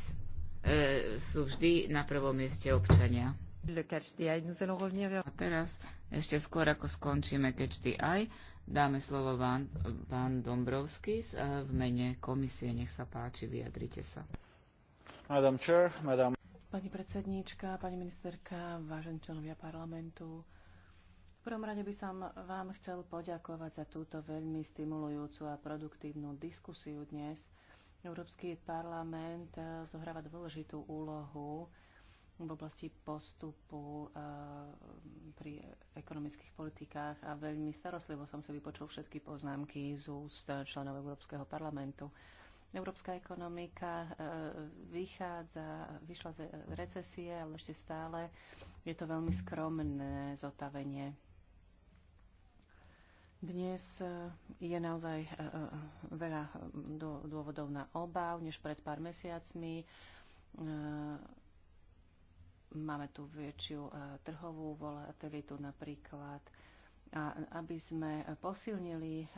e, sú vždy na prvom mieste občania. A teraz, ešte skôr ako skončíme Catch the Eye, dáme slovo vám, pán Dombrovský e, v mene komisie. Nech sa páči, vyjadrite sa. Madam Chair, madam... Pani predsedníčka, pani ministerka, vážení členovia parlamentu, prvom rade by som vám chcel poďakovať za túto veľmi stimulujúcu a produktívnu diskusiu dnes. Európsky parlament eh, zohráva dôležitú úlohu v oblasti postupu eh, pri ekonomických politikách a veľmi starostlivo som si vypočul všetky poznámky z úst členov Európskeho parlamentu. Európska ekonomika eh, vychádza, vyšla z recesie, ale ešte stále je to veľmi skromné zotavenie dnes eh, je naozaj eh, eh, veľa dôvodov na obav, než pred pár mesiacmi. Máme tu väčšiu trhovú volatilitu napríklad. A aby sme posilnili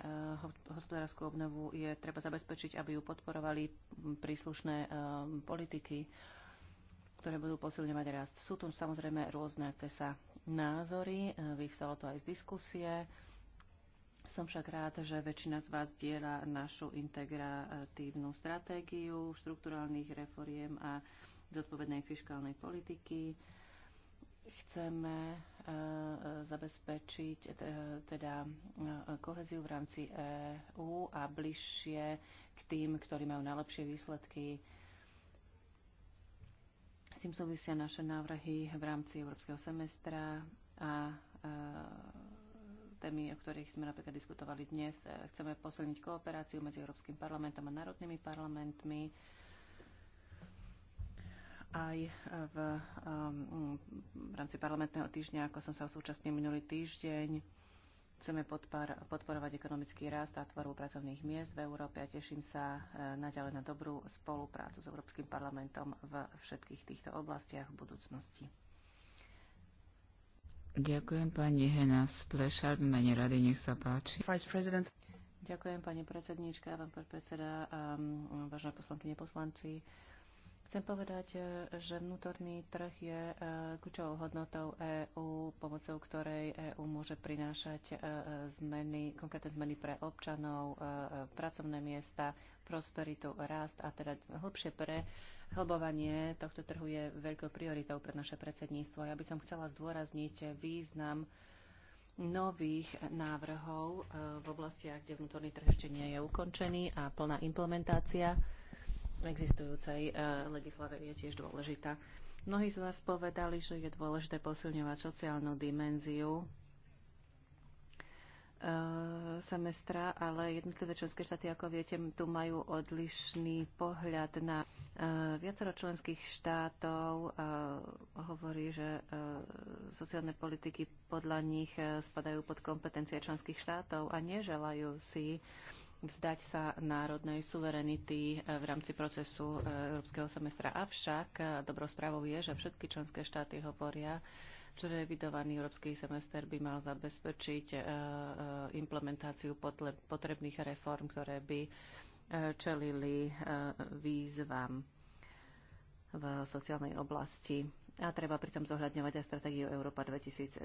hospodárskú obnovu, je treba zabezpečiť, aby ju podporovali príslušné politiky, ktoré budú posilňovať rast. Sú tu samozrejme rôzne cesa názory, vyvstalo to aj z diskusie. Som však rád, že väčšina z vás diela našu integratívnu stratégiu štrukturálnych reforiem a zodpovednej fiskálnej politiky. Chceme e, zabezpečiť e, teda e, koheziu v rámci EÚ a bližšie k tým, ktorí majú najlepšie výsledky. S tým súvisia naše návrhy v rámci Európskeho semestra a témy, o ktorých sme napríklad diskutovali dnes. E, chceme posilniť kooperáciu medzi Európskym parlamentom a národnými parlamentmi aj e, v, um, v rámci parlamentného týždňa, ako som sa súčasnil minulý týždeň. Chceme podpar, podporovať ekonomický rast a tvorbu pracovných miest v Európe a teším sa uh, naďalej na dobrú spoluprácu s Európskym parlamentom v všetkých týchto oblastiach v budúcnosti. Ďakujem pani Hena Splešard, mene rady, nech sa páči. Vice President. Ďakujem pani predsedníčka, pán predseda, um, vážna poslankyne poslanci. Chcem povedať, e, že vnútorný trh je e, kľúčovou hodnotou EÚ, pomocou ktorej EÚ môže prinášať e, zmeny, konkrétne zmeny pre občanov, pracovné miesta, prosperitu, rast a teda hĺbšie pre hlbovanie tohto trhu je veľkou prioritou pre naše predsedníctvo. Ja by som chcela zdôrazniť význam nových návrhov v oblastiach, kde vnútorný trh ešte nie je ukončený a plná implementácia existujúcej e, legislatívy je tiež dôležitá. Mnohí z vás povedali, že je dôležité posilňovať sociálnu dimenziu e, semestra, ale jednotlivé členské štáty, ako viete, tu majú odlišný pohľad na e, viacero členských štátov. Hovorí, že sociálne politiky podľa nich spadajú pod kompetencie členských štátov a neželajú si vzdať sa národnej suverenity e, v rámci procesu e, európskeho semestra. Avšak e, dobrou správou je, že všetky členské štáty hovoria, že revidovaný európsky semester by mal zabezpečiť implementáciu potrebných reform, ktoré by čelili výzvam v sociálnej oblasti. A treba pritom zohľadňovať aj stratégiu Európa 2020,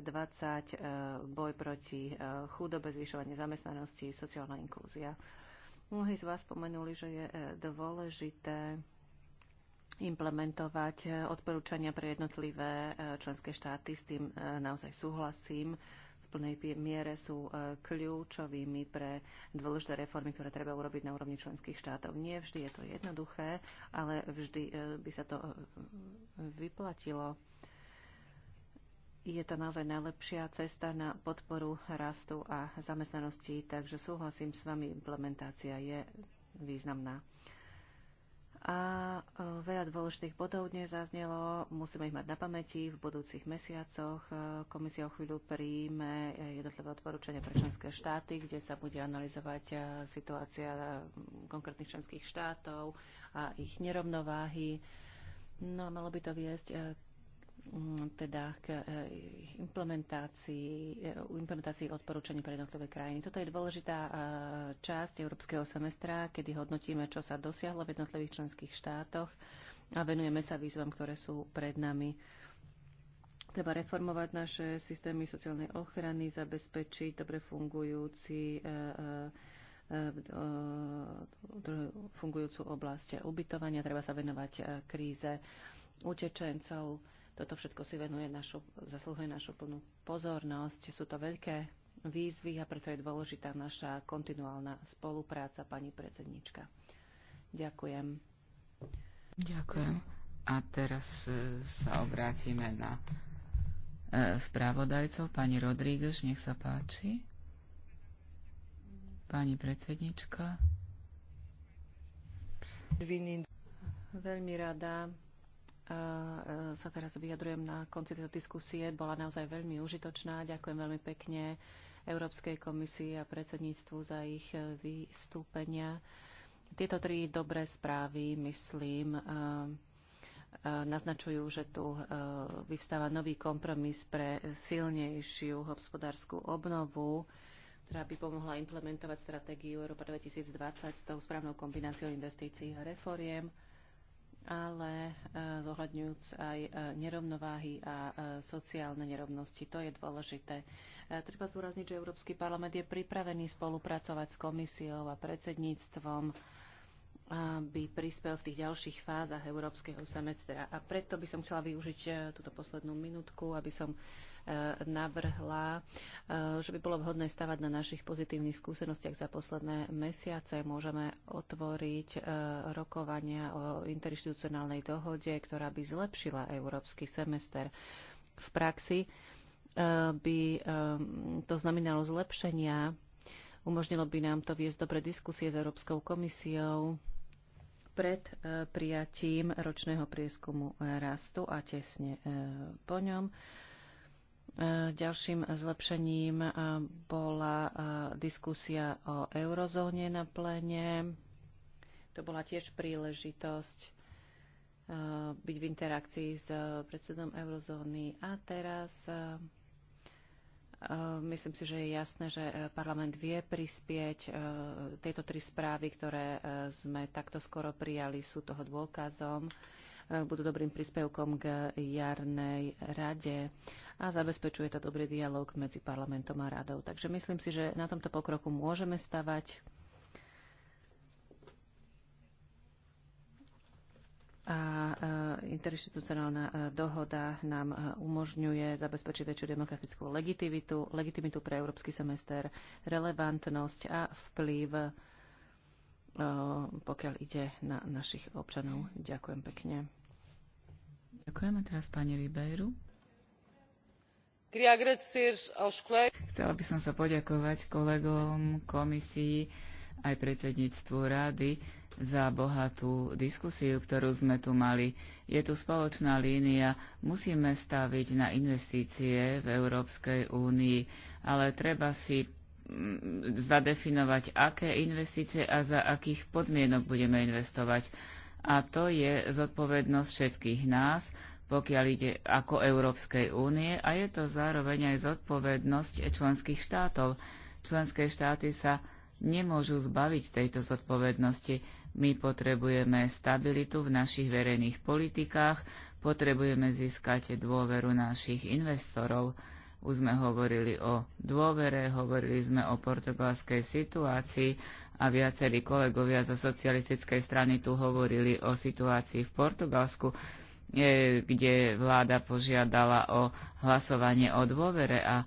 e, boj proti e, chudobe, zvyšovanie zamestnanosti, sociálna inklúzia. Mnohí z vás spomenuli, že je e, dôležité implementovať odporúčania pre jednotlivé členské štáty. S tým naozaj súhlasím plnej miere sú e, kľúčovými pre dôležité reformy, ktoré treba urobiť na úrovni členských štátov. Nie vždy je to jednoduché, ale vždy e, by sa to e, vyplatilo. Je to naozaj najlepšia cesta na podporu rastu a zamestnanosti, takže súhlasím s vami, implementácia je významná a e, veľa dôležitých bodov dnes zaznelo. Musíme ich mať na pamäti v budúcich mesiacoch. E, komisia o chvíľu príjme e, jednotlivé odporúčania pre členské štáty, kde sa bude analyzovať situácia konkrétnych členských štátov a ich nerovnováhy. No a malo by to viesť Mm, teda k e, implementácii, e, implementácii odporúčaní pre jednotlivé krajiny. Toto je dôležitá e, časť európskeho semestra, kedy hodnotíme, čo sa dosiahlo v jednotlivých členských štátoch a venujeme sa výzvam, ktoré sú pred nami. Treba reformovať naše systémy sociálnej ochrany, zabezpečiť dobre fungujúci fungujúcu oblasť ubytovania, treba sa venovať kríze utečencov toto všetko si venuje našu, zaslúhuje našu plnú pozornosť. Sú to veľké výzvy a preto je dôležitá naša kontinuálna spolupráca, pani predsednička. Ďakujem. Ďakujem. A teraz e, sa obrátime na e, správodajcov. Pani Rodríguez, nech sa páči. Pani predsednička. Veľmi rada E, sa teraz vyjadrujem na konci tejto diskusie. Bola naozaj veľmi užitočná. Ďakujem veľmi pekne Európskej komisii a predsedníctvu za ich e, vystúpenia. Tieto tri dobré správy, myslím, e, naznačujú, že tu vyvstáva nový kompromis pre silnejšiu hospodárskú obnovu ktorá by pomohla implementovať stratégiu Európa 2020 s tou správnou kombináciou investícií a reforiem ale e, zohľadňujúc aj e, nerovnováhy a e, sociálne nerovnosti. To je dôležité. Treba zúrazniť, že Európsky parlament je pripravený spolupracovať s komisiou a predsedníctvom by prispel v tých ďalších fázach európskeho semestra. A preto by som chcela využiť e, túto poslednú minútku, aby som e, navrhla, e, že by bolo vhodné stavať na našich pozitívnych skúsenostiach za posledné mesiace. Môžeme otvoriť rokovania o interinstitucionálnej dohode, ktorá by zlepšila európsky semester v praxi by to znamenalo zlepšenia, umožnilo by nám to viesť dobre diskusie s Európskou komisiou, pred e, prijatím ročného prieskumu e, rastu a tesne e, po ňom. Ďalším zlepšením bola diskusia o eurozóne na plene. To bola tiež príležitosť byť v interakcii s predsedom eurozóny. A teraz Ehm, myslím si, že je jasné, že e, parlament vie prispieť. E, Tieto tri správy, ktoré e, sme takto skoro prijali, sú toho dôkazom. Budú dobrým príspevkom k jarnej rade a zabezpečuje to dobrý dialog medzi parlamentom a radou. Takže myslím si, že na tomto pokroku môžeme stavať a e, interinstitucionálna e, dohoda nám e, umožňuje zabezpečiť väčšiu demokratickú legitimitu, legitimitu pre európsky semester, relevantnosť a vplyv, pokiaľ ide na našich občanov. Ďakujem pekne. Ďakujem a teraz pani Ribeiru. Chcela by som sa poďakovať kolegom komisii, aj predsedníctvu rady za bohatú diskusiu, ktorú sme tu mali. Je tu spoločná línia, musíme staviť na investície v Európskej únii, ale treba si mm, zadefinovať, aké investície a za akých podmienok budeme investovať. A to je zodpovednosť všetkých nás, pokiaľ ide ako Európskej únie a je to zároveň aj zodpovednosť členských štátov. Členské štáty sa nemôžu zbaviť tejto zodpovednosti. My potrebujeme stabilitu v našich verejných politikách, potrebujeme získať dôveru našich investorov. Už sme hovorili o dôvere, hovorili sme o portugalskej situácii a viacerí kolegovia zo socialistickej strany tu hovorili o situácii v Portugalsku, e, kde vláda požiadala o hlasovanie o dôvere a e,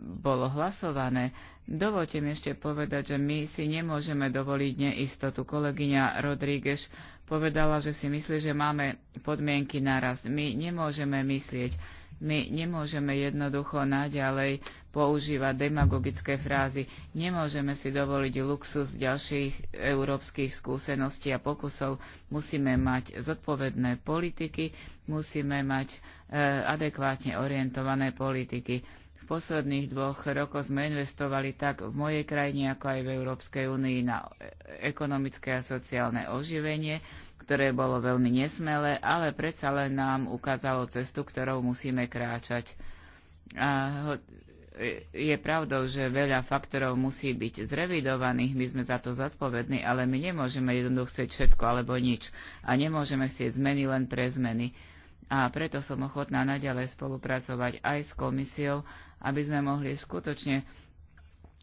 bolo hlasované Dovolte mi ešte povedať, že my si nemôžeme dovoliť neistotu. Kolegyňa Rodríguez povedala, že si myslí, že máme podmienky rast. My nemôžeme myslieť, my nemôžeme jednoducho naďalej používať demagogické frázy. Nemôžeme si dovoliť luxus ďalších európskych skúseností a pokusov. Musíme mať zodpovedné politiky, musíme mať e, adekvátne orientované politiky posledných dvoch rokoch sme investovali tak v mojej krajine, ako aj v Európskej únii na ekonomické a sociálne oživenie, ktoré bolo veľmi nesmelé, ale predsa len nám ukázalo cestu, ktorou musíme kráčať. A e, je pravdou, že veľa faktorov musí byť zrevidovaných, my sme za to zodpovední, ale my nemôžeme jednoducho chcieť všetko alebo nič a nemôžeme chcieť zmeny len pre zmeny a preto som ochotná naďalej spolupracovať aj s komisiou, aby sme mohli skutočne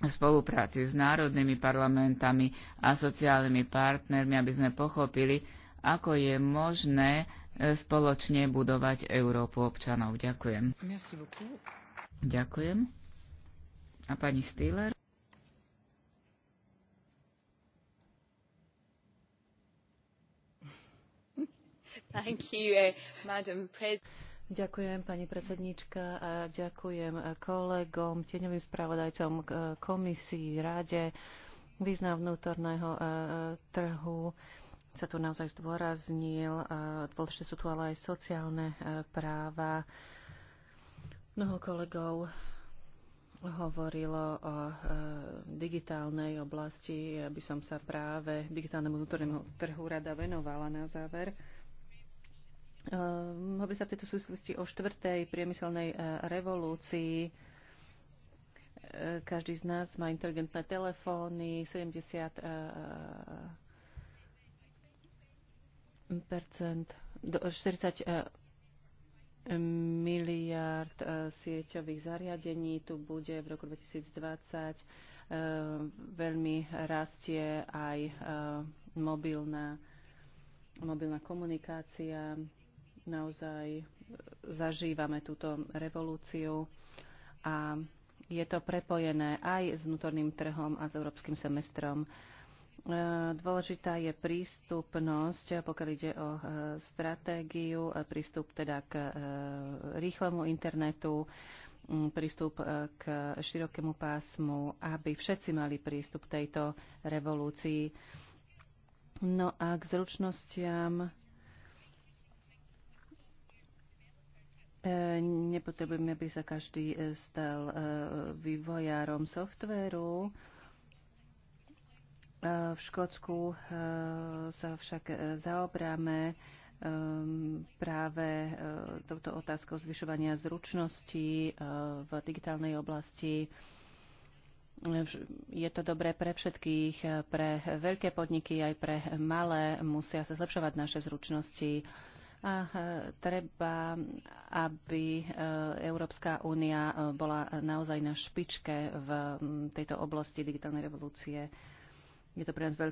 v spolupráci s národnými parlamentami a sociálnymi partnermi, aby sme pochopili, ako je možné e, spoločne budovať Európu občanov. Ďakujem. Ďakujem. A pani Stýler? Eh, ďakujem pani predsedníčka a ďakujem kolegom, tieňovým spravodajcom eh, komisii, rade. Význam vnútorného eh, trhu sa tu naozaj zdôraznil. Dôležité sú tu ale aj sociálne práva. Mnoho kolegov hovorilo o digitálnej oblasti, aby som sa práve digitálnemu vnútornému trhu rada venovala na záver. Ehm, hovorí sa v tejto súvislosti o štvrtej priemyselnej e, revolúcii. E, každý z nás má inteligentné telefóny, 70 e, percent, 40 miliard sieťových zariadení tu bude v roku 2020. Veľmi rastie aj mobilná, mobilná komunikácia naozaj zažívame túto revolúciu a je to prepojené aj s vnútorným trhom a s európskym semestrom. E, dôležitá je prístupnosť, pokiaľ ide o e, stratégiu, e, prístup teda k rýchlemu internetu, prístup k širokému pásmu, aby všetci mali prístup k tejto revolúcii. No a k zručnostiam E, nepotrebujeme, aby sa každý e, stal e, vývojárom softvéru. V Škótsku sa však zaobráme práve touto otázkou zvyšovania zručností v digitálnej oblasti. Je to dobré pre všetkých, pre veľké podniky aj pre malé. Musia sa zlepšovať naše zručnosti a e, treba, aby e, Európska únia e, bola naozaj na špičke v tejto oblasti digitálnej revolúcie. Je to pre nás veľký